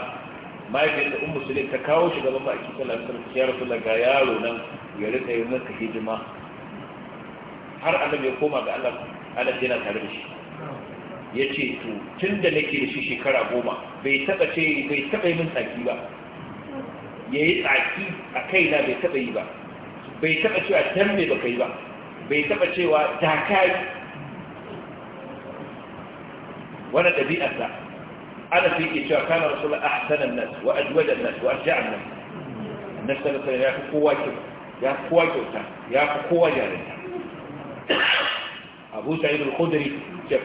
Speaker 1: mahaifiyar da ummu sulaim ta kawo shi gaban baki sallallahu alaihi wasallam ya rasulullah ga yaro nan ya rika yi maka hidima har annabi ya koma ga Allah Allah yana tare da shi ya ce to tun da nake da shi shekara goma bai taba ce bai taɓa yi min tsaki ba ya yi tsaki a kaina bai taba yi ba bai taba cewa dan me baka yi ba bai cewa da wani ɗabi'arsa ana fi ke cewa kana rasulullah ahsanan nas wa ajwadan nas wa arja'an nas ya fi kowa kyauta ya fi kowa أبو سعيد الخدري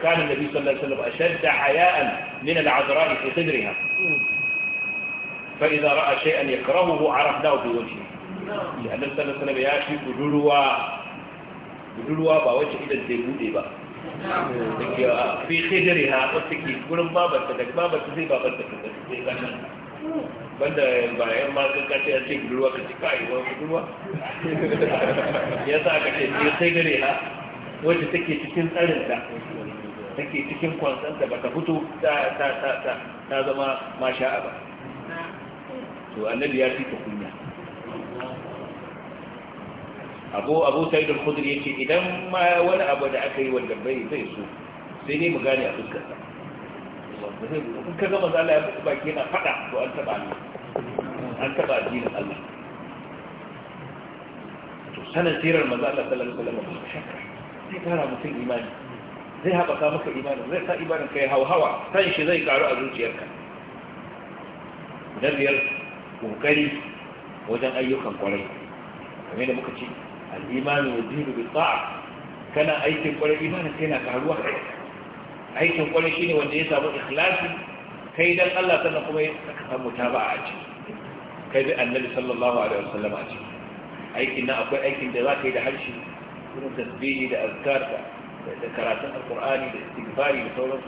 Speaker 1: كان النبي صلى الله عليه وسلم أشد حياء من العذراء في صدرها فإذا رأى شيئا يكرهه عرفناه في وجهه لأن النبي صلى الله عليه وسلم يأتي بدلوى بدلوى بوجه إلى الزيبود في خدرها وتكي كل ما بتدك ما بتزي ما بتدك banda bayan ma ka ce a ce budurwa ka ci kai wa budurwa ya sa ka ce sai gare ha wadda take cikin tsarinta take cikin kwansanta ba ta fito ta zama masha'a ba to annabi ya fi ta kunya abu abu sa'id Kudur ya ce, idan ma wani abu da aka yi wanda bai zai so sai ne mu gane a fuskar sa in ka gama zalla ya fita baki yana fada to an taba ni an taba addinin Allah to sanin sirar manzo Allah sallallahu alaihi wasallam ba shakka zai kara mutum imani zai haɓaka maka imanin zai sa imanin kai hauhawa kan shi zai karu a zuciyarka na biyar kokari wajen ayyukan kwarai kamar da muka ce al'imani wa dinu bi ta'a kana aikin kwarai imanin kai na karuwa aikin kwarai ne wanda ya samu ikhlasi kai dan Allah sannan kuma saka samu taba'a a ciki kai bi annabi sallallahu alaihi wasallam a ciki aikin nan akwai aikin da za ka yi da harshe irin tasbihi da azkar da karatun alqur'ani da istighfari da sauransu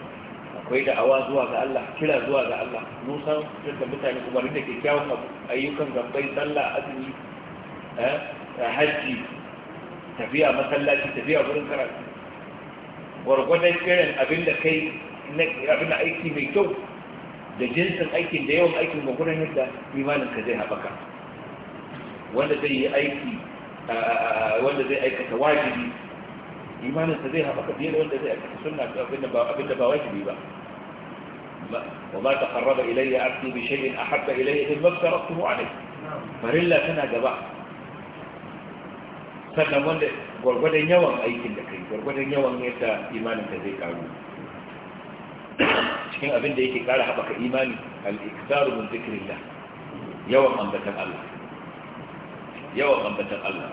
Speaker 1: akwai da'awa zuwa ga Allah kira zuwa ga Allah nusan da mutane umarni da kyakkyawan abu ayyukan gabbai sallah azumi eh, hajji tafiya masallaci tafiya wurin karatu gwargwadon irin abin da kai abin da aiki mai kyau da jinsin aikin da yawan aikin gwargwadon yadda imanin ka zai haɓaka wanda zai yi aiki wanda zai aikata wajibi imaninsa zai haɓaka fiye da wanda zai aikata sunna abinda ba wajibi ba ta وما تقرب إلي عبدي بشيء أحب إليه مما افترضته عليه فرلا tana gaba sannan wanda gwargwadon yawan aikin da kai gwargwadon yawan yadda imanin zai ƙaru cikin abin da yake ƙara haɓaka imani al-iktaru min zikrillah yawan ambatan Allah yawan ambatan Allah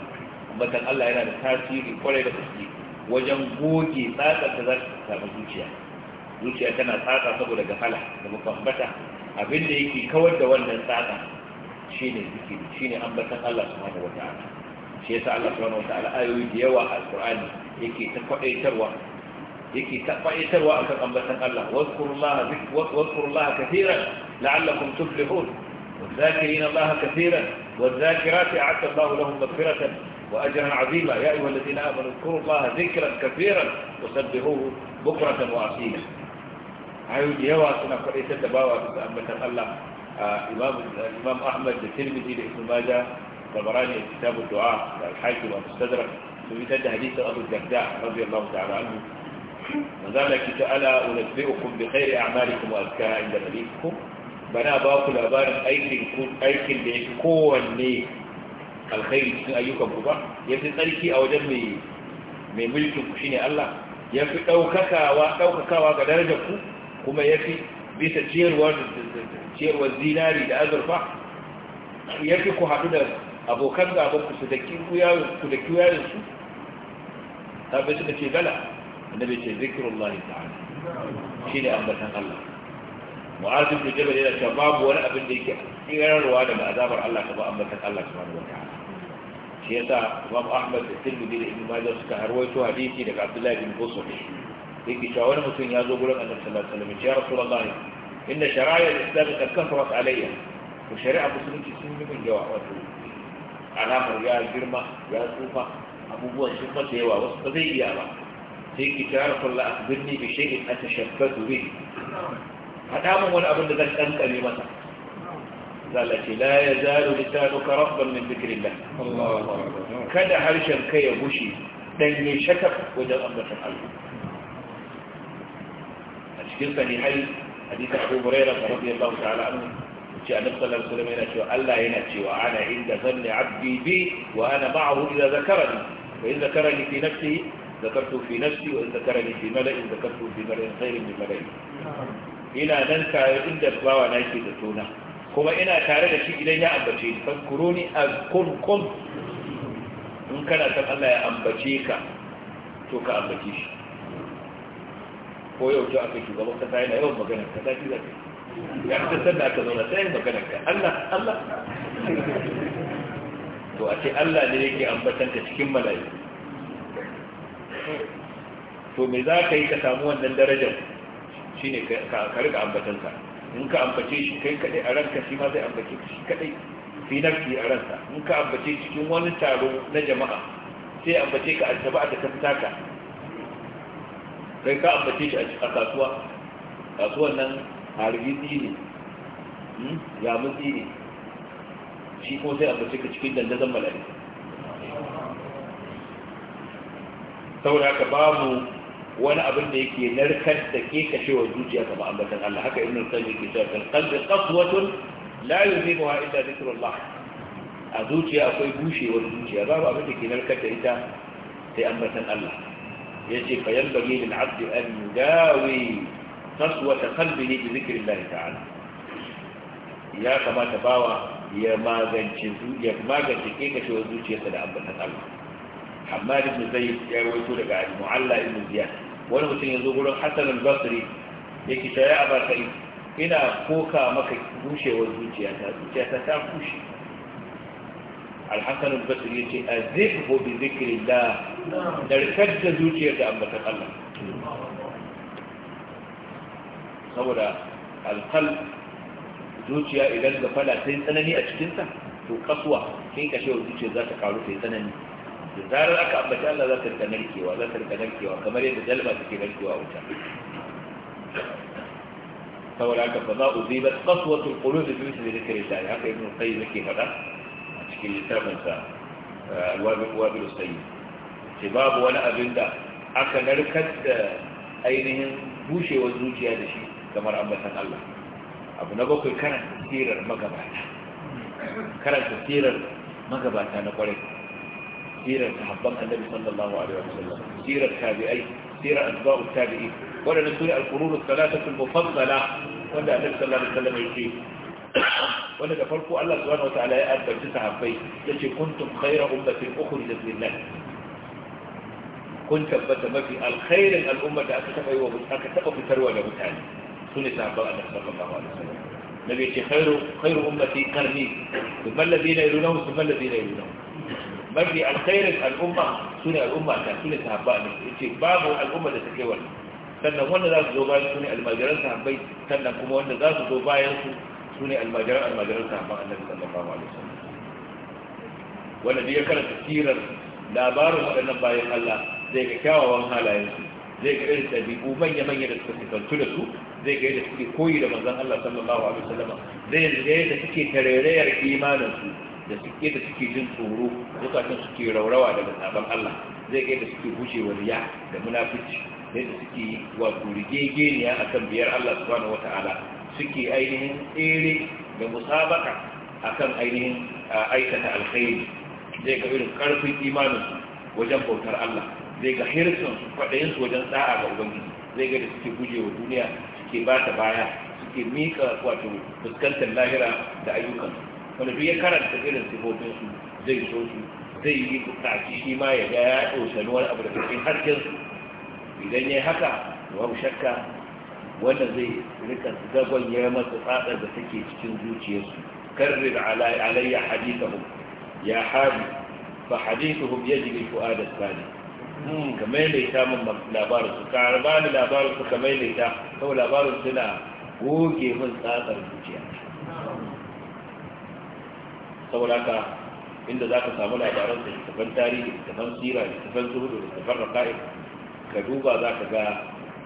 Speaker 1: ambatan Allah yana da tasiri kwarai da gaske wajen goge tsatsar da za ta samu zuciya zuciya tana tsatsa saboda gafala da mafambata abin da yake kawar da wannan tsatsa shine zikiri shine ambatan Allah subhanahu wataala shi yasa Allah subhanahu wataala ayoyi da yawa a Qur'ani yake ta kwadaitarwa yake ta kwadaitarwa akan ambatan Allah wazkurullaha zikr wazkurullaha katiran la'allakum tuflihun والذاكرين الله كثيرا والذاكرات أعد الله لهم مغفرة وأجرا عظيما يا أيها الذين آمنوا اذكروا الله ذكرا كثيرا وسبحوه بكرة وأصيلا عيود يوا سنة قريت تباوى أما الله إمام, الإمام أحمد الترمذي لابن ماجه طبراني كتاب الدعاء الحاكم والمستدرك فبيتد حديث أبو الدرداء رضي الله تعالى عنه وذلك ألا أنبئكم بخير أعمالكم وأزكاها عند مليككم bana ba ku labarin aikin da ya kowanne alkhairi cikin ayyukan ku ba ya fi tsarki a wajen mai mulkin mulkinku shine Allah ya fi ɗaukakawa ga darajar ku kuma ya fi bisa ciyarwar zinari da azurfa ya fi ku haɗu da abokan gabanku su da kiwayen su tabi suka ce gala annabi ce zikirullahi ta'ala shi ne ambatan Allah mu'azu bin jabal yana cewa babu wani abin da yake tsirarwa da azabar Allah ka ba ambatan Allah subhanahu wa ta'ala shi yasa Imam Ahmad da Tirmidhi da Ibn Majah suka harwaito hadisi daga Abdullah bin Busr yake cewa wani mutum ya zo gurin Annabi sallallahu alaihi wasallam ya Rasulullah inna shara'a al-islam qad kafarat alayya to shari'a musulunci sun yi min yawa wato alamar ya girma ya tsufa abubuwan sun masa yawa wasu ba zai iya ba sai ki tara kullu akbirni bi shay'in atashabbatu bihi faɗa min wani abin da zan kankare masa zala ce la ya zaru da ta duka rabban min zikirin kada harshen kai ya gushe ɗan ya shakar wajen ambatan Allah a cikin Sani sahihai hadisi Abu Hurairah radiyallahu ta'ala anhu ce annabi sallallahu alaihi wasallam yana cewa Allah yana cewa ana inda zanni abdi bi wa ana ma'ahu idza zakarani wa in zakarani fi nafsihi ذكرته في نفسي وإن ذكرني في ملئ ذكرته في ملئ خير من ملئ ina nan tare inda bawa na ke da tona kuma ina tare da shi idan ya ambace ni a azkurkum in kana san Allah ya ambace ka to ka ambace shi ko yau ta aka shugaban kasa yana yawan magana ka ta kira ya ta sanda aka zauna sai magana ka Allah Allah to a ce Allah ne yake ambatan ka cikin mala'iku to me za ka yi ka samu wannan darajar shine ka riga ambatansa in ka ambace shi kai kadai a ranka shi ma zai ambace shi kadai fi nafsi a ranka in ka ambace cikin wani taro na jama'a sai ambace ka a ta da tafi kai ka ambace shi a kasuwa kasuwan nan harbi ne hmm? ya mutsi ne shi kuma sai ambace ka cikin dandazon mala'ika saboda haka babu wani abin da yake narkar da ke kashe wa zuciya ga ma'ambatan Allah haka ibn al-qayyim ke cewa kan qalbi qaswatun la yuzibuha illa dhikrullah a zuciya akwai bushe wa zuciya babu abin da ke narkar da ita sai ambatan Allah yace fa yanbaghi lil 'abdi an yudawi qaswata qalbihi bi dhikrillah ta'ala ya kamata bawa ya magance zuciya ya magance ke kashe wa zuciya ta da ambatan Allah Hamad ibn Zayd ya rawaito daga Al-Mu'alla ibn Ziyad wani mutum ya zo gurin hassan al-basri ya ki ta a aba kai ina koka maka bushewar zuciyata zuciyata ta bushe al-hassan al-basri ya ce a zikho bi zikirin da narkar da zuciyar da ambatan allah saboda alkal zuciya idan ga fada sai tsanani a cikinsa to kasuwa kai kashewar zuciyar za ta karu sai tsanani da zarar aka ambaci Allah za ta rika narkewa za ta rika narkewa kamar yadda dalma take narkewa wuta saboda haka fa ma uzibat qaswatul qulub bi mithli dhikrillah haka ibn qayyim yake faɗa a cikin littafin sa eh, alwabil wabil sayyid ce babu wani abin da aka narkar da ainihin bushewar zuciya da shi kamar ambatan Allah abu na bakwai karanta sirar magabata karanta sirar magabata na kwarai سيرة محضن النبي صلى الله عليه وسلم سيرة التابعين سيرة أجباء التابعين ولا نسوي القرون الثلاثة المفضلة ولا النبي صلى الله عليه وسلم يجيب ولا تفرقوا الله سبحانه وتعالى يأتى بسسعة فيه لكي كنتم خير أمة أخرى لله كنت أبدا ما في الخير الأمة أكتب أيها أكتب في تروى لبتان سنة أجباء النبي صلى الله عليه وسلم نبي خير خير أمتي قرني ثم الذين يلونه ثم الذين يلونه mafi alkhairin al'umma su ne al'umma ta su ne sahabba ne ya ce babu al'umma da ta kai wannan sannan wanda za su zo bayan su ne almajiran sahabbai sannan kuma wanda za su zo bayan su su ne almajiran almajiran sahabban annabi sallallahu alaihi wasallam wanda da ya karanta sirar labarin waɗannan bayan Allah zai ga kyawawan halayensu zai ga irin ɗabi'u manya-manya da suka fitantu da su zai ga yadda suke koyi da manzon Allah sallallahu alaihi wasallam zai ga yadda suke tarerayar imanin su da suke da suke jin tsoro zukatan suke raurawa daga sabon Allah zai ga da suke wa riya da munafici yadda suke wato rigegeniya akan biyar Allah subhanahu wataala suke ainihin tsere da musabaka kan ainihin aikata alkhairi zai ga irin karfin imanin wajen bautar Allah zai ga hirsin kwaɗayin su wajen sa'a ga ubangiji zai ga da suke wa duniya suke ba ta baya suke mika wato fuskantar lahira da ayyukansu wanda duk ya karanta irin sifofin su zai so su zai yi bukaci shi ma ya ga ya ɗosani wani abu da cikin harkin su idan ya haka babu shakka wanda zai rika zagon ya masa tsadar da take cikin zuciyarsu karrir alayya hadithahum ya hadi fa hadithuhum yajibi fu'ad as-sadiq hmm, kamar ne ta min labarin su karbani labarin su kamar ne ta sau labarin suna goge min tsadar zuciya saboda haka inda za ka samu labaran da littafan tarihi littafan sira littafan zuhudu littafan raka'in ka duba za ka ga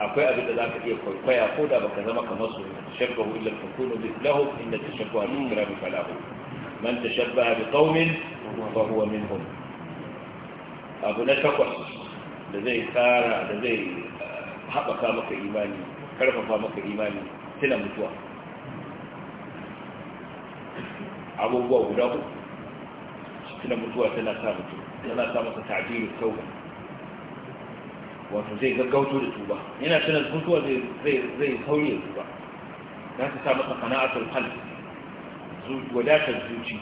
Speaker 1: akwai abin da za ka iya kwaikwaya ko da baka zama kamar su tashabbahu illa takunu mithlahu inna tashabbaha bil kiram falahu man tashabbaha bi qaumin fa huwa minhum abu na takwas da zai kara da zai ah, haɓaka maka imani karfafa maka imani tana mutuwa abubuwa guda uku Cikin mutuwa tana sa mutum tana sa masa ta'adilu tauba wato zai gaggauto da tuba yana tana mutuwa zai zai zai sauye tuba za ta sa masa qana'atul qalb wadatar zuci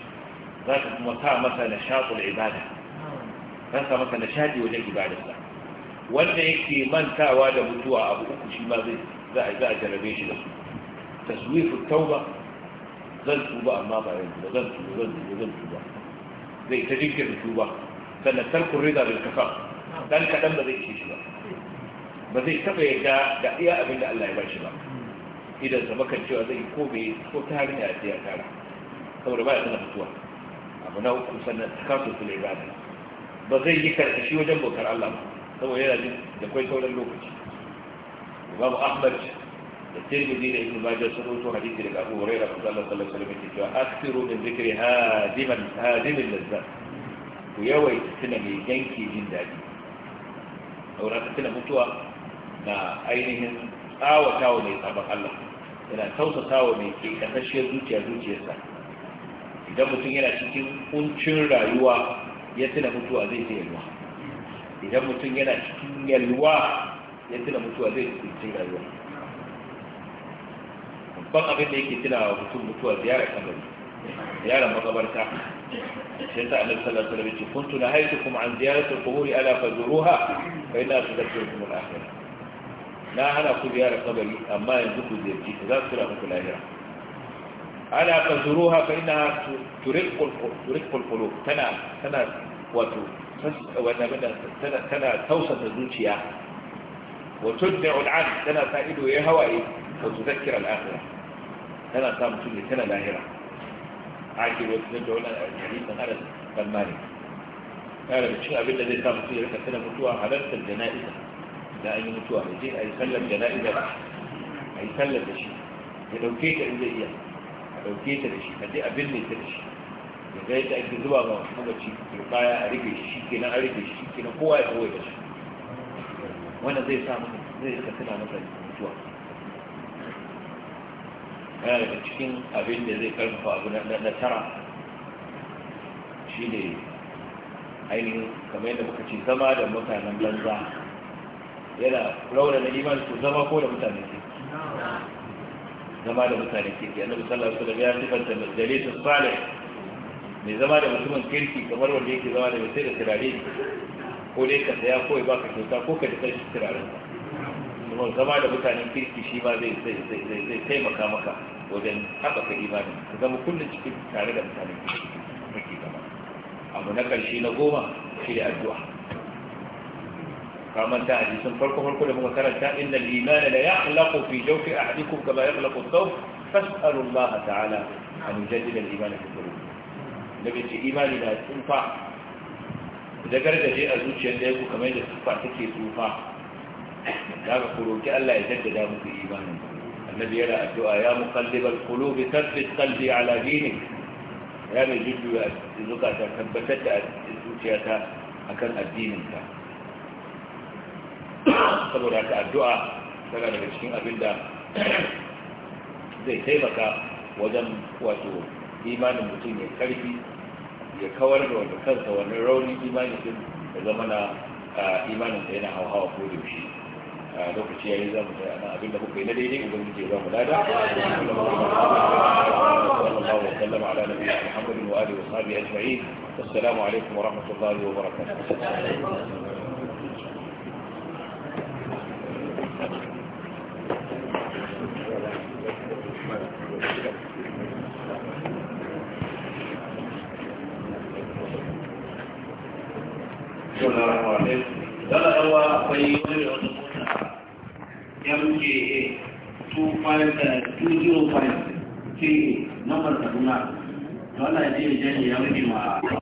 Speaker 1: za ta kuma sa masa shaƙul ibada za ta sa masa na nashadi wajen ibadarsa wanda yake mantawa da mutuwa abu uku shi ma zai za a jarabe shi da su taswifu tauba zan tuba amma ba yanzu ba zan tuba zan tuba zan tuba zai ta jinkirta tuba sannan tarkun rida bil kafa dan kaɗan ba zai ce shi ba ba zai taɓa yadda da iya abin da Allah ya bashi ba idan sa bakan cewa zai ko me ko ta hanya ya tsaya tara saboda baya tana fituwa abu na uku sannan ta takasu fil ibada ba zai yi karkashi wajen bautar Allah ba saboda yana jin da kwai sauran lokaci babu Ahmad da tirmidhi da ibnu majah sun rawaito hadisi daga abu الله sallallahu alaihi wasallam yake cewa akthiru min dhikri hadiman ku yawai tuna mai yanke daɗi aura ka mutuwa na ainihin tsawatawa mai tsaban Allah yana tausatawa mai ke kasashiyar zuciya zuciyarsa idan mutum yana cikin kuncin rayuwa ya tuna mutuwa zai ta yalwa idan mutum yana cikin yalwa ya tuna mutuwa zai rayuwa babban abin da yake tuna wa mutum mutuwa ziyara kabari ziyara makabarta shi ta annabi sallallahu alaihi wasallam kuntu nahaytukum an ziyarati al-quburi ala fazuruha fa inna tudabbirukum al-akhirah na hana ku ziyarar kabari amma yanzu ku ziyarci ta za su tura muku lahira ala fazuruha fa inna turiqul turiqul qulub tana tana wato tana tana tausata zuciya wa tudbi'u al-'abd sa ido ya hawaye wa tuzakkira al-akhirah tana sa mutum ya tana lahira A ake wasu da dole a yari san adam kan mani kare da cin abin da zai sa mutum ya rika tana mutuwa halartar jana'iza da an yi mutuwa da je a yi sallar jana'iza a yi sallar da shi ya dauke ta in zai iya a dauke ta da shi a je abin binne ta da shi ya ga yadda ake zuba ma mamaci turbaya a rike shi kenan a rike shi kenan kowa ya kawai da shi wannan zai sa mutum zai ka tana masa yana daga cikin abin da zai karfafa abu na nasara shi ne ainihin kamar yadda muka ce zama da mutanen banza yana raura na iman su zama ko da mutane ke zama da mutane ke ke annabi sallallahu alaihi wasallam ya sifanta majalisa salih mai zama da mutumin kirki kamar wanda yake zama da mutum da turare ko dai ka saya ko ya baka kyauta ko ka da shi turaren zama da mutanen kirki shi ma zai taimaka maka wajen haɓaka imanin, ka zama kullum cikin tare da mutane kake gaba abu na ƙarshe na goma shi da addu'a kamar ta hadisin farko farko da muka karanta inna al-imana la yaqlaqu fi jawfi ahadikum kama yaqlaqu al-thawb fas'alu a ta'ala an yujaddida al-imana fi qulub nabi ce imani na tsufa da gargaje a zuciyar da ku kamar yadda tsufa take tsufa daga ku roki Allah ya jaddada muku imanin ku annabi yana addu'a ya muqallibal qulubi thabbit qalbi ala dinik ya mai jujjuya zukata tabbatar da zuciyata akan addininka saboda ka addu'a tana daga cikin abinda zai taimaka wajen wato imanin mutum ya karfi ya kawar da wanda kansa wani raunin imanin da zama na imanin da hauhawa ko yaushe lokaci yayi za mu tsaya nan abinda muka yi na daidai ubangiji ya ba mu lada sallallahu alaihi wa sallam ala nabiyina muhammadin wa alihi wa sahbihi ajma'in assalamu alaikum wa rahmatullahi wa barakatuh
Speaker 2: Thank you. akwai wani mja 2.205 ce namar kaduna wannan ne jan ya rage ma